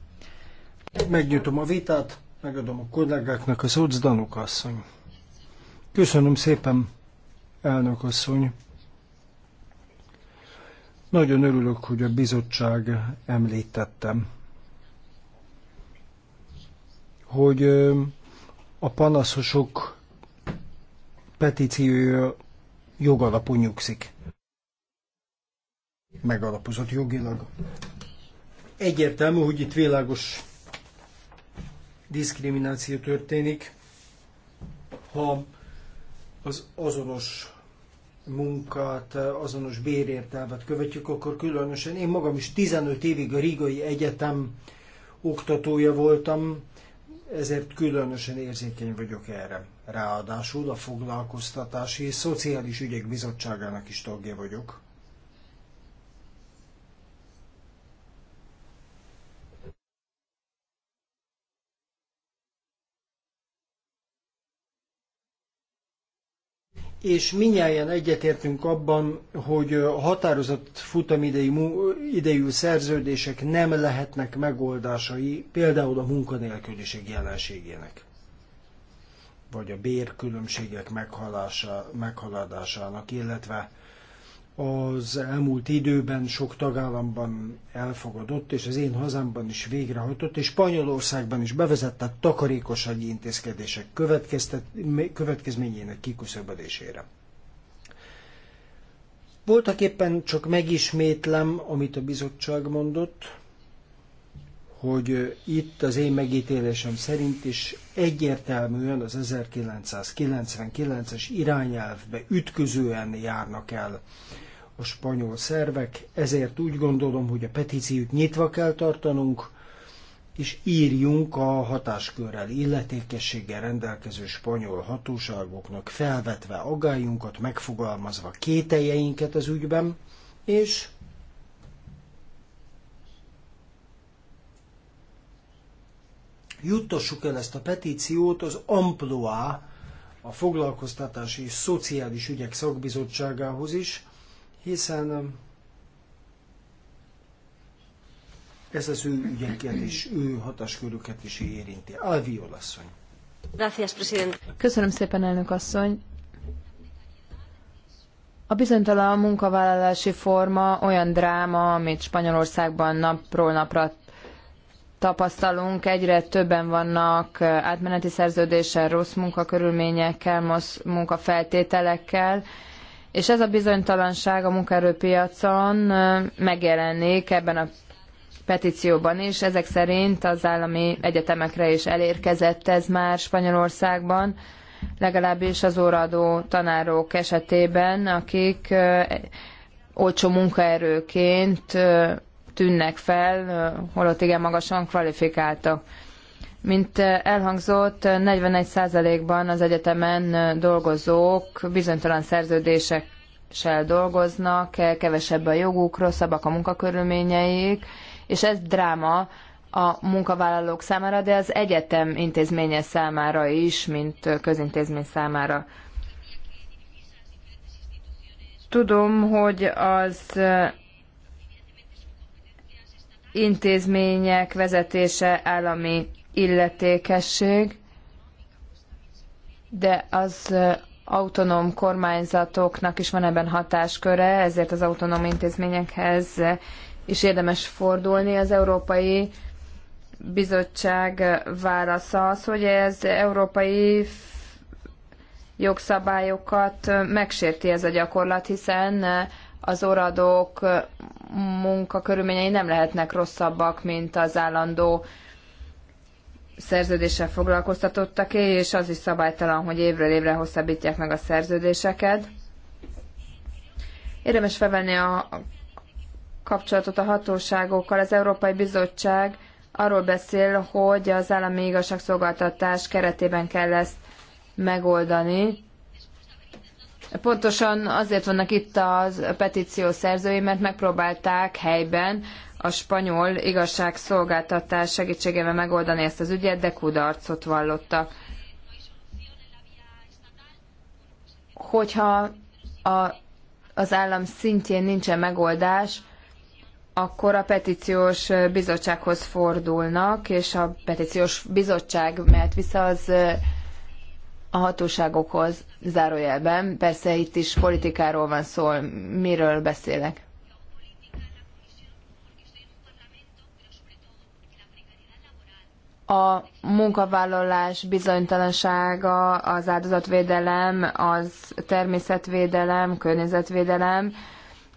Megnyitom a vitát, megadom a kollégáknak a szót, Danuk asszony. Köszönöm szépen, elnök asszony. Nagyon örülök, hogy a bizottság említettem, hogy a panaszosok petíciója jogalapú nyugszik. Megalapozott jogilag. Egyértelmű, hogy itt világos diszkrimináció történik, ha az azonos munkát, azonos bérértelmet követjük, akkor különösen én magam is 15 évig a Rigai Egyetem oktatója voltam, ezért különösen érzékeny vagyok erre. Ráadásul a Foglalkoztatási és Szociális Ügyek Bizottságának is tagja vagyok. és minnyáján egyetértünk abban, hogy a határozott futamidejű idejű szerződések nem lehetnek megoldásai például a munkanélküliség jelenségének vagy a bérkülönbségek meghaladásának, illetve az elmúlt időben sok tagállamban elfogadott, és az én hazámban is végrehajtott, és Spanyolországban is bevezetett takarékosági intézkedések következményének kiküszöbödésére. Voltak éppen csak megismétlem, amit a bizottság mondott, hogy itt az én megítélésem szerint is egyértelműen az 1999-es irányelvbe ütközően járnak el a spanyol szervek, ezért úgy gondolom, hogy a petíciót nyitva kell tartanunk, és írjunk a hatáskörrel, illetékességgel rendelkező spanyol hatóságoknak, felvetve aggályunkat, megfogalmazva kételjeinket az ügyben, és juttassuk el ezt a petíciót az Amploa, a Foglalkoztatási és Szociális Ügyek Szakbizottságához is, hiszen um, ez az ő ügyeket és ő hatáskörüket is érinti. Alviol asszony.
Köszönöm szépen, elnök asszony. A bizonytalan munkavállalási forma olyan dráma, amit Spanyolországban napról napra tapasztalunk, egyre többen vannak átmeneti szerződéssel, rossz munkakörülményekkel, rossz munkafeltételekkel, és ez a bizonytalanság a munkaerőpiacon megjelenik ebben a petícióban is. Ezek szerint az állami egyetemekre is elérkezett ez már Spanyolországban, legalábbis az óradó tanárok esetében, akik olcsó munkaerőként tűnnek fel, holott igen magasan kvalifikáltak. Mint elhangzott, 41%-ban az egyetemen dolgozók bizonytalan szerződésekkel dolgoznak, e, kevesebb a joguk, rosszabbak a munkakörülményeik, és ez dráma a munkavállalók számára, de az egyetem intézménye számára is, mint közintézmény számára. Tudom, hogy az intézmények vezetése állami illetékesség, de az autonóm kormányzatoknak is van ebben hatásköre, ezért az autonóm intézményekhez is érdemes fordulni. Az Európai Bizottság válasza az, hogy ez európai jogszabályokat megsérti ez a gyakorlat, hiszen az oradók munkakörülményei nem lehetnek rosszabbak, mint az állandó szerződéssel foglalkoztatottaké és az is szabálytalan, hogy évről évre hosszabbítják meg a szerződéseket. Érdemes felvenni a kapcsolatot a hatóságokkal. Az Európai Bizottság arról beszél, hogy az állami igazságszolgáltatás keretében kell ezt megoldani, Pontosan azért vannak itt a petíció szerzői, mert megpróbálták helyben a spanyol igazságszolgáltatás segítségével megoldani ezt az ügyet, de kudarcot vallottak. Hogyha a, az állam szintjén nincsen megoldás, akkor a petíciós bizottsághoz fordulnak, és a petíciós bizottság mehet vissza az a hatóságokhoz, zárójelben. Persze itt is politikáról van szó, miről beszélek. A munkavállalás bizonytalansága, az áldozatvédelem, az természetvédelem, környezetvédelem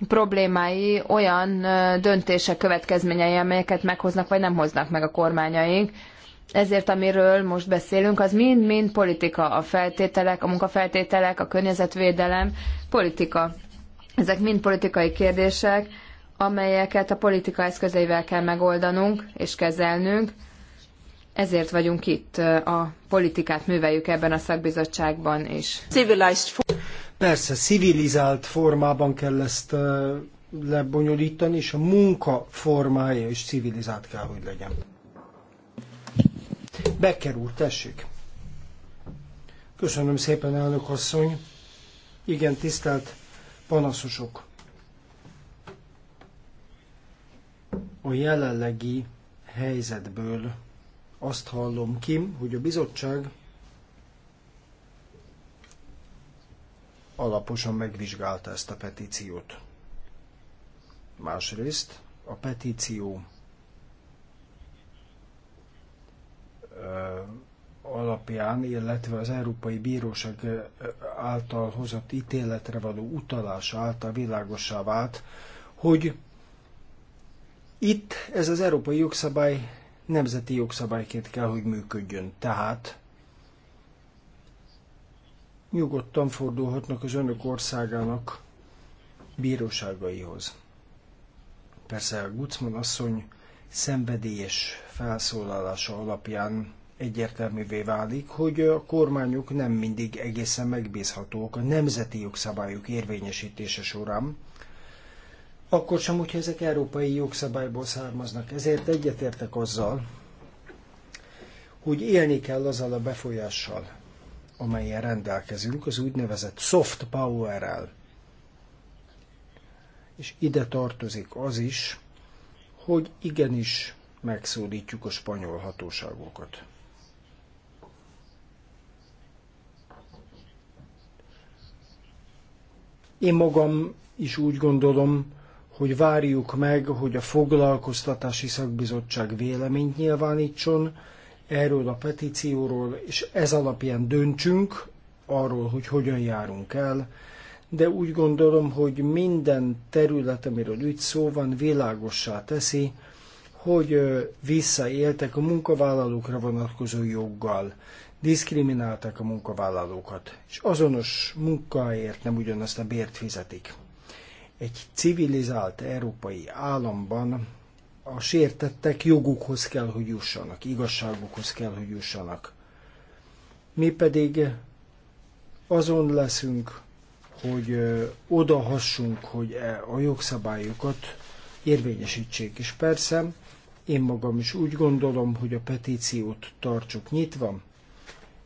problémái olyan döntések következményei, amelyeket meghoznak vagy nem hoznak meg a kormányaink ezért, amiről most beszélünk, az mind-mind politika. A feltételek, a munkafeltételek, a környezetvédelem, politika. Ezek mind politikai kérdések, amelyeket a politika eszközeivel kell megoldanunk és kezelnünk. Ezért vagyunk itt, a politikát műveljük ebben a szakbizottságban is.
Persze, civilizált formában kell ezt lebonyolítani, és a munka formája is civilizált kell, hogy legyen. Becker úr, tessék! Köszönöm szépen, elnök asszony! Igen, tisztelt panaszosok! A jelenlegi helyzetből azt hallom ki, hogy a bizottság alaposan megvizsgálta ezt a petíciót. Másrészt a petíció alapján, illetve az Európai Bíróság által hozott ítéletre való utalás által világosá vált, hogy itt ez az európai jogszabály nemzeti jogszabályként kell, hogy működjön. Tehát nyugodtan fordulhatnak az önök országának bíróságaihoz. Persze a Gucman asszony szenvedélyes felszólalása alapján egyértelművé válik, hogy a kormányok nem mindig egészen megbízhatók a nemzeti jogszabályok érvényesítése során, akkor sem, hogyha ezek európai jogszabályból származnak. Ezért egyetértek azzal, hogy élni kell azzal a befolyással, amelyen rendelkezünk, az úgynevezett soft power-rel. És ide tartozik az is, hogy igenis megszólítjuk a spanyol hatóságokat. Én magam is úgy gondolom, hogy várjuk meg, hogy a foglalkoztatási szakbizottság véleményt nyilvánítson erről a petícióról, és ez alapján döntsünk arról, hogy hogyan járunk el, de úgy gondolom, hogy minden terület, amiről úgy szó van, világossá teszi, hogy visszaéltek a munkavállalókra vonatkozó joggal, diszkriminálták a munkavállalókat, és azonos munkáért nem ugyanazt a bért fizetik. Egy civilizált európai államban a sértettek jogukhoz kell, hogy jussanak, igazságukhoz kell, hogy jussanak. Mi pedig azon leszünk, hogy odahassunk, hogy e a jogszabályokat érvényesítsék. is persze én magam is úgy gondolom, hogy a petíciót tartsuk nyitva,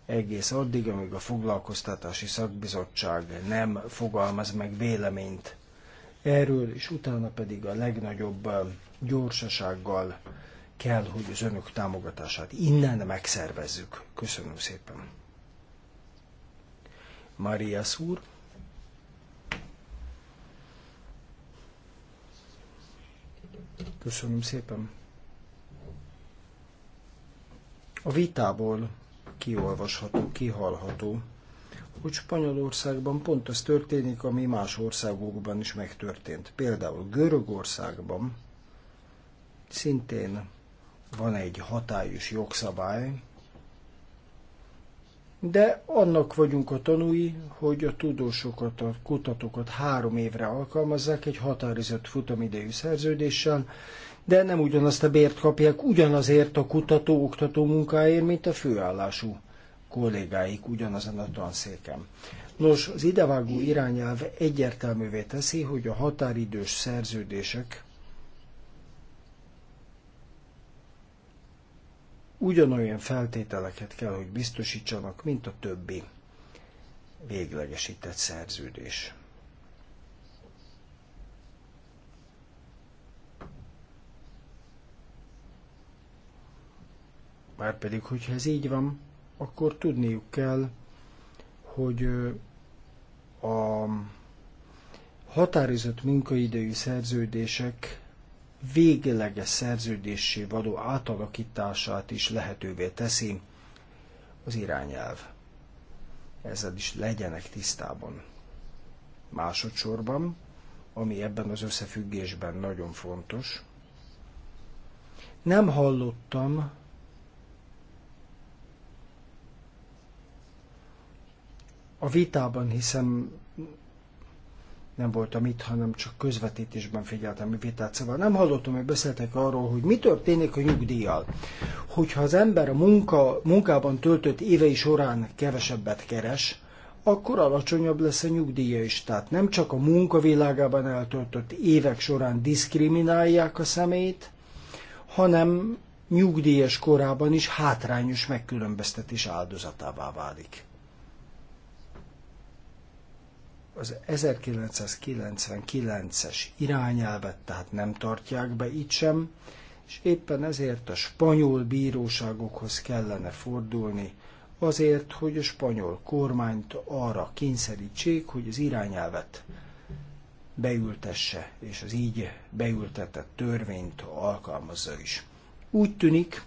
egész addig, amíg a foglalkoztatási szakbizottság nem fogalmaz meg véleményt erről, és utána pedig a legnagyobb gyorsasággal kell, hogy az önök támogatását innen megszervezzük. Köszönöm szépen. Maria Szúr. Köszönöm szépen. A vitából kiolvasható, kihalható, hogy Spanyolországban pont az történik, ami más országokban is megtörtént. Például Görögországban szintén van egy hatályos jogszabály, de annak vagyunk a tanúi, hogy a tudósokat, a kutatókat három évre alkalmazzák egy határozott futamidejű szerződéssel, de nem ugyanazt a bért kapják ugyanazért a kutató-oktató munkáért, mint a főállású kollégáik ugyanazon a tanszéken. Nos, az idevágó irányelv egyértelművé teszi, hogy a határidős szerződések ugyanolyan feltételeket kell, hogy biztosítsanak, mint a többi véglegesített szerződés. Márpedig, hogyha ez így van, akkor tudniuk kell, hogy a határozott munkaidői szerződések végleges szerződésé való átalakítását is lehetővé teszi az irányelv. Ezzel is legyenek tisztában. Másodszorban, ami ebben az összefüggésben nagyon fontos, nem hallottam a vitában, hiszem nem voltam itt, hanem csak közvetítésben figyeltem a vitát. Szóval nem hallottam, hogy beszéltek arról, hogy mi történik a nyugdíjjal. Hogyha az ember a munka, munkában töltött évei során kevesebbet keres, akkor alacsonyabb lesz a nyugdíja is. Tehát nem csak a munkavilágában eltöltött évek során diszkriminálják a szemét, hanem nyugdíjas korában is hátrányos megkülönböztetés áldozatává válik az 1999-es irányelvet tehát nem tartják be itt sem, és éppen ezért a spanyol bíróságokhoz kellene fordulni, azért, hogy a spanyol kormányt arra kényszerítsék, hogy az irányelvet beültesse, és az így beültetett törvényt alkalmazza is. Úgy tűnik,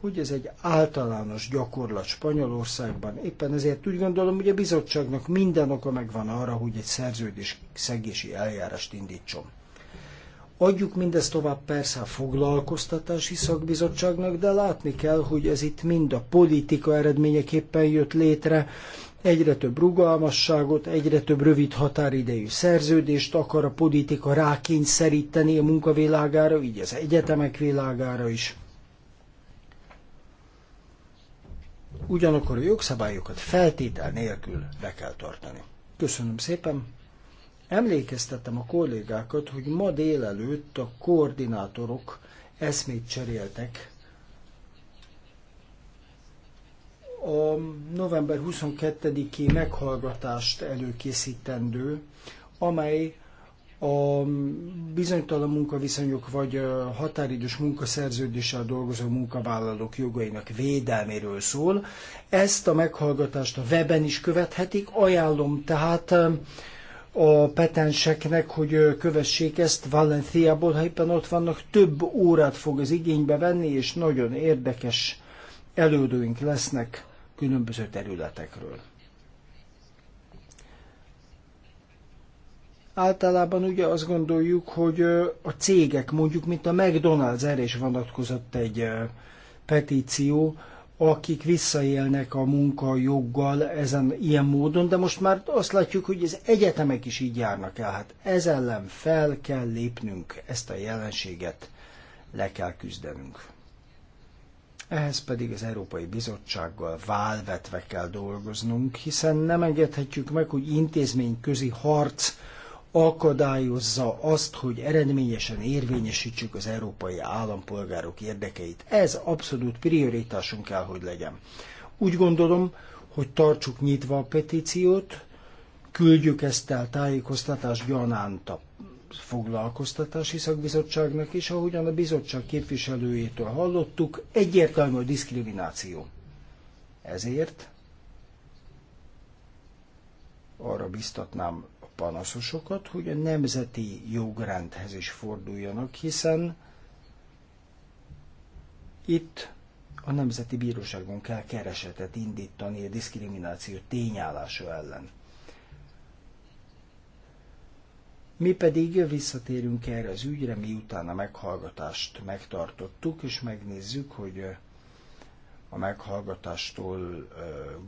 hogy ez egy általános gyakorlat Spanyolországban. Éppen ezért úgy gondolom, hogy a bizottságnak minden oka megvan arra, hogy egy szerződés szegési eljárást indítson. Adjuk mindezt tovább persze a foglalkoztatási szakbizottságnak, de látni kell, hogy ez itt mind a politika eredményeképpen jött létre, egyre több rugalmasságot, egyre több rövid határidejű szerződést akar a politika rákényszeríteni a munkavilágára, így az egyetemek világára is ugyanakkor a jogszabályokat feltétel nélkül be kell tartani. Köszönöm szépen! Emlékeztettem a kollégákat, hogy ma délelőtt a koordinátorok eszmét cseréltek a november 22-i meghallgatást előkészítendő, amely a bizonytalan munkaviszonyok vagy határidős munkaszerződéssel dolgozó munkavállalók jogainak védelméről szól. Ezt a meghallgatást a weben is követhetik. Ajánlom tehát a petenseknek, hogy kövessék ezt Valenciából, ha éppen ott vannak, több órát fog az igénybe venni, és nagyon érdekes előadóink lesznek különböző területekről. Általában ugye azt gondoljuk, hogy a cégek, mondjuk mint a McDonald's, erre is vonatkozott egy petíció, akik visszaélnek a munkajoggal ezen ilyen módon, de most már azt látjuk, hogy az egyetemek is így járnak el. Hát ez ellen fel kell lépnünk, ezt a jelenséget le kell küzdenünk. Ehhez pedig az Európai Bizottsággal válvetve kell dolgoznunk, hiszen nem engedhetjük meg, hogy intézményközi harc akadályozza azt, hogy eredményesen érvényesítsük az európai állampolgárok érdekeit. Ez abszolút prioritásunk kell, hogy legyen. Úgy gondolom, hogy tartsuk nyitva a petíciót, küldjük ezt el tájékoztatást gyanánt a foglalkoztatási szakbizottságnak, és ahogyan a bizottság képviselőjétől hallottuk, egyértelmű a diszkrimináció. Ezért arra biztatnám panaszosokat, hogy a nemzeti jogrendhez is forduljanak, hiszen itt a Nemzeti Bíróságon kell keresetet indítani a diszkrimináció tényállása ellen. Mi pedig visszatérünk erre az ügyre, miután a meghallgatást megtartottuk, és megnézzük, hogy a meghallgatástól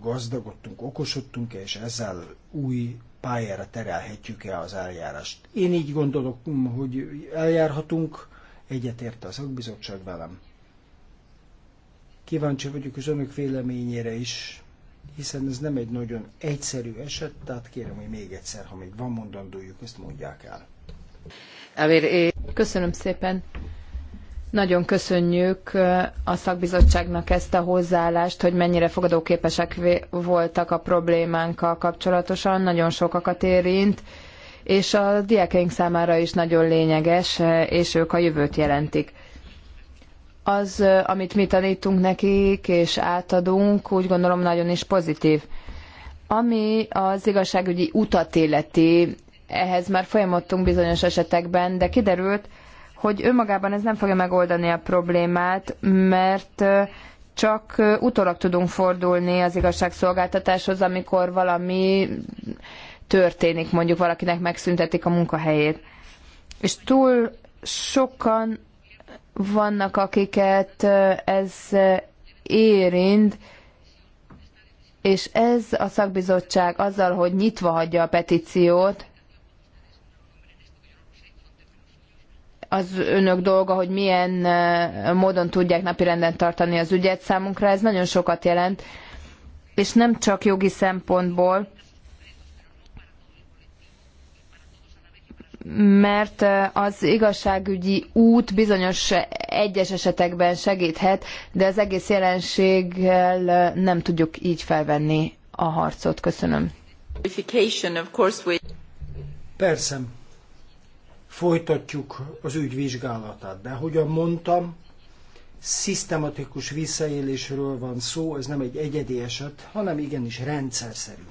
gazdagodtunk, okosodtunk, és ezzel új pályára terelhetjük-e az eljárást. Én így gondolok, hogy eljárhatunk, egyetérte a szakbizottság velem. Kíváncsi vagyok az önök véleményére is, hiszen ez nem egy nagyon egyszerű eset, tehát kérem, hogy még egyszer, ha még van mondandójuk, ezt mondják el.
Köszönöm szépen. Nagyon köszönjük a szakbizottságnak ezt a hozzáállást, hogy mennyire fogadóképesek voltak a problémánkkal kapcsolatosan. Nagyon sokakat érint, és a diákeink számára is nagyon lényeges, és ők a jövőt jelentik. Az, amit mi tanítunk nekik és átadunk, úgy gondolom nagyon is pozitív. Ami az igazságügyi utat illeti, ehhez már folyamodtunk bizonyos esetekben, de kiderült, hogy önmagában ez nem fogja megoldani a problémát, mert csak utólag tudunk fordulni az igazságszolgáltatáshoz, amikor valami történik, mondjuk valakinek megszüntetik a munkahelyét. És túl sokan vannak, akiket ez érint, és ez a szakbizottság azzal, hogy nyitva hagyja a petíciót, az önök dolga, hogy milyen módon tudják napirenden tartani az ügyet. Számunkra ez nagyon sokat jelent, és nem csak jogi szempontból, mert az igazságügyi út bizonyos egyes esetekben segíthet, de az egész jelenséggel nem tudjuk így felvenni a harcot. Köszönöm.
Persze, folytatjuk az ügy vizsgálatát. De ahogyan mondtam, szisztematikus visszaélésről van szó, ez nem egy egyedi eset, hanem igenis rendszerszerű.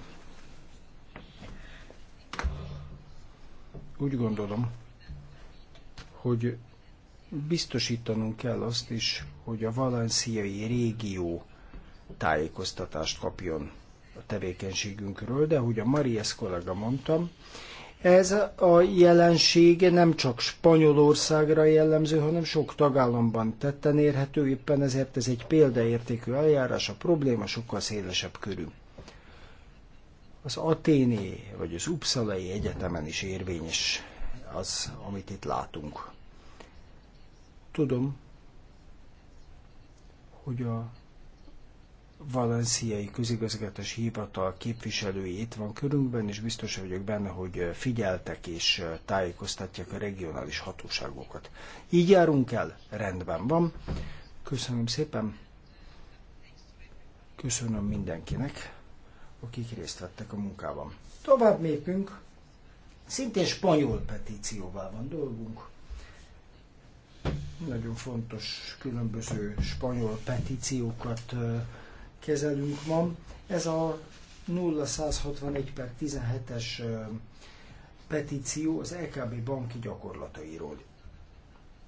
Úgy gondolom, hogy biztosítanunk kell azt is, hogy a valenciai régió tájékoztatást kapjon a tevékenységünkről, de ahogy a Mariesz kollega mondtam, ez a jelenség nem csak Spanyolországra jellemző, hanem sok tagállamban tetten érhető, éppen ezért ez egy példaértékű eljárás, a probléma sokkal szélesebb körű. Az aténi vagy az Uppsalai Egyetemen is érvényes az, amit itt látunk. Tudom, hogy a valenciai közigazgatási hivatal képviselői itt van körünkben, és biztos vagyok benne, hogy figyeltek és tájékoztatják a regionális hatóságokat. Így járunk el? Rendben van. Köszönöm szépen. Köszönöm mindenkinek, akik részt vettek a munkában. Tovább lépünk. Szintén spanyol petícióval van dolgunk nagyon fontos különböző spanyol petíciókat kezelünk ma. Ez a 0161 per 17-es petíció az LKB e banki gyakorlatairól.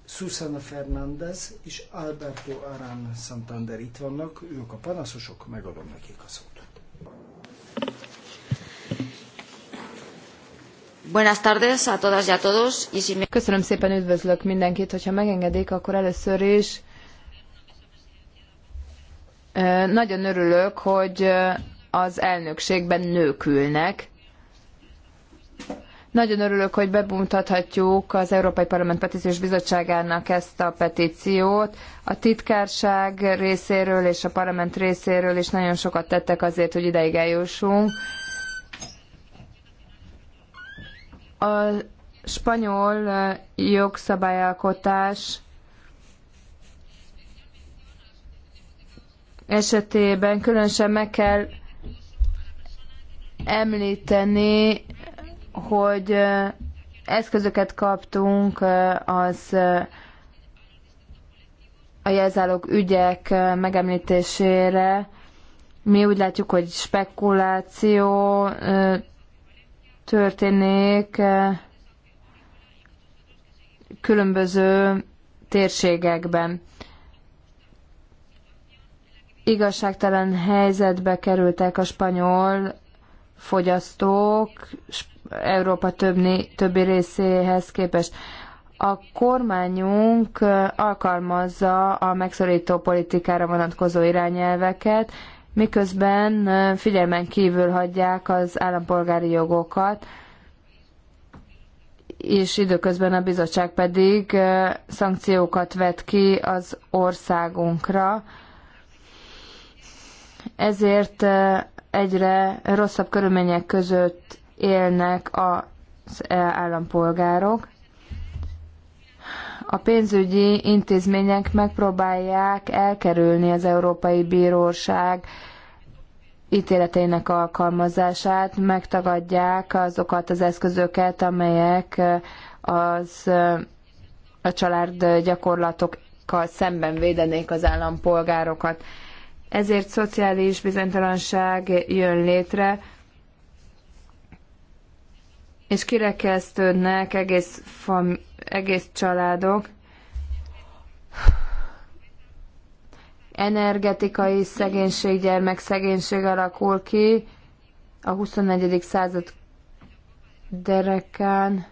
Susana Fernández és Alberto Arán Santander itt vannak, ők a panaszosok, megadom nekik a szót. Buenas
tardes
a todas y a todos. Y si me... Köszönöm szépen, üdvözlök mindenkit, hogyha megengedik, akkor először is nagyon örülök, hogy az elnökségben nők ülnek. Nagyon örülök, hogy bemutathatjuk az Európai Parlament Petíciós Bizottságának ezt a petíciót. A titkárság részéről és a parlament részéről is nagyon sokat tettek azért, hogy ideig eljussunk. A spanyol jogszabályalkotás esetében különösen meg kell említeni, hogy eszközöket kaptunk az a jelzálók ügyek megemlítésére. Mi úgy látjuk, hogy spekuláció történik különböző térségekben igazságtalan helyzetbe kerültek a spanyol fogyasztók Európa többi, többi részéhez képest. A kormányunk alkalmazza a megszorító politikára vonatkozó irányelveket, miközben figyelmen kívül hagyják az állampolgári jogokat, és időközben a bizottság pedig szankciókat vet ki az országunkra, ezért egyre rosszabb körülmények között élnek az e, állampolgárok. A pénzügyi intézmények megpróbálják elkerülni az Európai Bíróság ítéleteinek alkalmazását, megtagadják azokat az eszközöket, amelyek az a család gyakorlatokkal szemben védenék az állampolgárokat ezért szociális bizonytalanság jön létre, és kirekesztődnek egész, fam, egész családok. Energetikai szegénység, szegénység alakul ki a 21. század derekán.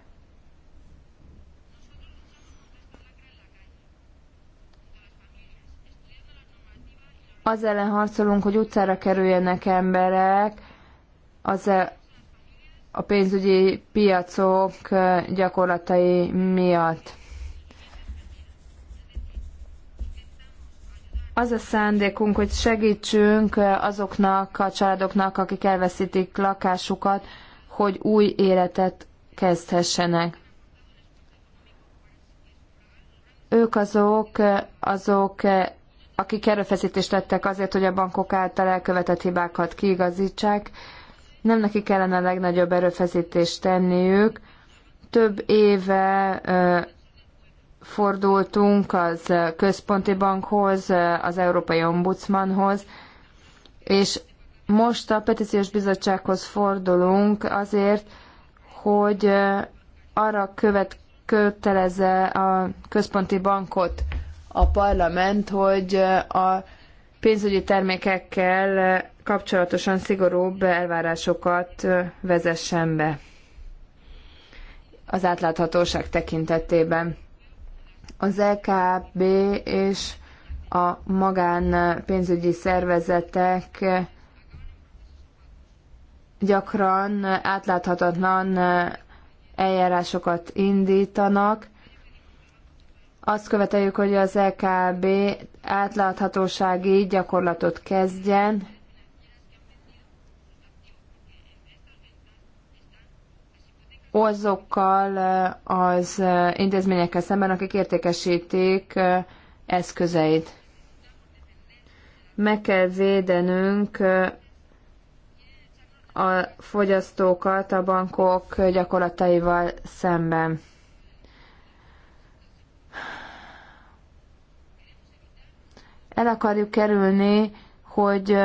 az ellen harcolunk, hogy utcára kerüljenek emberek, az e- a pénzügyi piacok e, gyakorlatai miatt. Az a szándékunk, hogy segítsünk e, azoknak a családoknak, akik elveszítik lakásukat, hogy új életet kezdhessenek. Ők azok, azok akik erőfeszítést tettek azért, hogy a bankok által elkövetett hibákat kiigazítsák, nem neki kellene a legnagyobb erőfeszítést tenniük. Több éve fordultunk az központi bankhoz, az Európai Ombudsmanhoz, és most a petíciós bizottsághoz fordulunk azért, hogy arra követ, kötelezze a központi bankot, a parlament, hogy a pénzügyi termékekkel kapcsolatosan szigorúbb elvárásokat vezessen be az átláthatóság tekintetében. Az LKB e és a magán pénzügyi szervezetek gyakran átláthatatlan eljárásokat indítanak, azt követeljük, hogy az EKB átláthatósági gyakorlatot kezdjen, azokkal az intézményekkel szemben, akik értékesítik eszközeit. Meg kell védenünk a fogyasztókat a bankok gyakorlataival szemben. El akarjuk kerülni, hogy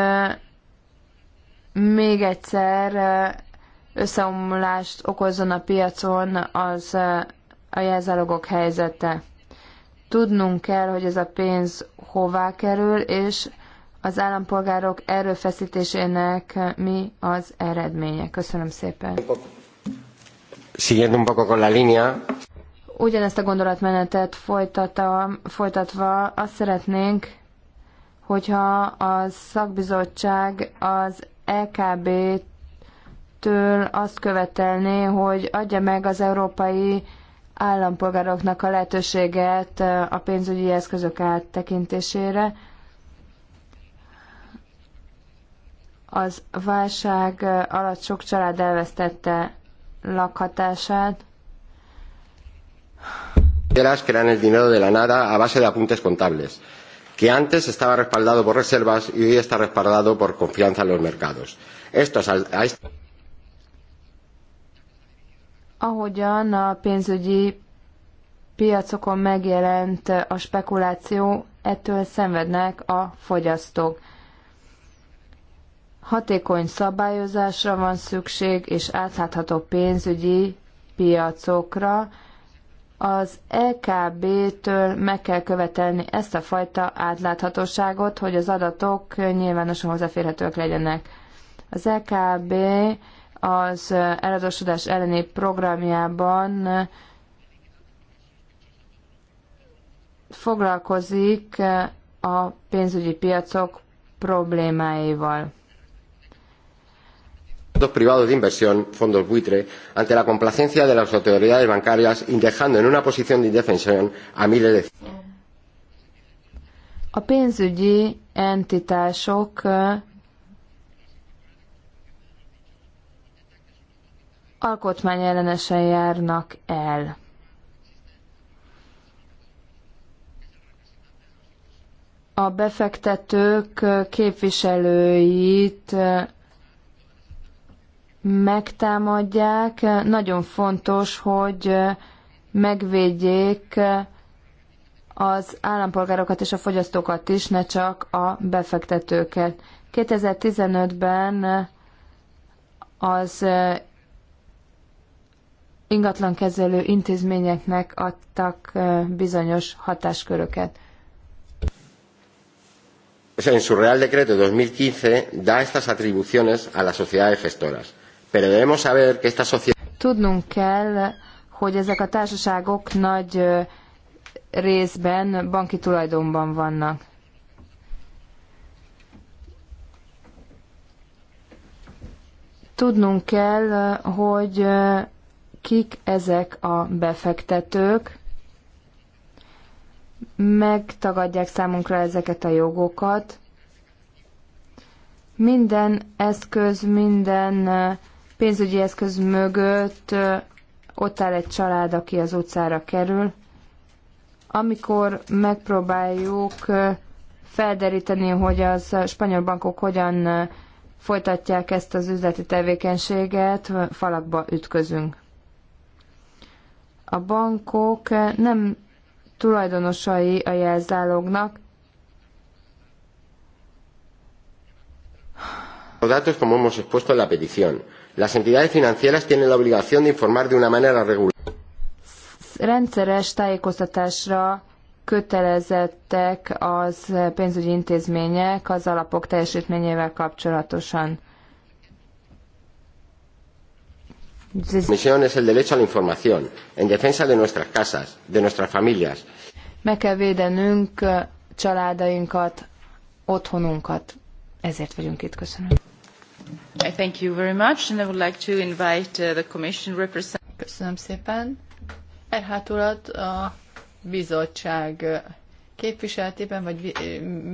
még egyszer összeomlást okozzon a piacon az a jelzálogok helyzete. Tudnunk kell, hogy ez a pénz hová kerül, és az állampolgárok erőfeszítésének mi az eredménye. Köszönöm szépen.
Siguiendo un poco con la línea.
Ugyanezt a gondolatmenetet folytatva, folytatva azt szeretnénk, hogyha a szakbizottság az EKB-től azt követelné, hogy adja meg az európai állampolgároknak a lehetőséget a pénzügyi eszközök áttekintésére. Az válság alatt sok család elvesztette lakhatását.
Quieras crean el dinero de la nada a base de apuntes contables que antes estaba respaldado por reservas y hoy está respaldado por confianza en los mercados. Esto es a, a esto...
Ahogyan a pénzügyi piacokon megjelent a spekuláció, ettől szenvednek a fogyasztók. Hatékony szabályozásra van szükség, és átlátható pénzügyi piacokra, az EKB-től meg kell követelni ezt a fajta átláthatóságot, hogy az adatok nyilvánosan hozzáférhetőek legyenek. Az EKB az eladósodás elleni programjában foglalkozik a pénzügyi piacok problémáival
fondos privados de inversión, fondos buitre, ante la complacencia de las autoridades bancarias y dejando en una posición de indefensión a miles de...
A pénzügyi entitások eh, alkotmányellenesen járnak el. A befektetők képviselőit eh, megtámadják. Nagyon fontos, hogy megvédjék az állampolgárokat és a fogyasztókat is, ne csak a befektetőket. 2015-ben az ingatlankezelő intézményeknek adtak bizonyos hatásköröket.
En su Real Decreto 2015 da estas atribuciones a las sociedades gestoras. Pero debemos saber que esta sociedad...
Tudnunk kell, hogy ezek a társaságok nagy részben banki tulajdonban vannak. Tudnunk kell, hogy kik ezek a befektetők, megtagadják számunkra ezeket a jogokat. Minden eszköz, minden pénzügyi eszköz mögött ott áll egy család, aki az utcára kerül. Amikor megpróbáljuk felderíteni, hogy az spanyol bankok hogyan folytatják ezt az üzleti tevékenységet, falakba ütközünk. A bankok nem tulajdonosai a jelzálognak.
Datos
como hemos expuesto en la petición. Las entidades financieras tienen la obligación de informar de una manera regular.
Rendszeres tájékoztatásra kötelezettek az pénzügyi intézmények az alapok teljesítményével kapcsolatosan.
Misión es el derecho a la información, en defensa de nuestras casas, de nuestras familias.
Meg kell védenünk családainkat, otthonunkat. Ezért vagyunk itt, köszönöm
thank you very much, and I would like to invite uh, the Commission Köszönöm szépen.
Erhát a bizottság uh, képviseletében, vagy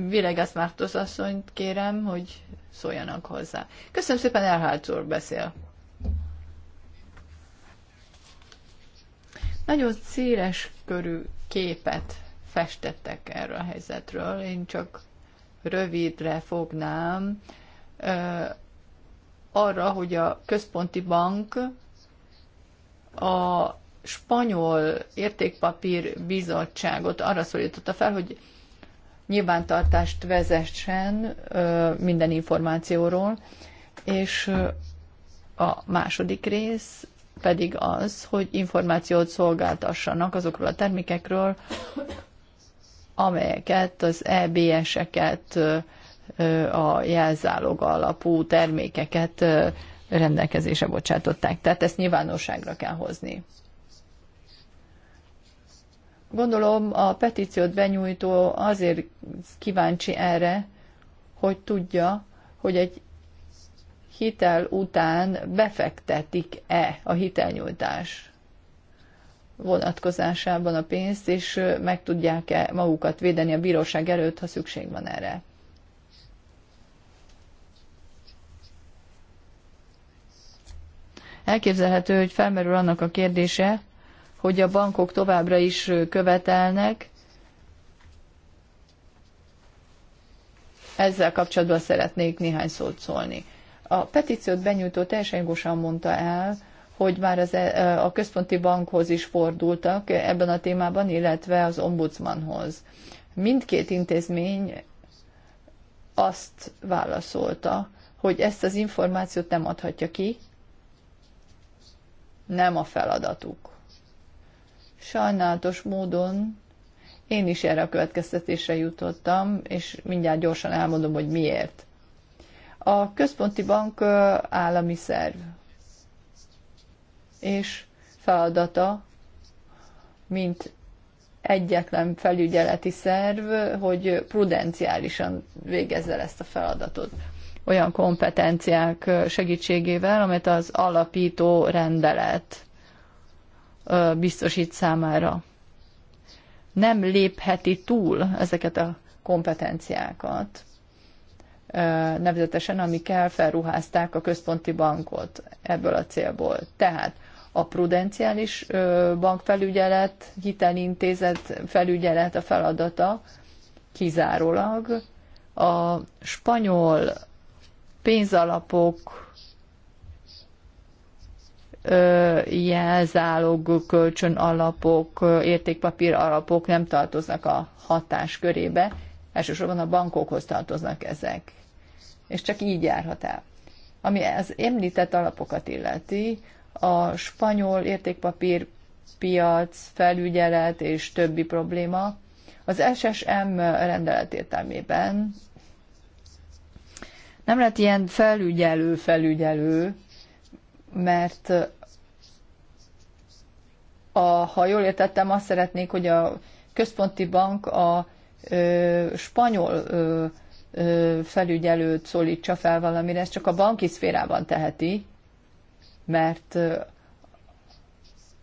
Vilegász Mártos asszonyt kérem, hogy szóljanak hozzá. Köszönöm szépen, Erhát úr beszél. Nagyon széles körű képet festettek erről a helyzetről. Én csak rövidre fognám arra, hogy a központi bank a spanyol értékpapír bizottságot arra szólította fel, hogy nyilvántartást vezessen minden információról, és a második rész pedig az, hogy információt szolgáltassanak azokról a termékekről, amelyeket az EBS-eket a jelzálog alapú termékeket rendelkezésre bocsátották. Tehát ezt nyilvánosságra kell hozni. Gondolom a petíciót benyújtó azért kíváncsi erre, hogy tudja, hogy egy hitel után befektetik-e a hitelnyújtás vonatkozásában a pénzt, és meg tudják-e magukat védeni a bíróság előtt, ha szükség van erre. Elképzelhető, hogy felmerül annak a kérdése, hogy a bankok továbbra is követelnek. Ezzel kapcsolatban szeretnék néhány szót szólni. A petíciót benyújtó teljesen jogosan mondta el, hogy már az, e, a központi bankhoz is fordultak ebben a témában, illetve az ombudsmanhoz. Mindkét intézmény azt válaszolta, hogy ezt az információt nem adhatja ki, nem a feladatuk. Sajnálatos módon én is erre a következtetésre jutottam, és mindjárt gyorsan elmondom, hogy miért. A központi bank állami szerv, és feladata, mint egyetlen felügyeleti szerv, hogy prudenciálisan végezzel ezt a feladatot olyan kompetenciák segítségével, amit az alapító rendelet biztosít számára. Nem lépheti túl ezeket a kompetenciákat, nevezetesen amikkel felruházták a központi bankot ebből a célból. Tehát a prudenciális bankfelügyelet, hitelintézet felügyelet a feladata kizárólag a spanyol pénzalapok jelzálog, kölcsönalapok, értékpapír alapok nem tartoznak a hatás körébe, elsősorban a bankokhoz tartoznak ezek. És csak így járhat el. Ami az említett alapokat illeti, a spanyol értékpapír piac, felügyelet és többi probléma az SSM rendelet értelmében nem lett ilyen felügyelő-felügyelő, mert a, ha jól értettem, azt szeretnék, hogy a központi bank a ö, spanyol ö, ö, felügyelőt szólítsa fel valamire, ezt csak a banki szférában teheti, mert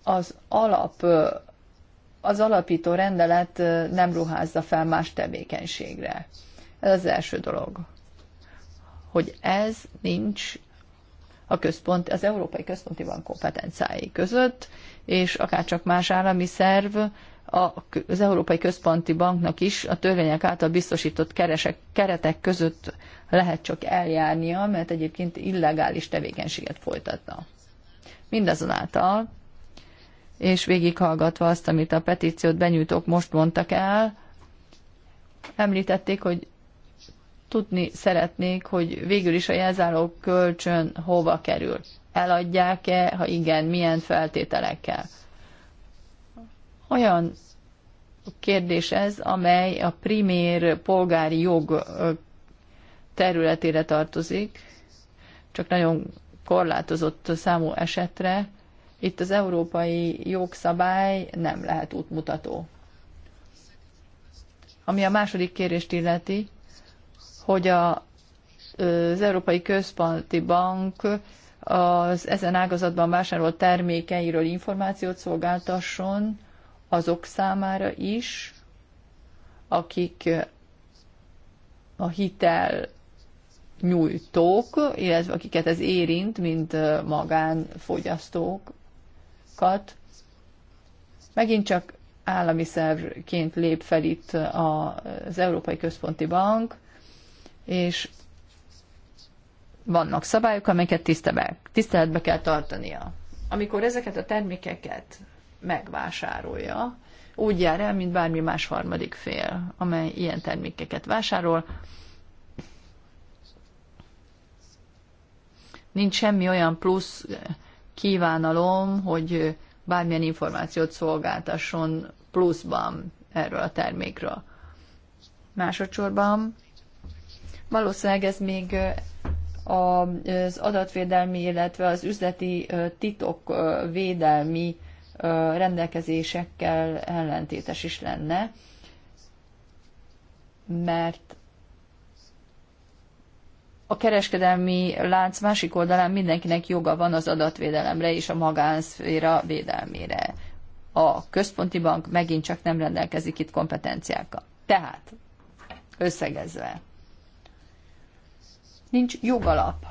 az alap, az alapító rendelet nem ruházza fel más tevékenységre. Ez az első dolog hogy ez nincs a központ, az Európai Központi Bank kompetenciái között, és akárcsak más állami szerv, a, az Európai Központi Banknak is a törvények által biztosított keresek, keretek között lehet csak eljárnia, mert egyébként illegális tevékenységet folytatna. Mindazonáltal, és végighallgatva azt, amit a petíciót benyújtók most mondtak el, említették, hogy Tudni szeretnék, hogy végül is a jelzáló kölcsön hova kerül. Eladják-e, ha igen, milyen feltételekkel. Olyan kérdés ez, amely a primér polgári jog területére tartozik, csak nagyon korlátozott számú esetre. Itt az európai jogszabály nem lehet útmutató. Ami a második kérést illeti, hogy a, az Európai Központi Bank az ezen ágazatban vásárolt termékeiről információt szolgáltasson azok számára is, akik a hitel nyújtók, illetve akiket ez érint, mint magánfogyasztókat. Megint csak állami szervként lép fel itt az Európai Központi Bank, és vannak szabályok, amelyeket tiszteletbe kell tartania. Amikor ezeket a termékeket megvásárolja, úgy jár el, mint bármi más harmadik fél, amely ilyen termékeket vásárol. Nincs semmi olyan plusz kívánalom, hogy bármilyen információt szolgáltasson pluszban erről a termékről. Másodszorban Valószínűleg ez még az adatvédelmi, illetve az üzleti titok védelmi rendelkezésekkel ellentétes is lenne, mert a kereskedelmi lánc másik oldalán mindenkinek joga van az adatvédelemre és a magánszféra védelmére. A központi bank megint csak nem rendelkezik itt kompetenciákkal. Tehát, összegezve, nincs jogalap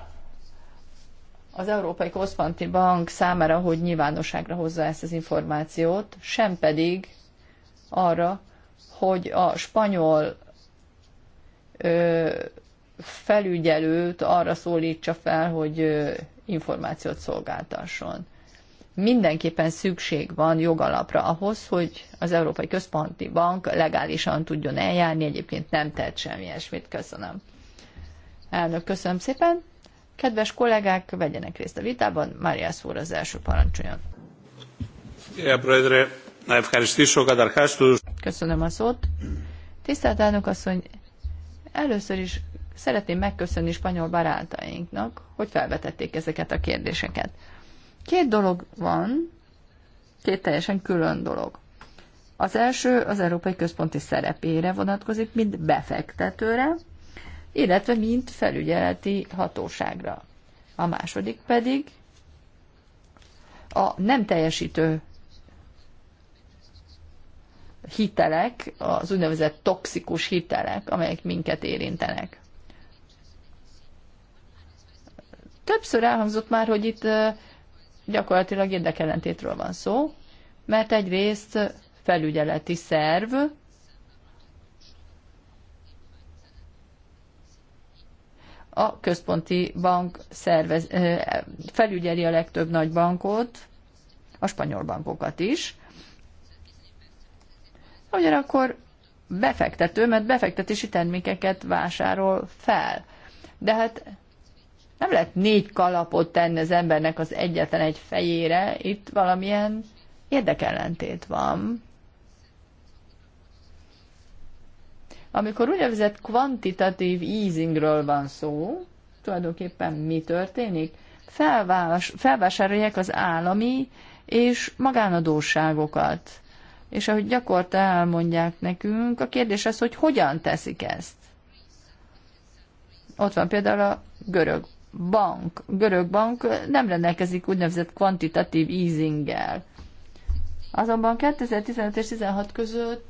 az Európai Központi Bank számára, hogy nyilvánosságra hozza ezt az információt, sem pedig arra, hogy a spanyol ö, felügyelőt arra szólítsa fel, hogy ö, információt szolgáltasson. Mindenképpen szükség van jogalapra ahhoz, hogy az Európai Központi Bank legálisan tudjon eljárni, egyébként nem tett semmi ilyesmit. Köszönöm. Elnök, köszönöm szépen. Kedves kollégák, vegyenek részt a vitában. Máriász úr az első parancsoljon. Köszönöm a szót. Tisztelt elnök asszony, először is szeretném megköszönni spanyol barátainknak, hogy felvetették ezeket a kérdéseket. Két dolog van, két teljesen külön dolog. Az első az Európai Központi szerepére vonatkozik, mint befektetőre, illetve mint felügyeleti hatóságra. A második pedig a nem teljesítő hitelek, az úgynevezett toxikus hitelek, amelyek minket érintenek. Többször elhangzott már, hogy itt gyakorlatilag érdekellentétről van szó, mert egyrészt felügyeleti szerv, a központi bank szervez, felügyeli a legtöbb nagy bankot, a spanyol bankokat is. Ugyanakkor befektető, mert befektetési termékeket vásárol fel. De hát nem lehet négy kalapot tenni az embernek az egyetlen egy fejére, itt valamilyen érdekellentét van. Amikor úgynevezett kvantitatív easingről van szó, tulajdonképpen mi történik? Felvás, felvásárolják az állami és magánadóságokat. És ahogy gyakorta elmondják nekünk, a kérdés az, hogy hogyan teszik ezt. Ott van például a görög bank. Görög bank nem rendelkezik úgynevezett kvantitatív easinggel. Azonban 2015 és 16 között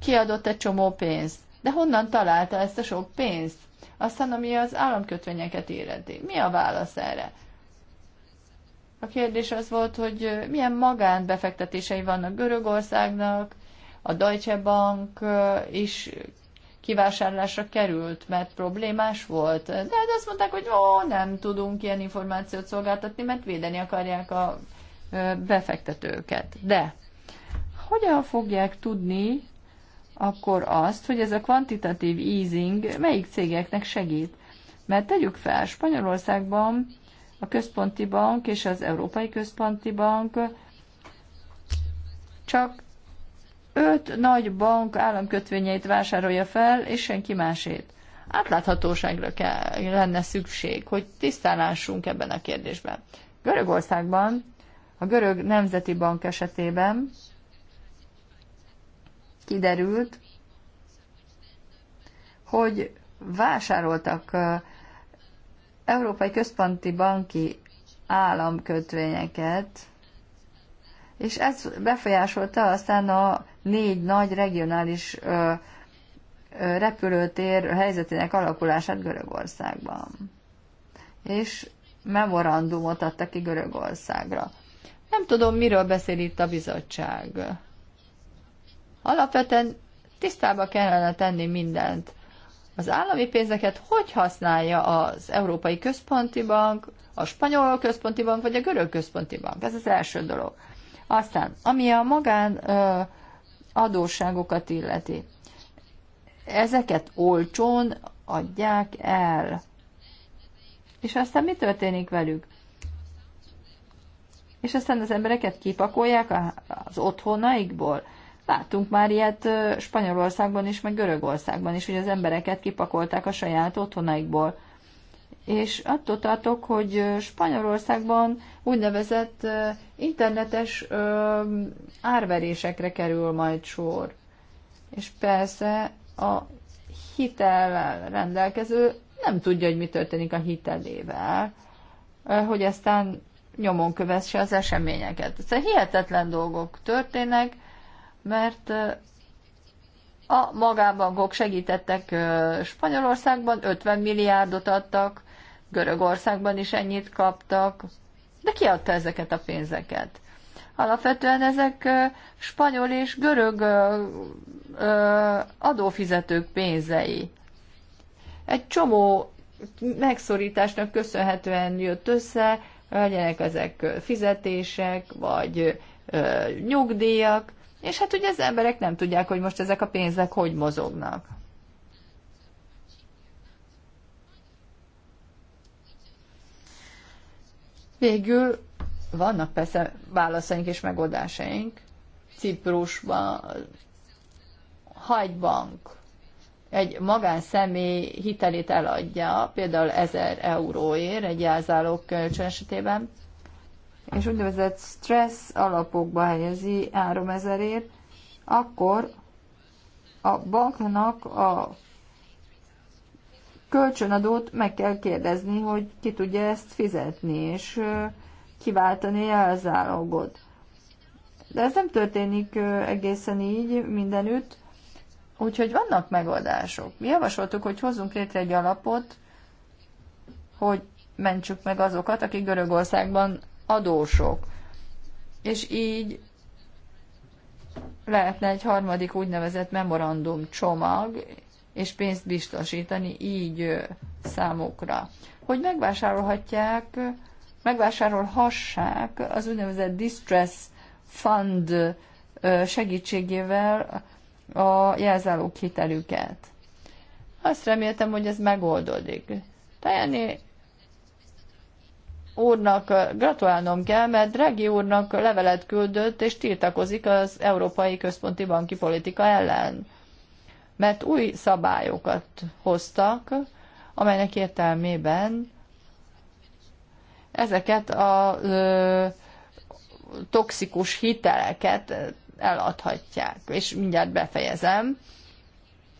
kiadott egy csomó pénzt. De honnan találta ezt a sok pénzt? Aztán, ami az államkötvényeket illeti. Mi a válasz erre? A kérdés az volt, hogy milyen magánbefektetései vannak Görögországnak, a Deutsche Bank is kivásárlásra került, mert problémás volt. De hát azt mondták, hogy ó, nem tudunk ilyen információt szolgáltatni, mert védeni akarják a befektetőket. De hogyan fogják tudni akkor azt, hogy ez a kvantitatív easing melyik cégeknek segít. Mert tegyük fel, Spanyolországban a Központi Bank és az Európai Központi Bank csak öt nagy bank államkötvényeit vásárolja fel, és senki másét. Átláthatóságra kell, lenne szükség, hogy tisztálásunk ebben a kérdésben. Görögországban, a Görög Nemzeti Bank esetében kiderült, hogy vásároltak Európai Központi Banki államkötvényeket, és ez befolyásolta aztán a négy nagy regionális ö, ö, repülőtér helyzetének alakulását Görögországban. És memorandumot adtak ki Görögországra. Nem tudom, miről beszél itt a bizottság. Alapvetően tisztába kellene tenni mindent. Az állami pénzeket hogy használja az Európai Központi Bank, a Spanyol Központi Bank vagy a Görög Központi Bank? Ez az első dolog. Aztán, ami a magán ö, adósságokat illeti, ezeket olcsón adják el. És aztán mi történik velük? És aztán az embereket kipakolják az otthonaikból. Láttunk már ilyet Spanyolországban is, meg Görögországban is, hogy az embereket kipakolták a saját otthonaikból. És attól tartok, hogy Spanyolországban úgynevezett internetes árverésekre kerül majd sor. És persze a hitel rendelkező nem tudja, hogy mi történik a hitelével, hogy aztán nyomon kövesse az eseményeket. Szóval hihetetlen dolgok történnek, mert eh, a magánbankok segítettek eh, Spanyolországban, 50 milliárdot adtak, Görögországban is ennyit kaptak, de ki adta ezeket a pénzeket? Alapvetően ezek eh, spanyol és görög adófizetők pénzei. Egy csomó megszorításnak köszönhetően jött össze, legyenek ezek fizetések, vagy nyugdíjak, és hát ugye az emberek nem tudják, hogy most ezek a pénzek hogy mozognak. Végül vannak persze válaszaink és megoldásaink. Ciprusban, hagybank egy magánszemély hitelét eladja, például 1000 euróért egy jelzálók kölcsön esetében, és úgynevezett stressz alapokba helyezi 3000 ért, akkor a banknak a kölcsönadót meg kell kérdezni, hogy ki tudja ezt fizetni, és kiváltani elzálogot. De ez nem történik egészen így mindenütt, úgyhogy vannak megoldások. Mi javasoltuk, hogy hozzunk létre egy alapot, hogy mentsük meg azokat, akik Görögországban adósok. És így lehetne egy harmadik úgynevezett memorandum csomag, és pénzt biztosítani így számukra, hogy megvásárolhatják, megvásárolhassák az úgynevezett distress fund segítségével a jelzálók hitelüket. Azt reméltem, hogy ez megoldódik. Tehát úrnak gratulálnom kell, mert Draghi úrnak levelet küldött, és tiltakozik az Európai Központi Banki Politika ellen. Mert új szabályokat hoztak, amelynek értelmében ezeket a ö, toxikus hiteleket eladhatják. És mindjárt befejezem.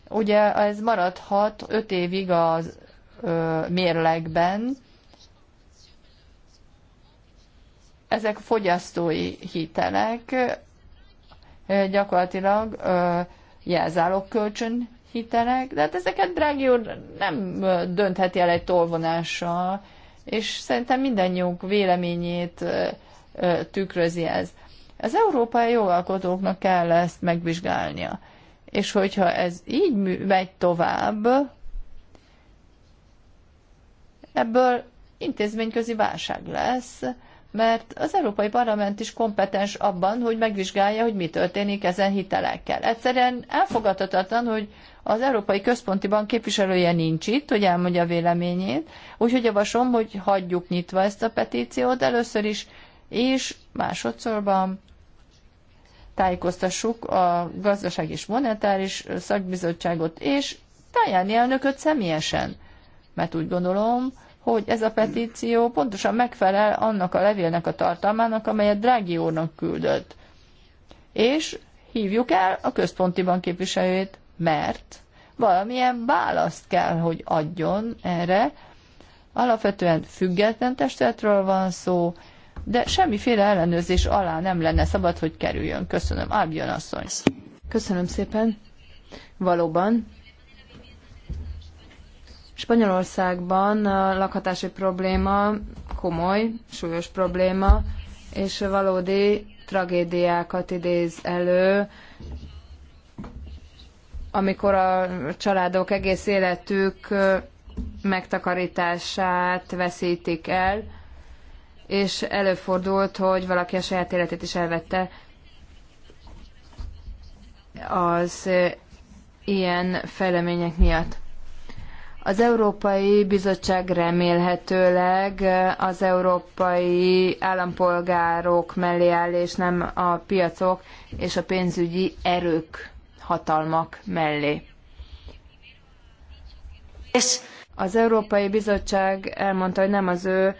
Ugye ez maradhat öt évig a mérlegben, Ezek fogyasztói hitelek, gyakorlatilag kölcsön hitelek, de hát ezeket Drági úr nem döntheti el egy tolvonással, és szerintem mindannyiunk véleményét tükrözi ez. Az európai jogalkotóknak kell ezt megvizsgálnia. És hogyha ez így megy tovább, ebből intézményközi válság lesz, mert az Európai Parlament is kompetens abban, hogy megvizsgálja, hogy mi történik ezen hitelekkel. Egyszerűen elfogadhatatlan, hogy az Európai Központi Bank képviselője nincs itt, hogy elmondja a véleményét, úgyhogy javaslom, hogy hagyjuk nyitva ezt a petíciót először is, és másodszorban tájékoztassuk a gazdaság és monetáris szakbizottságot és Tajani elnököt személyesen, mert úgy gondolom, hogy ez a petíció pontosan megfelel annak a levélnek a tartalmának, amelyet Drági úrnak küldött. És hívjuk el a központi bank képviselőjét, mert valamilyen választ kell, hogy adjon erre. Alapvetően független testületről van szó, de semmiféle ellenőrzés alá nem lenne szabad, hogy kerüljön. Köszönöm. Ábjon asszony. Köszönöm szépen.
Valóban Spanyolországban a lakhatási probléma komoly, súlyos probléma, és valódi tragédiákat idéz elő, amikor a családok egész életük megtakarítását veszítik el, és előfordult, hogy valaki a saját életét is elvette az ilyen fejlemények miatt. Az Európai Bizottság remélhetőleg az európai állampolgárok mellé áll, és nem a piacok és a pénzügyi erők, hatalmak mellé. Az Európai Bizottság elmondta, hogy nem az ő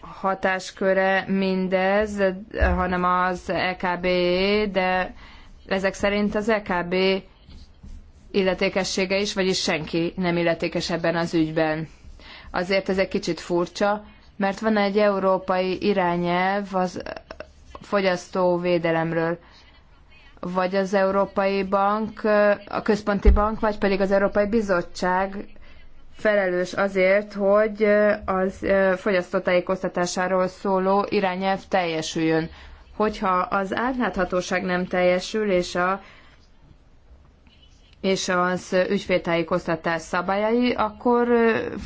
hatásköre mindez, hanem az EKB, e, de ezek szerint az EKB illetékessége is, vagyis senki nem illetékes ebben az ügyben. Azért ez egy kicsit furcsa, mert van egy európai irányelv az fogyasztóvédelemről, vagy az Európai Bank, a Központi Bank, vagy pedig az Európai Bizottság felelős azért, hogy az fogyasztótájékoztatásáról szóló irányelv teljesüljön. Hogyha az átláthatóság nem teljesül, és a és az ügyféltájékoztatás szabályai, akkor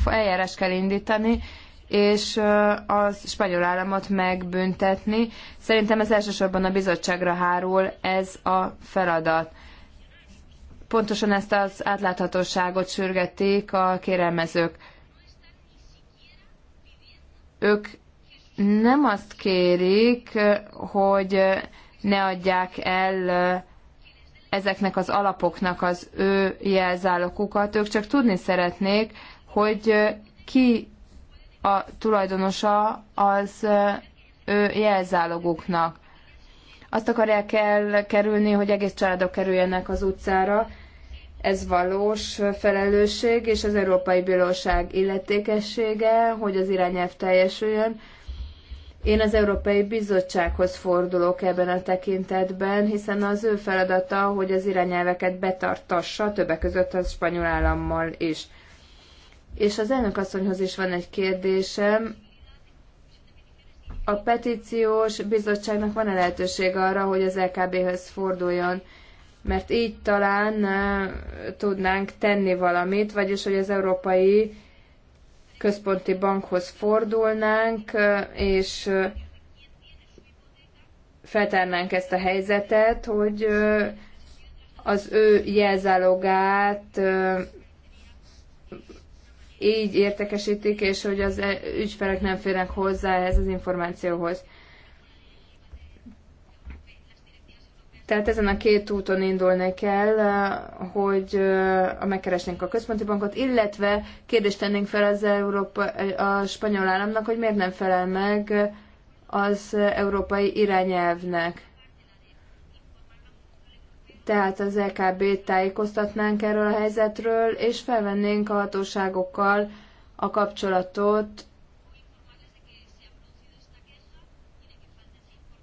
eljárás kell indítani, és a spanyol államot megbüntetni. Szerintem ez elsősorban a bizottságra hárul ez a feladat. Pontosan ezt az átláthatóságot sürgetik a kérelmezők. Ők nem azt kérik, hogy ne adják el ezeknek az alapoknak az ő jelzálokukat, ők csak tudni szeretnék, hogy ki a tulajdonosa az ő jelzáloguknak. Azt akarják el kerülni, hogy egész családok kerüljenek az utcára. Ez valós felelősség, és az Európai Bíróság illetékessége, hogy az irányelv teljesüljön. Én az Európai Bizottsághoz fordulok ebben a tekintetben, hiszen az ő feladata, hogy az irányelveket betartassa, többek között a spanyol állammal is. És az asszonyhoz is van egy kérdésem. A petíciós bizottságnak van-e lehetőség arra, hogy az LKB-höz forduljon? Mert így talán eh, tudnánk tenni valamit, vagyis hogy az Európai központi bankhoz fordulnánk, és feltárnánk ezt a helyzetet, hogy az ő jelzálogát így értekesítik, és hogy az e-, ügyfelek nem férnek hozzá ehhez az információhoz. Tehát ezen a két úton indulnék el, eh, hogy eh, megkeresnénk a központi bankot, illetve kérdést tennénk fel az Európa, a spanyol államnak, hogy miért nem felel meg az európai irányelvnek. Tehát az LKB-t e tájékoztatnánk erről a helyzetről, és felvennénk a hatóságokkal a kapcsolatot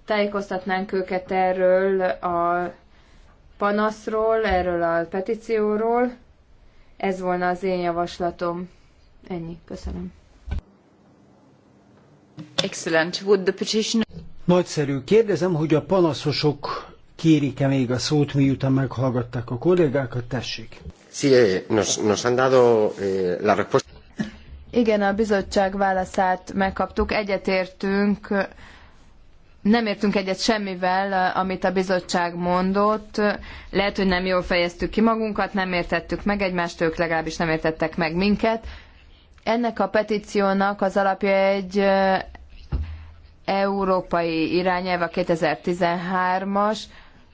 tájékoztatnánk őket erről a panaszról, erről a petícióról. Ez volna az én javaslatom. Ennyi. Köszönöm. Excellent. Would the
petition... Nagyszerű. Kérdezem, hogy a panaszosok kérik-e még a szót, miután meghallgatták a kollégákat? Tessék.
Sí, eh, nos, nos han dado eh, la respuesta.
Igen, a bizottság válaszát megkaptuk. Egyetértünk nem értünk egyet semmivel, amit a bizottság mondott. Lehet, hogy nem jól fejeztük ki magunkat, nem értettük meg egymást, ők legalábbis nem értettek meg minket. Ennek a petíciónak az alapja egy európai irányelv, a 2013-as,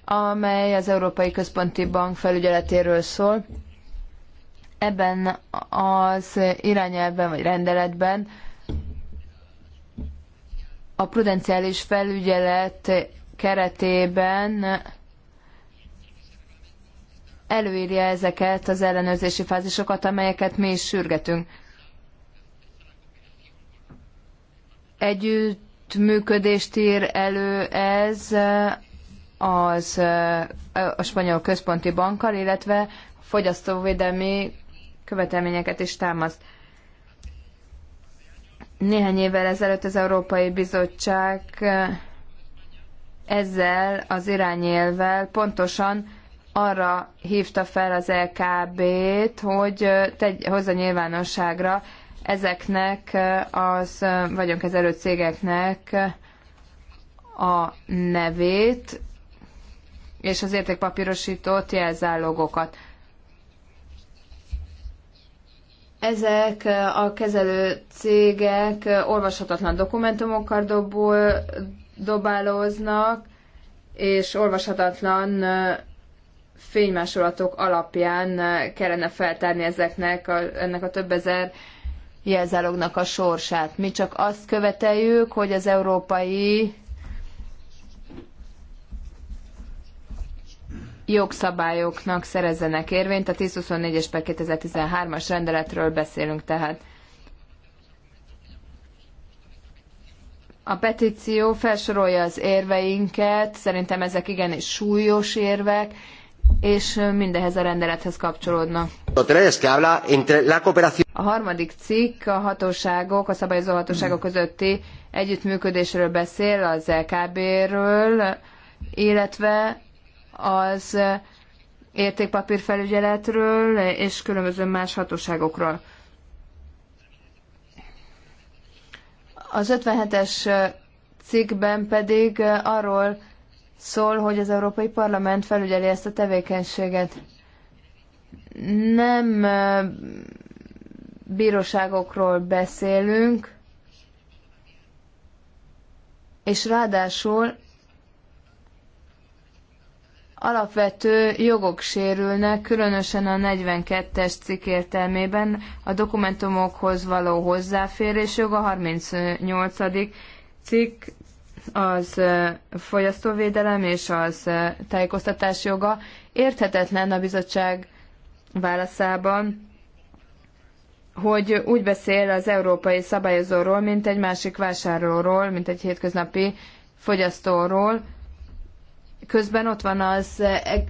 amely az Európai Központi Bank felügyeletéről szól. Ebben az irányelvben vagy rendeletben a prudenciális felügyelet keretében előírja ezeket az ellenőrzési fázisokat, amelyeket mi is sürgetünk. Együttműködést ír elő ez az a spanyol központi bankkal, illetve fogyasztóvédelmi követelményeket is támaszt. Néhány évvel ezelőtt az Európai Bizottság ezzel az irányélvel pontosan arra hívta fel az LKB-t, hogy tegy, hozza nyilvánosságra ezeknek az vagyonkezelő cégeknek a nevét és az értékpapírosított jelzálogokat. Ezek a kezelő cégek olvashatatlan dokumentumokkal dobol, dobálóznak, és olvashatatlan fénymásolatok alapján kellene feltárni ezeknek a, ennek a több ezer jelzálognak a sorsát. Mi csak azt követeljük, hogy az európai jogszabályoknak szerezzenek érvényt. A 1024-es per 2013-as rendeletről beszélünk tehát. A petíció felsorolja az érveinket, szerintem ezek igenis súlyos érvek, és mindehez a rendelethez kapcsolódnak. A harmadik cikk a hatóságok, a szabályozó hatóságok közötti együttműködésről beszél, az LKB-ről, illetve az értékpapírfelügyeletről és különböző más hatóságokról. Az 57-es cikkben pedig arról szól, hogy az Európai Parlament felügyeli ezt a tevékenységet. Nem bíróságokról beszélünk, és ráadásul alapvető jogok sérülnek, különösen a 42-es cikk értelmében a dokumentumokhoz való hozzáférés joga, 38. cikk az fogyasztóvédelem és az tájékoztatás joga. Érthetetlen a bizottság válaszában, hogy úgy beszél az európai szabályozóról, mint egy másik vásárlóról, mint egy hétköznapi fogyasztóról, Közben ott van az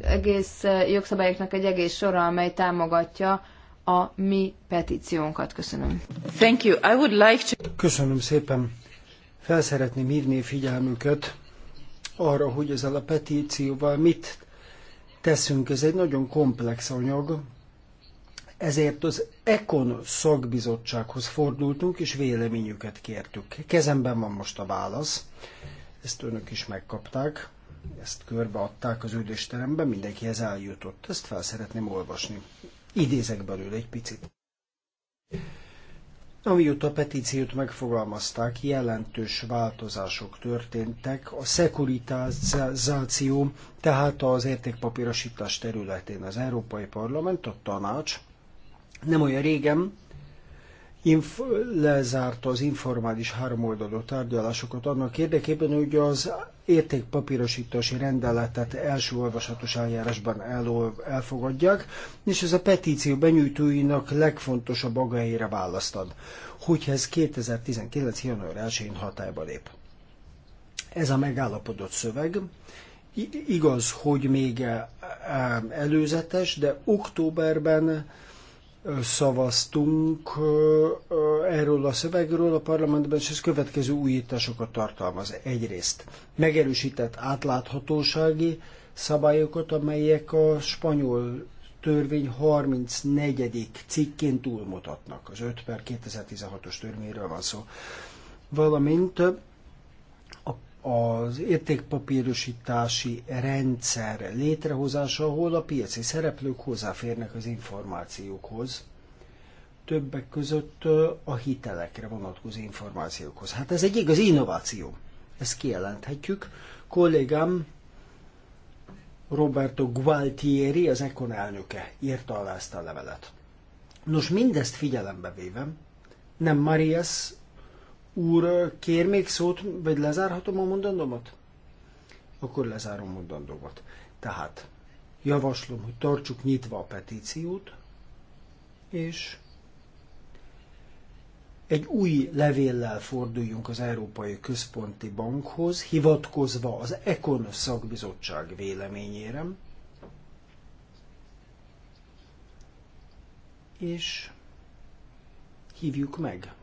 egész jogszabályoknak egy egész sora, amely támogatja a mi petíciónkat. Köszönöm.
Thank you. I would like to... Köszönöm szépen. Felszeretném hívni figyelmüket arra, hogy ezzel a petícióval mit teszünk. Ez egy nagyon komplex anyag, ezért az Ekon szakbizottsághoz fordultunk, és véleményüket kértük. Kezemben van most a válasz, ezt önök is megkapták ezt körbeadták az ülésteremben, mindenkihez eljutott. Ezt fel szeretném olvasni. Idézek belőle egy picit. Amióta a petíciót megfogalmazták, jelentős változások történtek a szekuritázáció, tehát az értékpapírosítás területén az Európai Parlament, a tanács nem olyan régen inf- lezárta az informális háromoldalú tárgyalásokat annak érdekében, hogy az értékpapírosítási rendeletet első olvasatos eljárásban el- elfogadják, és ez a petíció benyújtóinak legfontosabb aggájára választad, hogyha ez 2019. január 1-én hatályba lép. Ez a megállapodott szöveg, igaz, hogy még e, e, előzetes, de októberben szavaztunk erről a szövegről a parlamentben, és ez következő újításokat tartalmaz. Egyrészt megerősített átláthatósági szabályokat, amelyek a spanyol törvény 34. cikkén túlmutatnak. Az 5 per 2016-os törvényről van szó. Valamint az értékpapírosítási rendszer létrehozása, ahol a piaci szereplők hozzáférnek az információkhoz, többek között a hitelekre vonatkozó információkhoz. Hát ez egy igazi innováció, ezt kijelenthetjük. Kollégám Roberto Gualtieri, az Econ elnöke írta alá ezt a levelet. Nos, mindezt figyelembe véve, nem Marias úr kér még szót, vagy lezárhatom a mondandómat? Akkor lezárom mondandómat. Tehát javaslom, hogy tartsuk nyitva a petíciót, és egy új levéllel forduljunk az Európai Központi Bankhoz, hivatkozva az Ekon szakbizottság véleményére, és hívjuk meg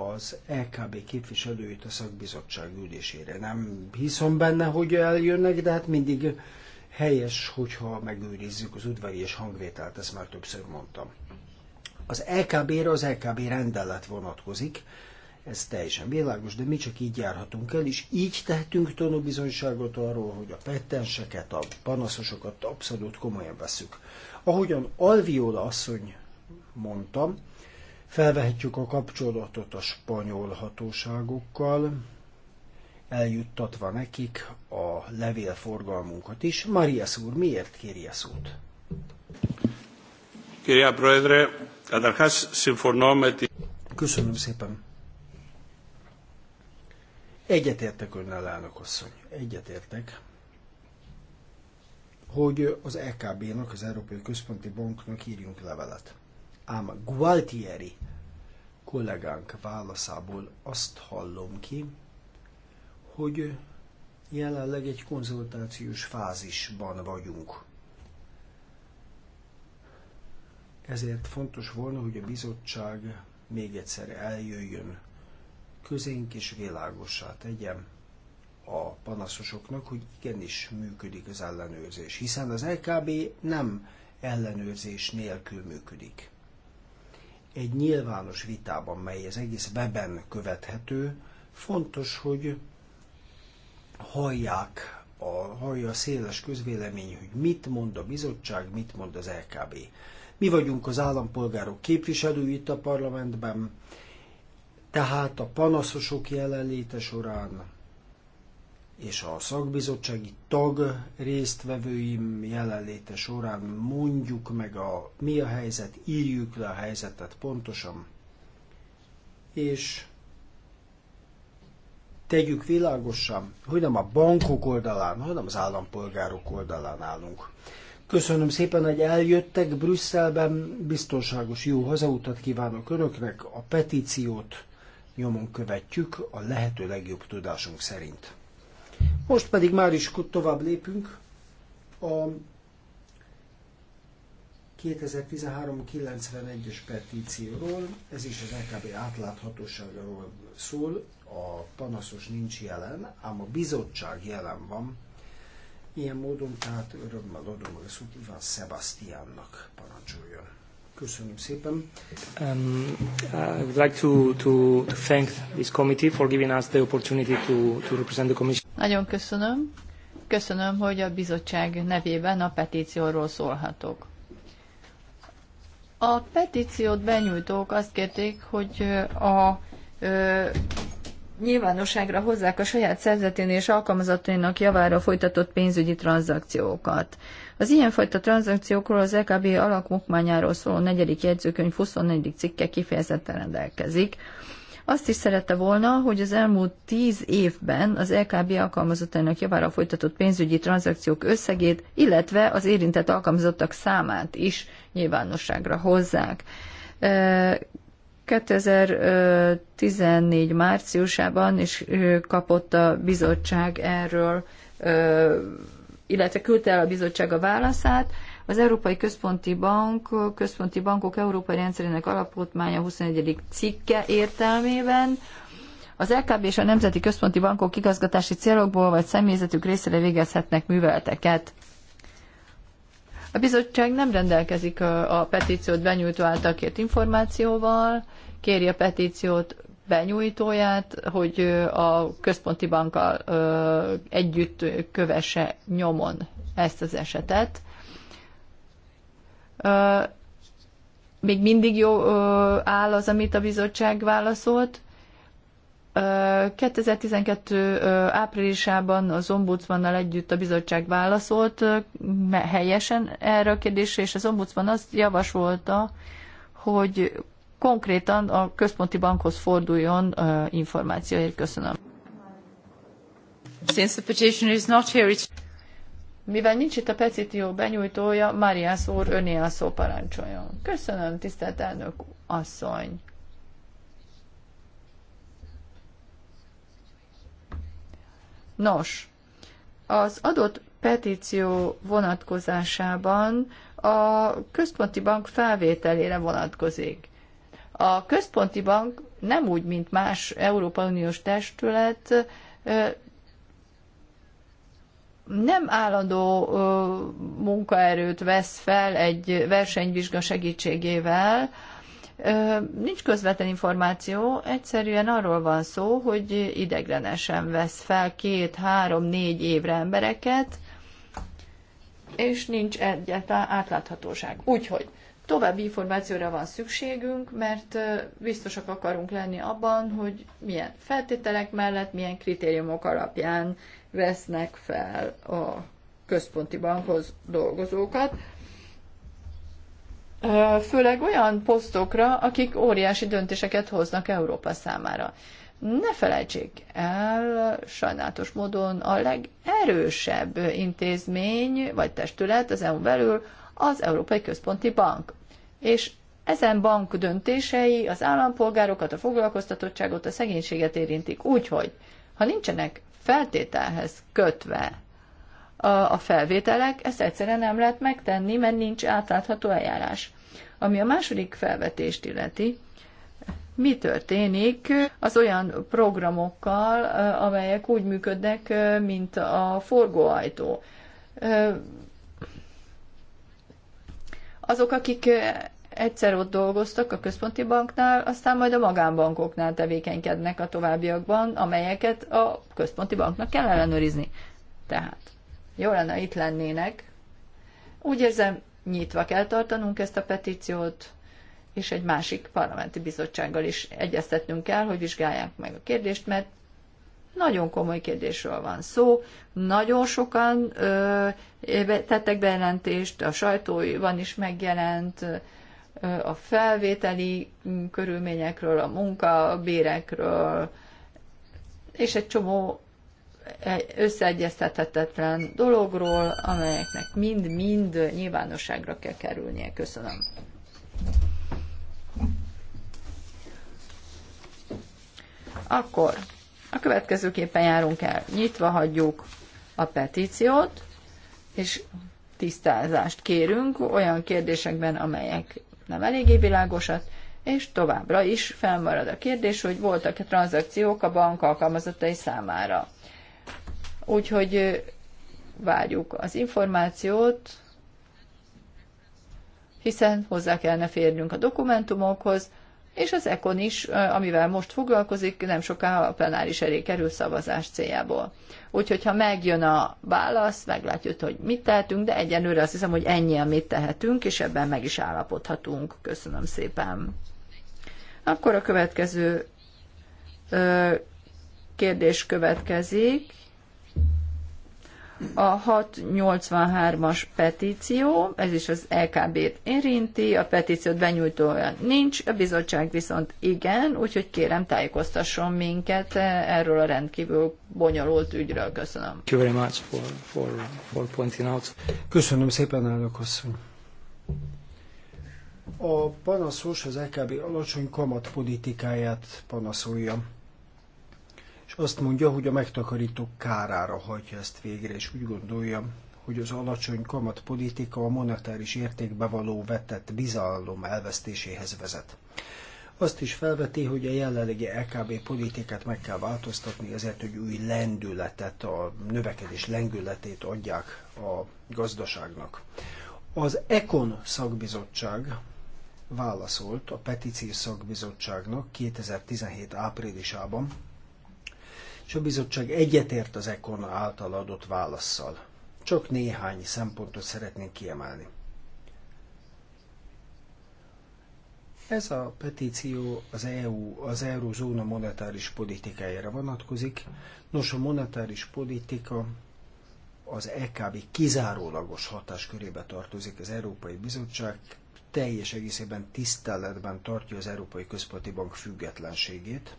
az LKB képviselőit a szakbizottság ülésére. Nem hiszem benne, hogy eljönnek, de hát mindig helyes, hogyha megőrizzük az udvari és hangvételt, ezt már többször mondtam. Az LKB-re az LKB rendelet vonatkozik, ez teljesen világos, de mi csak így járhatunk el, és így tehetünk tanúbizonyságot arról, hogy a pettenseket, a panaszosokat abszolút komolyan veszük. Ahogyan Alviola asszony mondtam, Felvehetjük a kapcsolatot a spanyol hatóságokkal, eljuttatva nekik a levélforgalmunkat is. Maria úr, miért kéri a szót? Köszönöm szépen. Egyetértek önnel, elnök asszony. Egyetértek, hogy az EKB-nak, az Európai Központi Banknak írjunk levelet. Ám Gualtieri kollégánk válaszából azt hallom ki, hogy jelenleg egy konzultációs fázisban vagyunk. Ezért fontos volna, hogy a bizottság még egyszer eljöjjön közénk és világossá tegyen a panaszosoknak, hogy igenis működik az ellenőrzés, hiszen az LKB nem ellenőrzés nélkül működik egy nyilvános vitában, mely az egész weben követhető, fontos, hogy hallják, a, hallja a széles közvélemény, hogy mit mond a bizottság, mit mond az LKB. Mi vagyunk az állampolgárok képviselői itt a parlamentben, tehát a panaszosok jelenléte során és a szakbizottsági tag résztvevőim jelenléte során mondjuk meg a mi a helyzet, írjuk le a helyzetet pontosan, és tegyük világosan, hogy nem a bankok oldalán, hanem az állampolgárok oldalán állunk. Köszönöm szépen, hogy eljöttek Brüsszelben, biztonságos jó hazautat kívánok Önöknek, a petíciót nyomon követjük a lehető legjobb tudásunk szerint. Most pedig már is tovább lépünk a 2013-91-es petícióról, ez is az LKB átláthatóságról szól, a panaszos nincs jelen, ám a bizottság jelen van. Ilyen módon tehát örömmel adom a szót Iván Sebastiánnak parancsoljon. Köszönöm szépen. Um, I would like to, to, to thank this committee for giving us the opportunity to, to represent the commission.
Nagyon köszönöm. Köszönöm, hogy a bizottság nevében a petícióról szólhatok. A petíciót benyújtók azt kérték, hogy a ö, nyilvánosságra hozzák a saját szerzetén és alkalmazatainak javára folytatott pénzügyi tranzakciókat. Az ilyenfajta tranzakciókról az EKB alakmokmányáról szóló negyedik jegyzőkönyv 24. cikke kifejezetten rendelkezik. Azt is szerette volna, hogy az elmúlt tíz évben az LKB e alkalmazottainak javára folytatott pénzügyi tranzakciók összegét, illetve az érintett alkalmazottak számát is nyilvánosságra hozzák. 2014 márciusában is kapott a bizottság erről illetve küldte el a bizottság a válaszát. Az Európai Központi Bank, Központi Bankok Európai Rendszerének Alapotmánya 21. cikke értelmében az LKB és a Nemzeti Központi Bankok igazgatási célokból vagy személyzetük részére végezhetnek műveleteket. A bizottság nem rendelkezik a petíciót benyújtó általkért információval, kéri a petíciót benyújtóját, hogy a központi bankkal együtt kövesse nyomon ezt az esetet. Még mindig jó áll az, amit a bizottság válaszolt. 2012 áprilisában az ombudsmannal együtt a bizottság válaszolt helyesen erre a kérdésre, és az ombudsman azt javasolta, hogy konkrétan a központi bankhoz forduljon információért. Köszönöm. Since the petitioner is not here, it's... Mivel nincs itt a petíció benyújtója, Mariász úr öné a szó parancsoljon. Köszönöm, tisztelt elnök asszony. Nos, az adott petíció vonatkozásában a központi bank felvételére vonatkozik. A központi bank nem úgy, mint más Európa Uniós testület, nem állandó munkaerőt vesz fel egy versenyvizsga segítségével, nincs közvetlen információ, egyszerűen arról van szó, hogy ideglenesen vesz fel két-három-négy évre embereket, és nincs egyáltalán átláthatóság. Úgyhogy További információra van szükségünk, mert biztosak akarunk lenni abban, hogy milyen feltételek mellett, milyen kritériumok alapján vesznek fel a központi bankhoz dolgozókat. Főleg olyan posztokra, akik óriási döntéseket hoznak Európa számára. Ne felejtsék el, sajnálatos módon a legerősebb intézmény vagy testület az EU belül az Európai Központi Bank. És ezen bank döntései az állampolgárokat, a foglalkoztatottságot, a szegénységet érintik. Úgyhogy, ha nincsenek feltételhez kötve a felvételek, ezt egyszerűen nem lehet megtenni, mert nincs átlátható eljárás. Ami a második felvetést illeti, mi történik az olyan programokkal, amelyek úgy működnek, mint a forgóajtó azok, akik egyszer ott dolgoztak a központi banknál, aztán majd a magánbankoknál tevékenykednek a továbbiakban, amelyeket a központi banknak kell ellenőrizni. Tehát jó lenne, itt lennének. Úgy érzem, nyitva kell tartanunk ezt a petíciót, és egy másik parlamenti bizottsággal is egyeztetnünk kell, hogy vizsgálják meg a kérdést, mert nagyon komoly kérdésről van szó, nagyon sokan ö, tettek bejelentést, a sajtóban is megjelent ö, a felvételi körülményekről, a munkabérekről, és egy csomó e, összeegyeztethetetlen dologról, amelyeknek mind-mind nyilvánosságra kell kerülnie. Köszönöm. Akkor a következőképpen járunk el. Nyitva hagyjuk a petíciót, és tisztázást kérünk olyan kérdésekben, amelyek nem eléggé világosak, és továbbra is felmarad a kérdés, hogy voltak-e tranzakciók a bank alkalmazottai számára. Úgyhogy várjuk az információt, hiszen hozzá kellene férnünk a dokumentumokhoz, és az ECON is, amivel most foglalkozik, nem soká a plenáris elé kerül szavazás céljából. Úgyhogy, ha megjön a válasz, meglátjuk, hogy mit tehetünk, de egyenlőre azt hiszem, hogy ennyi, amit tehetünk, és ebben meg is állapodhatunk. Köszönöm szépen. Akkor a következő kérdés következik a 683-as petíció, ez is az LKB-t érinti, a petíciót benyújtója nincs, a bizottság viszont igen, úgyhogy kérem tájékoztasson minket erről a rendkívül bonyolult ügyről. Köszönöm.
Köszönöm szépen, elnök asszony. A panaszos az LKB alacsony politikáját panaszolja azt mondja, hogy a megtakarítók kárára hajtja ezt végre, és úgy gondolja, hogy az alacsony kamatpolitika a monetáris értékbe való vetett bizalom elvesztéséhez vezet. Azt is felveti, hogy a jelenlegi LKB politikát meg kell változtatni, azért, hogy új lendületet, a növekedés lendületét adják a gazdaságnak. Az Ekon szakbizottság válaszolt a petíciós szakbizottságnak 2017 áprilisában, és a bizottság egyetért az Econ által adott válaszsal. Csak néhány szempontot szeretnénk kiemelni. Ez a petíció az EU, az Eurózóna monetáris politikájára vonatkozik. Nos, a monetáris politika az EKB kizárólagos hatáskörébe tartozik az Európai Bizottság, teljes egészében tiszteletben tartja az Európai Központi Bank függetlenségét.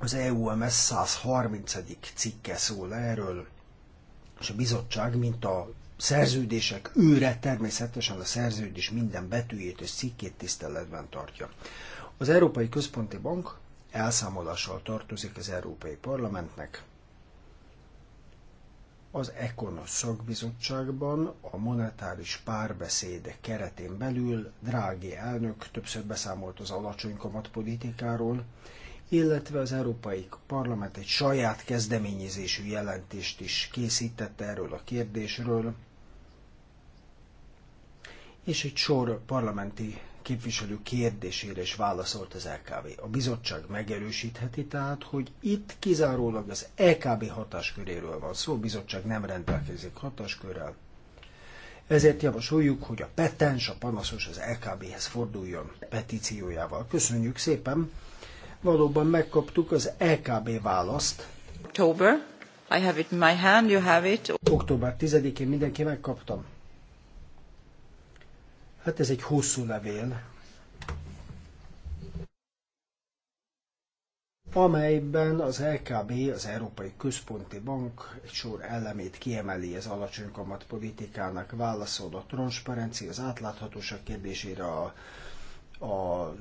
Az EUMS 130. cikke szól erről, és a bizottság, mint a szerződések őre természetesen a szerződés minden betűjét és cikkét tiszteletben tartja. Az Európai Központi Bank elszámolással tartozik az Európai Parlamentnek. Az Ekon szakbizottságban a monetáris párbeszéd keretén belül Drági elnök többször beszámolt az alacsony kamatpolitikáról, politikáról, illetve az Európai Parlament egy saját kezdeményezésű jelentést is készítette erről a kérdésről, és egy sor parlamenti képviselő kérdésére is válaszolt az LKB. A bizottság megerősítheti tehát, hogy itt kizárólag az LKB hatásköréről van szó, a bizottság nem rendelkezik hatáskörrel, ezért javasoljuk, hogy a petens, a panaszos az LKB-hez forduljon petíciójával. Köszönjük szépen! valóban megkaptuk az LKB e választ. October.
I have it in my hand, you have
it. Október 10-én mindenki megkaptam. Hát ez egy hosszú levél, amelyben az LKB, e az Európai Központi Bank egy sor elemét kiemeli az alacsony kamat politikának, válaszol a transzparencia, az átláthatóság kérdésére, a, a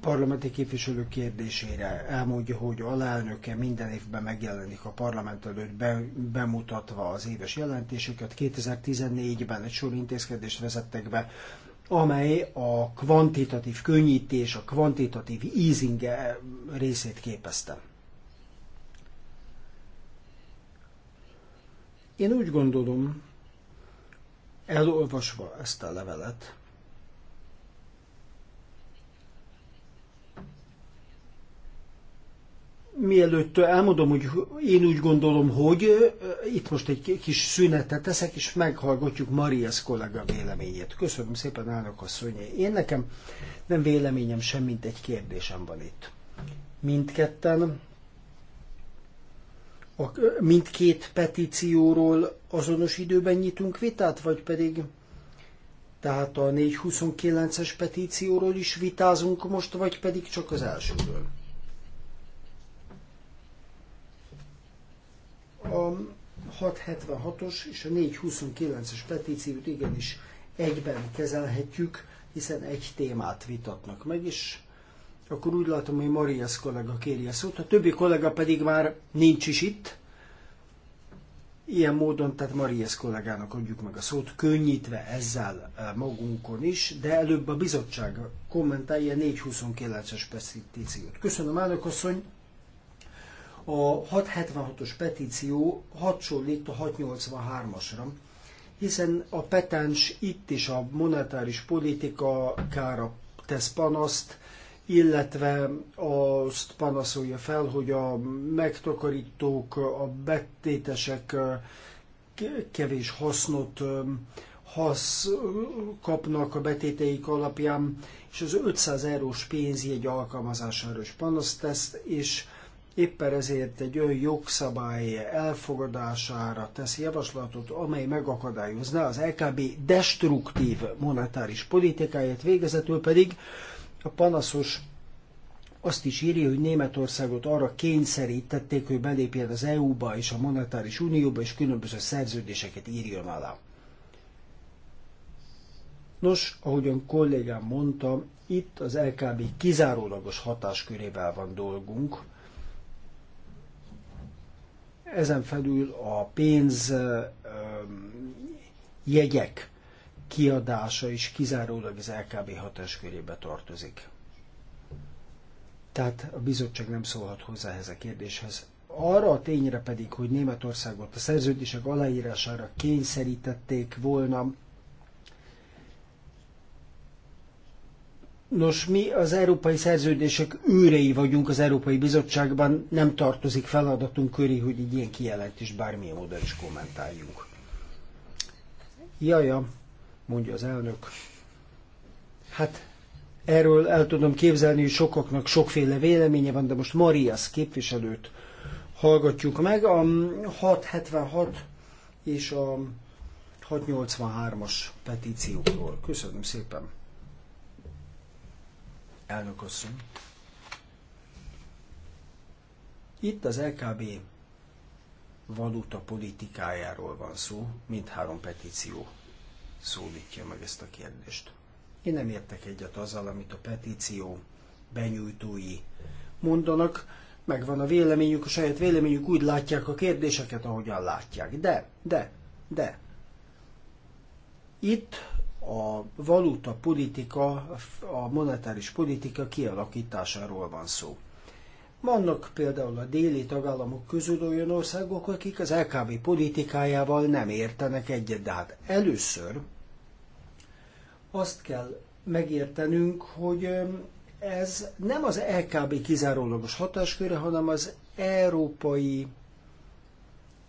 parlamenti képviselő kérdésére elmondja, hogy alelnöke minden évben megjelenik a parlament előtt be, bemutatva az éves jelentéseket. 2014-ben egy sor intézkedést vezettek be, amely a kvantitatív könnyítés, a kvantitatív easing -e részét képezte. Én úgy gondolom, elolvasva ezt a levelet, mielőtt elmondom, hogy én úgy gondolom, hogy itt most egy kis szünetet teszek, és meghallgatjuk Marias kollega véleményét. Köszönöm szépen, elnök asszony. Én nekem nem véleményem sem, mint egy kérdésem van itt. Mindketten, a, mindkét petícióról azonos időben nyitunk vitát, vagy pedig tehát a 429-es petícióról is vitázunk most, vagy pedig csak az elsőről? A 676-os és a 429-es petíciót igenis egyben kezelhetjük, hiszen egy témát vitatnak meg, és akkor úgy látom, hogy Marias kollega kéri a szót, a többi kollega pedig már nincs is itt. Ilyen módon, tehát Marias kollégának adjuk meg a szót, könnyítve ezzel e, magunkon is, de előbb a bizottság kommentálja 429-es petíciót. Köszönöm, elnök asszony! A 676-os petíció hasonlít a 683-asra, hiszen a petáns itt is a monetáris politika kára tesz panaszt, illetve azt panaszolja fel, hogy a megtakarítók, a betétesek kevés hasznot hasz kapnak a betéteik alapján, és az 500 eurós pénzjegy alkalmazására is panaszt tesz, és Éppen ezért egy olyan jogszabály elfogadására tesz javaslatot, amely megakadályozná az LKB destruktív monetáris politikáját, végezetül pedig a panaszos azt is írja, hogy Németországot arra kényszerítették, hogy belépjen az EU-ba és a monetáris unióba, és különböző szerződéseket írjon alá. Nos, ahogyan kollégám mondta, itt az LKB kizárólagos hatáskörével van dolgunk, ezen felül a pénz jegyek kiadása is kizárólag az LKB körébe tartozik. Tehát a bizottság nem szólhat hozzá ehhez a kérdéshez. Arra a tényre pedig, hogy Németországot a szerződések aláírására kényszerítették volna, Nos, mi az európai szerződések őrei vagyunk az Európai Bizottságban, nem tartozik feladatunk köré, hogy egy ilyen kijelentést bármilyen módon is kommentáljunk. Jaja, mondja az elnök. Hát erről el tudom képzelni, hogy sokaknak sokféle véleménye van, de most Marias képviselőt hallgatjuk meg. A 676 és a 683-as petíciókról. Köszönöm szépen! Elnök asszony. Itt az LKB valuta politikájáról van szó, mindhárom petíció szólítja meg ezt a kérdést. Én nem értek egyet azzal, amit a petíció benyújtói mondanak, megvan a véleményük, a saját véleményük, úgy látják a kérdéseket, ahogyan látják. De, de, de, itt a valuta politika, a monetáris politika kialakításáról van szó. Vannak például a déli tagállamok közül olyan országok, akik az LKB politikájával nem értenek egyet, de hát először azt kell megértenünk, hogy ez nem az LKB kizárólagos hatásköre, hanem az európai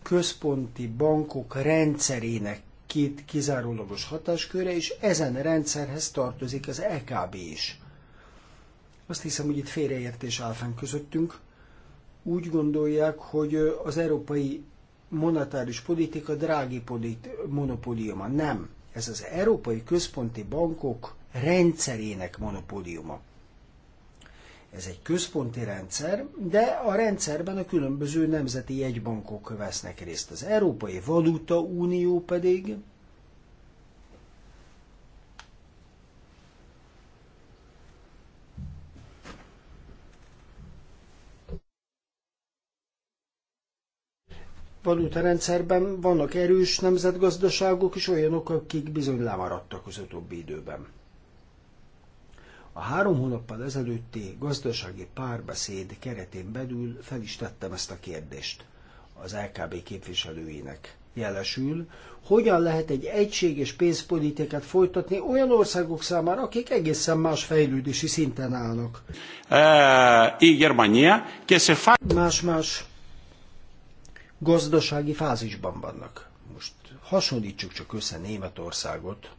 központi bankok rendszerének két kizárólagos hatásköre, és ezen rendszerhez tartozik az EKB is. Azt hiszem, hogy itt félreértés áll fenn közöttünk. Úgy gondolják, hogy az európai monetáris politika drági polit, monopóliuma. Nem. Ez az európai központi bankok rendszerének monopóliuma. Ez egy központi rendszer, de a rendszerben a különböző nemzeti jegybankok vesznek részt. Az Európai Valuta Unió pedig rendszerben vannak erős nemzetgazdaságok és olyanok, akik bizony lemaradtak az utóbbi időben. A három hónappal ezelőtti gazdasági párbeszéd keretén belül fel is tettem ezt a kérdést az LKB képviselőinek. Jelesül, hogyan lehet egy egységes pénzpolitikát folytatni olyan országok számára, akik egészen más fejlődési szinten állnak. Eh, Más-más gazdasági fázisban vannak. Most hasonlítsuk csak össze Németországot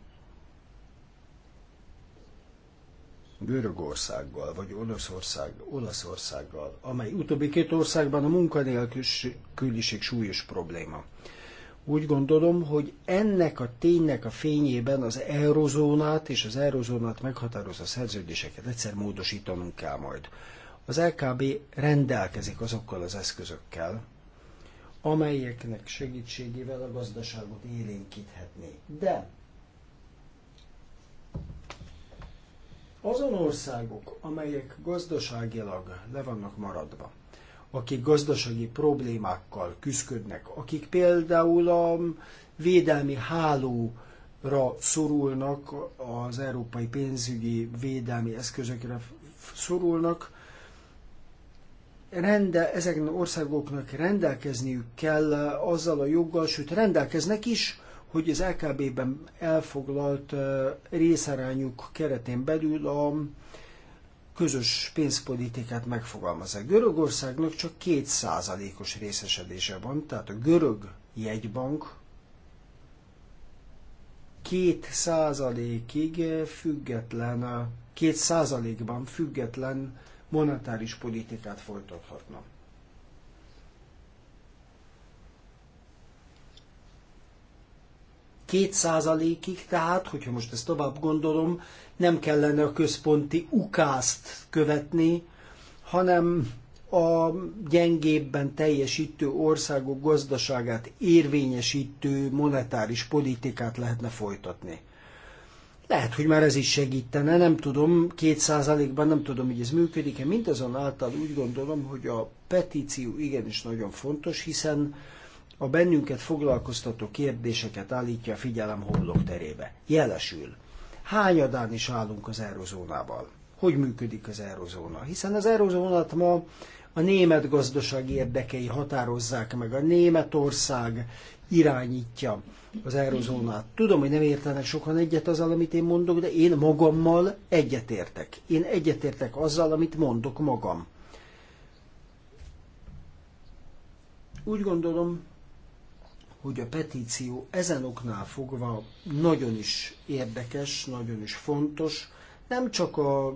Görögországgal, vagy Olaszország, Olaszországgal, amely utóbbi két országban a munkanélküliség súlyos probléma. Úgy gondolom, hogy ennek a ténynek a fényében az eurozónát és az eurozónát meghatározó szerződéseket egyszer módosítanunk kell majd. Az LKB rendelkezik azokkal az eszközökkel, amelyeknek segítségével a gazdaságot élénkíthetné. De Azon országok, amelyek gazdaságilag le vannak maradva, akik gazdasági problémákkal küzdködnek, akik például a védelmi hálóra szorulnak, az európai pénzügyi védelmi eszközökre szorulnak, rende, ezeknek országoknak rendelkezniük kell azzal a joggal, sőt rendelkeznek is, hogy az LKB-ben elfoglalt részarányuk keretén belül a közös pénzpolitikát megfogalmazza. Görögországnak csak 2%-os részesedése van, tehát a görög jegybank 2%-ig független, 2%-ban független monetáris politikát folytathatna. 2%-ig, tehát, hogyha most ezt tovább gondolom, nem kellene a központi ukázt követni, hanem a gyengébben teljesítő országok gazdaságát érvényesítő monetáris politikát lehetne folytatni. Lehet, hogy már ez is segítene, nem tudom, két százalékban nem tudom, hogy ez működik-e. Mindazonáltal úgy gondolom, hogy a petíció igenis nagyon fontos, hiszen a bennünket foglalkoztató kérdéseket állítja a figyelem homlok terébe. Jelesül. Hányadán is állunk az eurozónával? Hogy működik az eurozóna? Hiszen az eurozónát ma a német gazdaság érdekei határozzák meg, a Németország irányítja az eurozónát. Tudom, hogy nem értenek sokan egyet azzal, amit én mondok, de én magammal egyetértek. Én egyetértek azzal, amit mondok magam. Úgy gondolom, hogy a petíció ezen oknál fogva nagyon is érdekes, nagyon is fontos, nem csak a,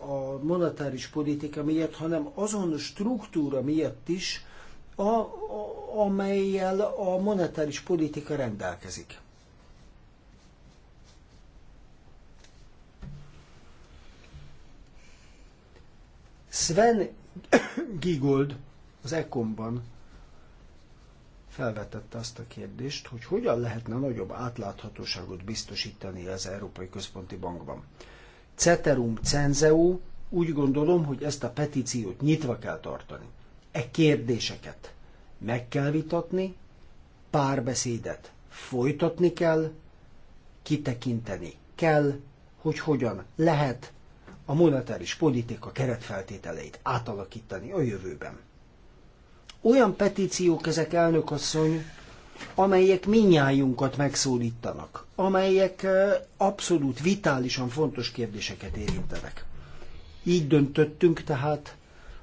a monetáris politika miatt, hanem azon a struktúra miatt is, a, a, amelyel a monetáris politika rendelkezik. Sven Gigold az Ekomban felvetette azt a kérdést, hogy hogyan lehetne nagyobb átláthatóságot biztosítani az Európai Központi Bankban. Ceterum Cenzeu úgy gondolom, hogy ezt a petíciót nyitva kell tartani. E kérdéseket meg kell vitatni, párbeszédet folytatni kell, kitekinteni kell, hogy hogyan lehet a monetáris politika keretfeltételeit átalakítani a jövőben. Olyan petíciók ezek, elnökasszony, amelyek minnyájunkat megszólítanak, amelyek abszolút vitálisan fontos kérdéseket érintenek. Így döntöttünk tehát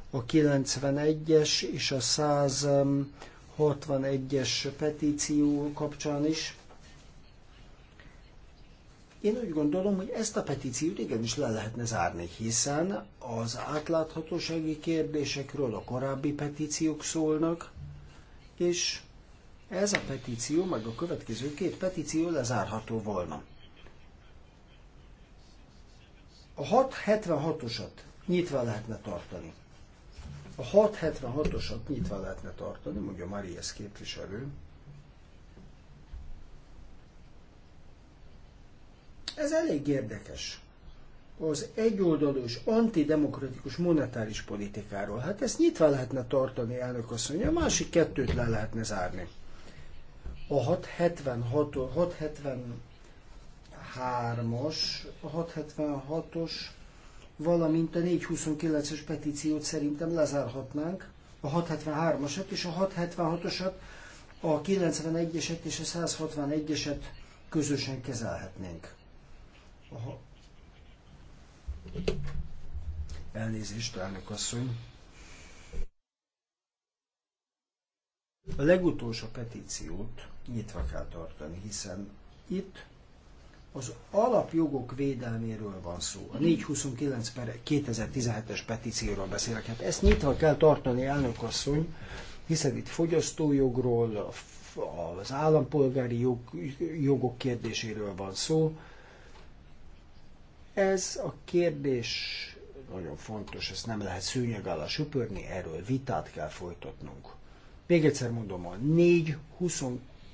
a 91-es és a 161-es petíció kapcsán is, én úgy gondolom, hogy ezt a petíciót igenis le lehetne zárni, hiszen az átláthatósági kérdésekről a korábbi petíciók szólnak, és ez a petíció, meg a következő két petíció lezárható volna. A 676-osat nyitva lehetne tartani. A 676-osat nyitva lehetne tartani, mondja Marias képviselő, Ez elég érdekes. Az egyoldalú és antidemokratikus monetáris politikáról. Hát ezt nyitva lehetne tartani, elnök asszony, a másik kettőt le lehetne zárni. A 673-as, a 676-os, valamint a 429-es petíciót szerintem lezárhatnánk, a 673-asat és a 676-osat, a 91-eset és a 161-eset közösen kezelhetnénk. Aha. Elnézést, elnök asszony. A legutolsó petíciót nyitva kell tartani, hiszen itt az alapjogok védelméről van szó. A 429 per 2017-es petícióról beszélek. Hát ezt nyitva kell tartani, elnök asszony, hiszen itt fogyasztójogról, az állampolgári jog, jogok kérdéséről van szó, ez a kérdés nagyon fontos, ezt nem lehet szűnyeg alá süpörni erről vitát kell folytatnunk. Még egyszer mondom, a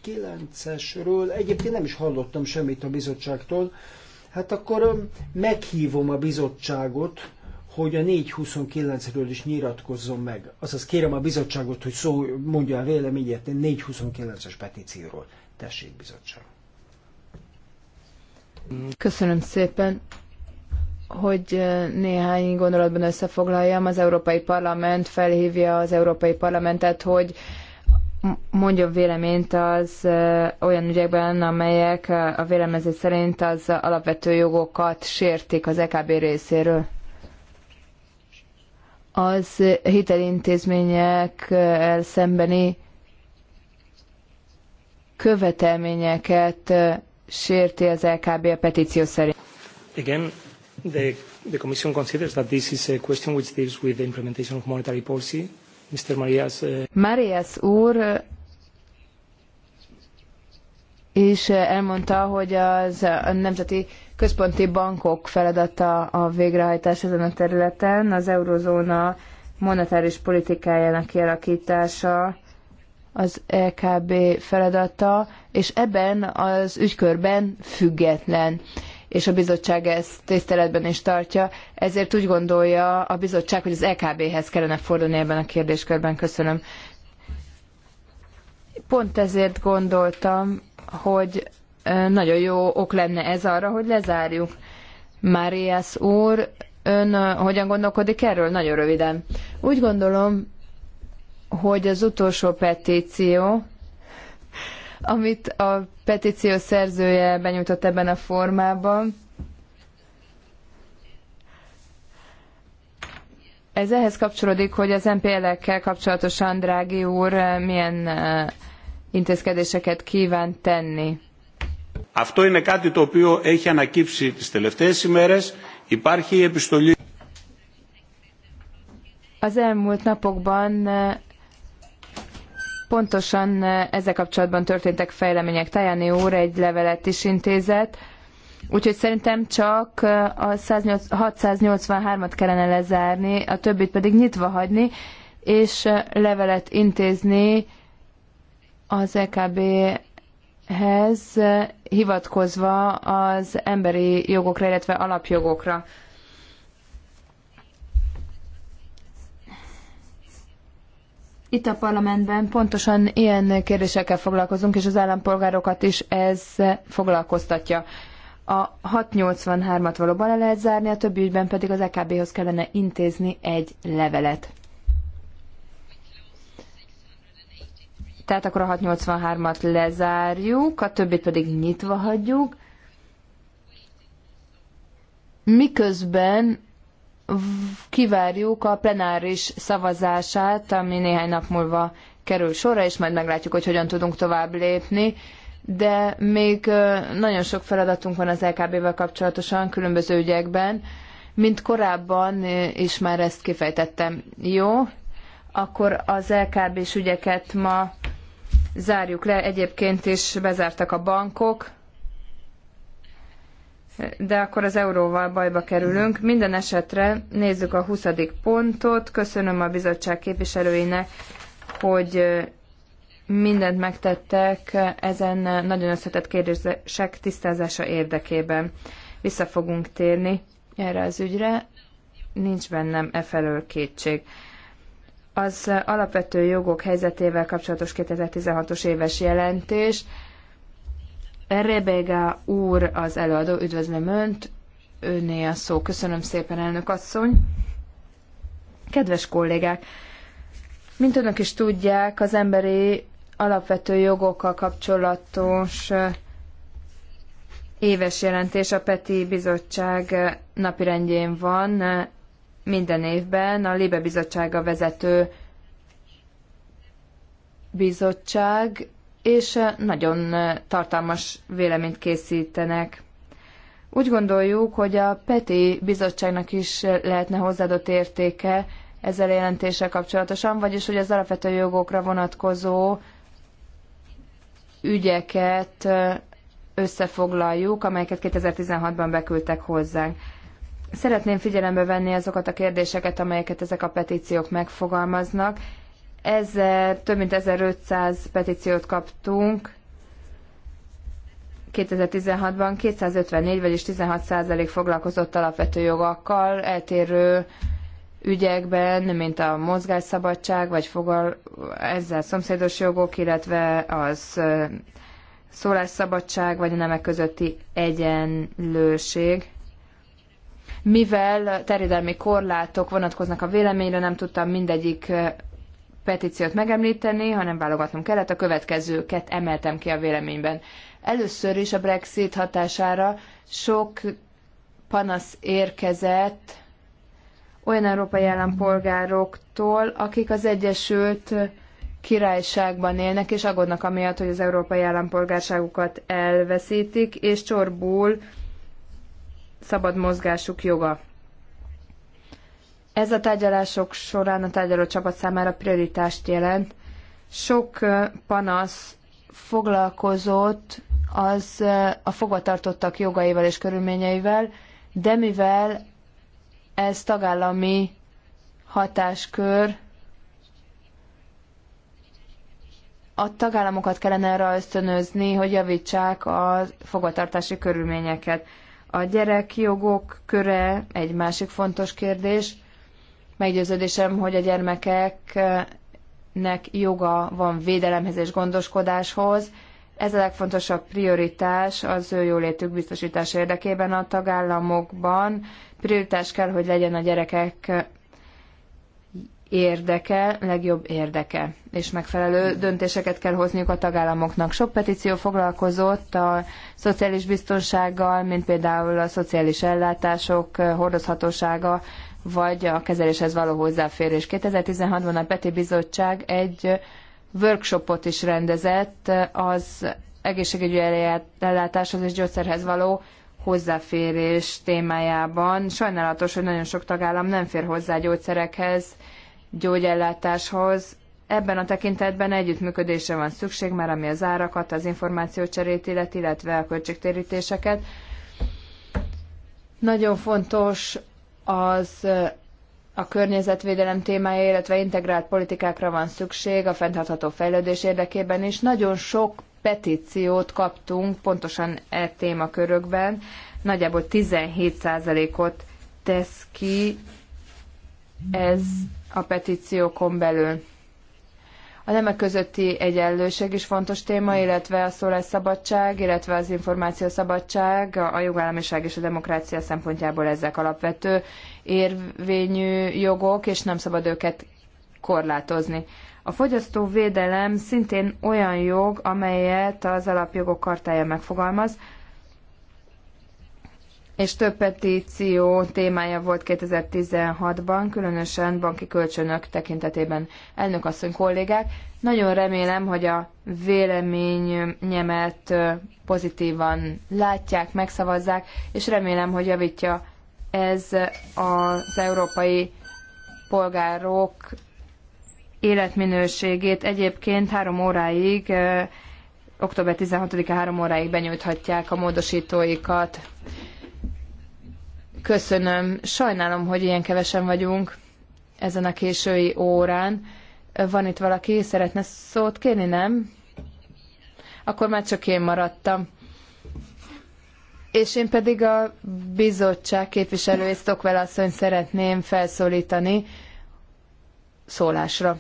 429-esről egyébként nem is hallottam semmit a bizottságtól, hát akkor um, meghívom a bizottságot, hogy a 429-ről is nyilatkozzon meg. Azaz kérem a bizottságot, hogy szó, mondja a véleményét 429-es petícióról. Tessék, bizottság.
Köszönöm szépen hogy néhány gondolatban összefoglaljam, az Európai Parlament felhívja az Európai Parlamentet, hogy mondjon véleményt az olyan ügyekben, amelyek a véleményezés szerint az alapvető jogokat sértik az EKB részéről. Az hitelintézmények szembeni követelményeket sérti az LKB e a petíció szerint.
Igen, the, the Commission considers that this is a question which deals with
the implementation of monetary policy. Mr. Marias. Uh...
Marias úr és uh, uh, elmondta, hogy az uh, a nemzeti központi bankok feladata a végrehajtás ezen a területen, az eurozóna monetáris politikájának kialakítása az EKB feladata, és ebben az ügykörben független és a bizottság ezt tiszteletben is tartja, ezért úgy gondolja a bizottság, hogy az EKB-hez kellene fordulni ebben a kérdéskörben. Köszönöm. Pont ezért gondoltam, hogy nagyon jó ok lenne ez arra, hogy lezárjuk. Máriász úr, ön hogyan gondolkodik erről? Nagyon röviden. Úgy gondolom, hogy az utolsó petíció, amit a petíció szerzője benyújtott ebben a formában. Ez ehhez kapcsolódik, hogy az MPL-ekkel kapcsolatosan Drági úr milyen eh, intézkedéseket kíván tenni.
Αυτό είναι κάτι το οποίο έχει ανακύψει τις τελευταίες ημέρες. Υπάρχει επιστολή.
Az elmúlt napokban eh, Pontosan eh, ezzel kapcsolatban történtek fejlemények. Tajani úr egy levelet is intézett, úgyhogy szerintem csak eh, a 683-at kellene lezárni, a többit pedig nyitva hagyni, és eh, levelet intézni az EKB-hez hivatkozva az emberi jogokra, illetve alapjogokra. itt a parlamentben pontosan ilyen kérdésekkel foglalkozunk, és az állampolgárokat is ez foglalkoztatja. A 683-at valóban le lehet zárni, a többi ügyben pedig az EKB-hoz kellene intézni egy levelet. Tehát akkor a 683-at lezárjuk, a többit pedig nyitva hagyjuk. Miközben kivárjuk a plenáris szavazását, ami néhány nap múlva kerül sorra, és majd meglátjuk, hogy hogyan tudunk tovább lépni. De még nagyon sok feladatunk van az LKB-vel kapcsolatosan, különböző ügyekben. Mint korábban is már ezt kifejtettem. Jó, akkor az LKB-s ügyeket ma zárjuk le. Egyébként is bezártak a bankok de akkor az euróval bajba kerülünk. Minden esetre nézzük a 20. pontot. Köszönöm a bizottság képviselőinek, hogy mindent megtettek ezen nagyon összetett kérdések tisztázása érdekében. Vissza fogunk térni erre az ügyre. Nincs bennem e felől kétség. Az alapvető jogok helyzetével kapcsolatos 2016-os éves jelentés Rebega úr az előadó, üdvözlöm Önt, Önné a szó. Köszönöm szépen, elnök asszony. Kedves kollégák, mint Önök is tudják, az emberi alapvető jogokkal kapcsolatos éves jelentés a PETI bizottság napirendjén van minden évben. A Libe bizottsága vezető bizottság, és eh, nagyon eh, tartalmas véleményt készítenek. Úgy gondoljuk, hogy a PETI bizottságnak is eh, lehetne hozzáadott értéke ezzel a jelentéssel kapcsolatosan, vagyis hogy az alapvető jogokra vonatkozó ügyeket összefoglaljuk, amelyeket 2016-ban beküldtek hozzánk. Szeretném figyelembe venni azokat a kérdéseket, amelyeket ezek a petíciók megfogalmaznak, Ezer, több mint 1500 petíciót kaptunk 2016-ban, 254, vagyis 16 foglalkozott alapvető jogakkal, eltérő ügyekben, mint a mozgásszabadság, vagy fogal, ezzel szomszédos jogok, illetve az szólásszabadság, vagy a nemek közötti egyenlőség. Mivel terjedelmi korlátok vonatkoznak a véleményre, nem tudtam mindegyik petíciót megemlíteni, hanem válogatnom kellett. A következőket emeltem ki a véleményben. Először is a Brexit hatására sok panasz érkezett olyan európai állampolgároktól, akik az Egyesült Királyságban élnek, és aggódnak amiatt, hogy az európai állampolgárságukat elveszítik, és csorbul szabad mozgásuk joga. Ez a tárgyalások során a tárgyaló csapat számára prioritást jelent. Sok panasz foglalkozott az a fogvatartottak jogaival és körülményeivel, de mivel ez tagállami hatáskör, a tagállamokat kellene erre ösztönözni, hogy javítsák a fogvatartási körülményeket. A gyerekjogok köre egy másik fontos kérdés. Meggyőződésem, hogy a gyermekeknek joga van védelemhez és gondoskodáshoz. Ez a legfontosabb prioritás az ő jólétük biztosítása érdekében a tagállamokban. Prioritás kell, hogy legyen a gyerekek érdeke, legjobb érdeke, és megfelelő döntéseket kell hozniuk a tagállamoknak. Sok petíció foglalkozott a szociális biztonsággal, mint például a szociális ellátások hordozhatósága vagy a kezeléshez való hozzáférés. 2016-ban a Peti Bizottság egy workshopot is rendezett az egészségügyi ellátáshoz és gyógyszerhez való hozzáférés témájában. Sajnálatos, hogy nagyon sok tagállam nem fér hozzá gyógyszerekhez, gyógyellátáshoz. Ebben a tekintetben együttműködésre van szükség, már ami az árakat, az információcserét illet, illetve a költségtérítéseket. Nagyon fontos az a környezetvédelem témája, illetve integrált politikákra van szükség a fenntartható fejlődés érdekében is. Nagyon sok petíciót kaptunk pontosan e témakörökben, nagyjából 17%-ot tesz ki ez a petíciókon belül. A nemek közötti egyenlőség is fontos téma, illetve a szólásszabadság, illetve az információszabadság a jogállamiság és a demokrácia szempontjából ezek alapvető érvényű jogok, és nem szabad őket korlátozni. A fogyasztóvédelem szintén olyan jog, amelyet az alapjogok kartája megfogalmaz, és több petíció témája volt 2016-ban, különösen banki kölcsönök tekintetében. Elnök asszony kollégák, nagyon remélem, hogy a véleményemet pozitívan látják, megszavazzák, és remélem, hogy javítja ez az európai polgárok életminőségét. Egyébként három óráig, október 16-a három óráig benyújthatják a módosítóikat. Köszönöm. Sajnálom, hogy ilyen kevesen vagyunk ezen a késői órán. Van itt valaki, szeretne szót kérni, nem? Akkor már csak én maradtam. És én pedig a bizottság képviselőjét, Stockwell asszony szeretném felszólítani szólásra.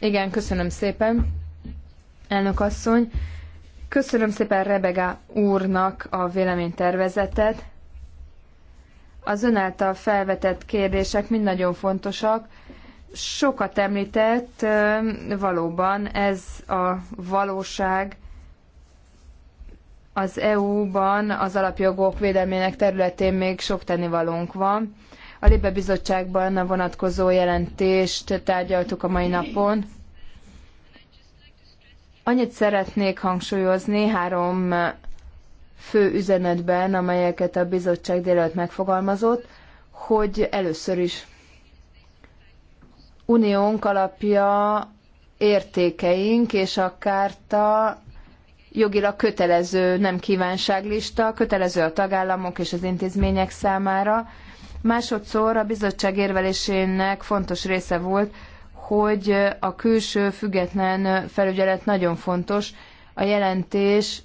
Igen, köszönöm szépen, elnök asszony. Köszönöm szépen Rebega úrnak a véleménytervezetet. Az ön által felvetett kérdések mind nagyon fontosak. Sokat említett, valóban ez a valóság az EU-ban az alapjogok védelmének területén még sok tennivalónk van. A Libe Bizottságban a vonatkozó jelentést tárgyaltuk a mai napon. Annyit szeretnék hangsúlyozni három fő üzenetben, amelyeket a bizottság délelőtt megfogalmazott, hogy először is uniónk alapja értékeink, és a kárta jogilag kötelező, nem kívánságlista, kötelező a tagállamok és az intézmények számára. Másodszor a bizottság érvelésének fontos része volt, hogy a külső független felügyelet nagyon fontos. A jelentés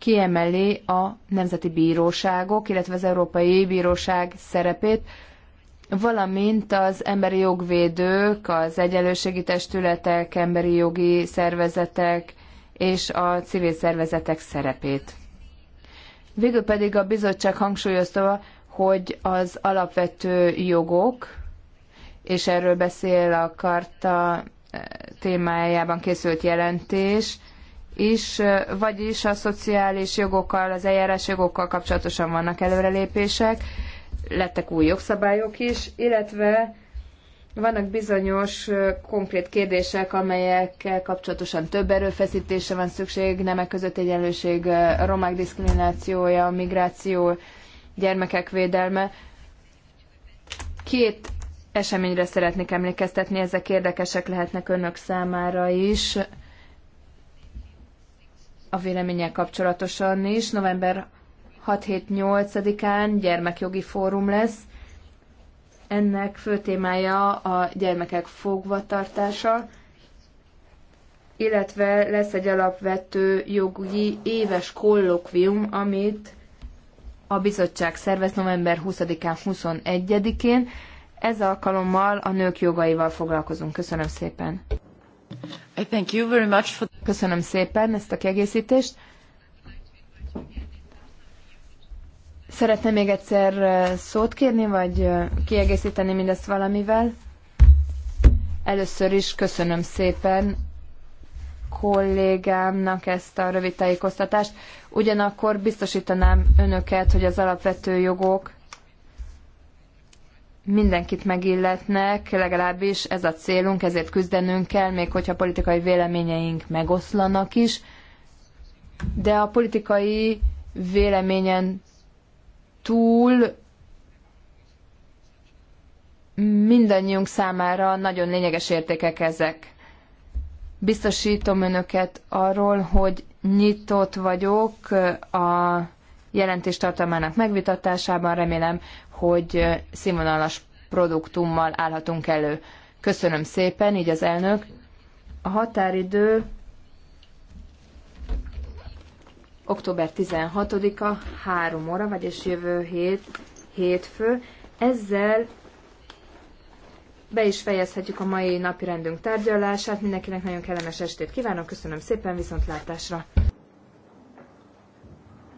kiemeli a nemzeti bíróságok, illetve az Európai Bíróság szerepét, valamint az emberi jogvédők, az egyenlőségi testületek, emberi jogi szervezetek és a civil szervezetek szerepét. Végül pedig a bizottság hangsúlyozta, hogy az alapvető jogok, és erről beszél a karta eh, témájában készült jelentés, is, vagyis a szociális jogokkal, az eljárás jogokkal kapcsolatosan vannak előrelépések, lettek új jogszabályok is, illetve vannak bizonyos konkrét kérdések, amelyekkel kapcsolatosan több erőfeszítésre van szükség, nemek között egyenlőség, romák diszkriminációja, migráció, gyermekek védelme. Két eseményre szeretnék emlékeztetni, ezek érdekesek lehetnek önök számára is a véleménnyel kapcsolatosan is. November 6-7-8-án gyermekjogi fórum lesz. Ennek fő témája a gyermekek fogvatartása, illetve lesz egy alapvető jogi éves kollokvium, amit a bizottság szervez november 20-án, 21-én. Ez alkalommal a nők jogaival foglalkozunk. Köszönöm szépen! Thank you very much for... Köszönöm szépen ezt a kiegészítést. Szeretném még egyszer szót kérni, vagy kiegészíteni mindezt valamivel? Először is köszönöm szépen kollégámnak ezt a rövid tájékoztatást. Ugyanakkor biztosítanám önöket, hogy az alapvető jogok mindenkit megilletnek, legalábbis ez a célunk, ezért küzdenünk kell, még hogyha politikai véleményeink megoszlanak is, de a politikai véleményen túl mindannyiunk számára nagyon lényeges értékek ezek. Biztosítom önöket arról, hogy nyitott vagyok a jelentéstartalmának megvitatásában. Remélem, hogy színvonalas produktummal állhatunk elő. Köszönöm szépen, így az elnök. A határidő október 16-a, 3 óra, vagyis jövő hét, hétfő. Ezzel be is fejezhetjük a mai napi rendünk tárgyalását. Mindenkinek nagyon kellemes estét kívánok, köszönöm szépen, viszontlátásra!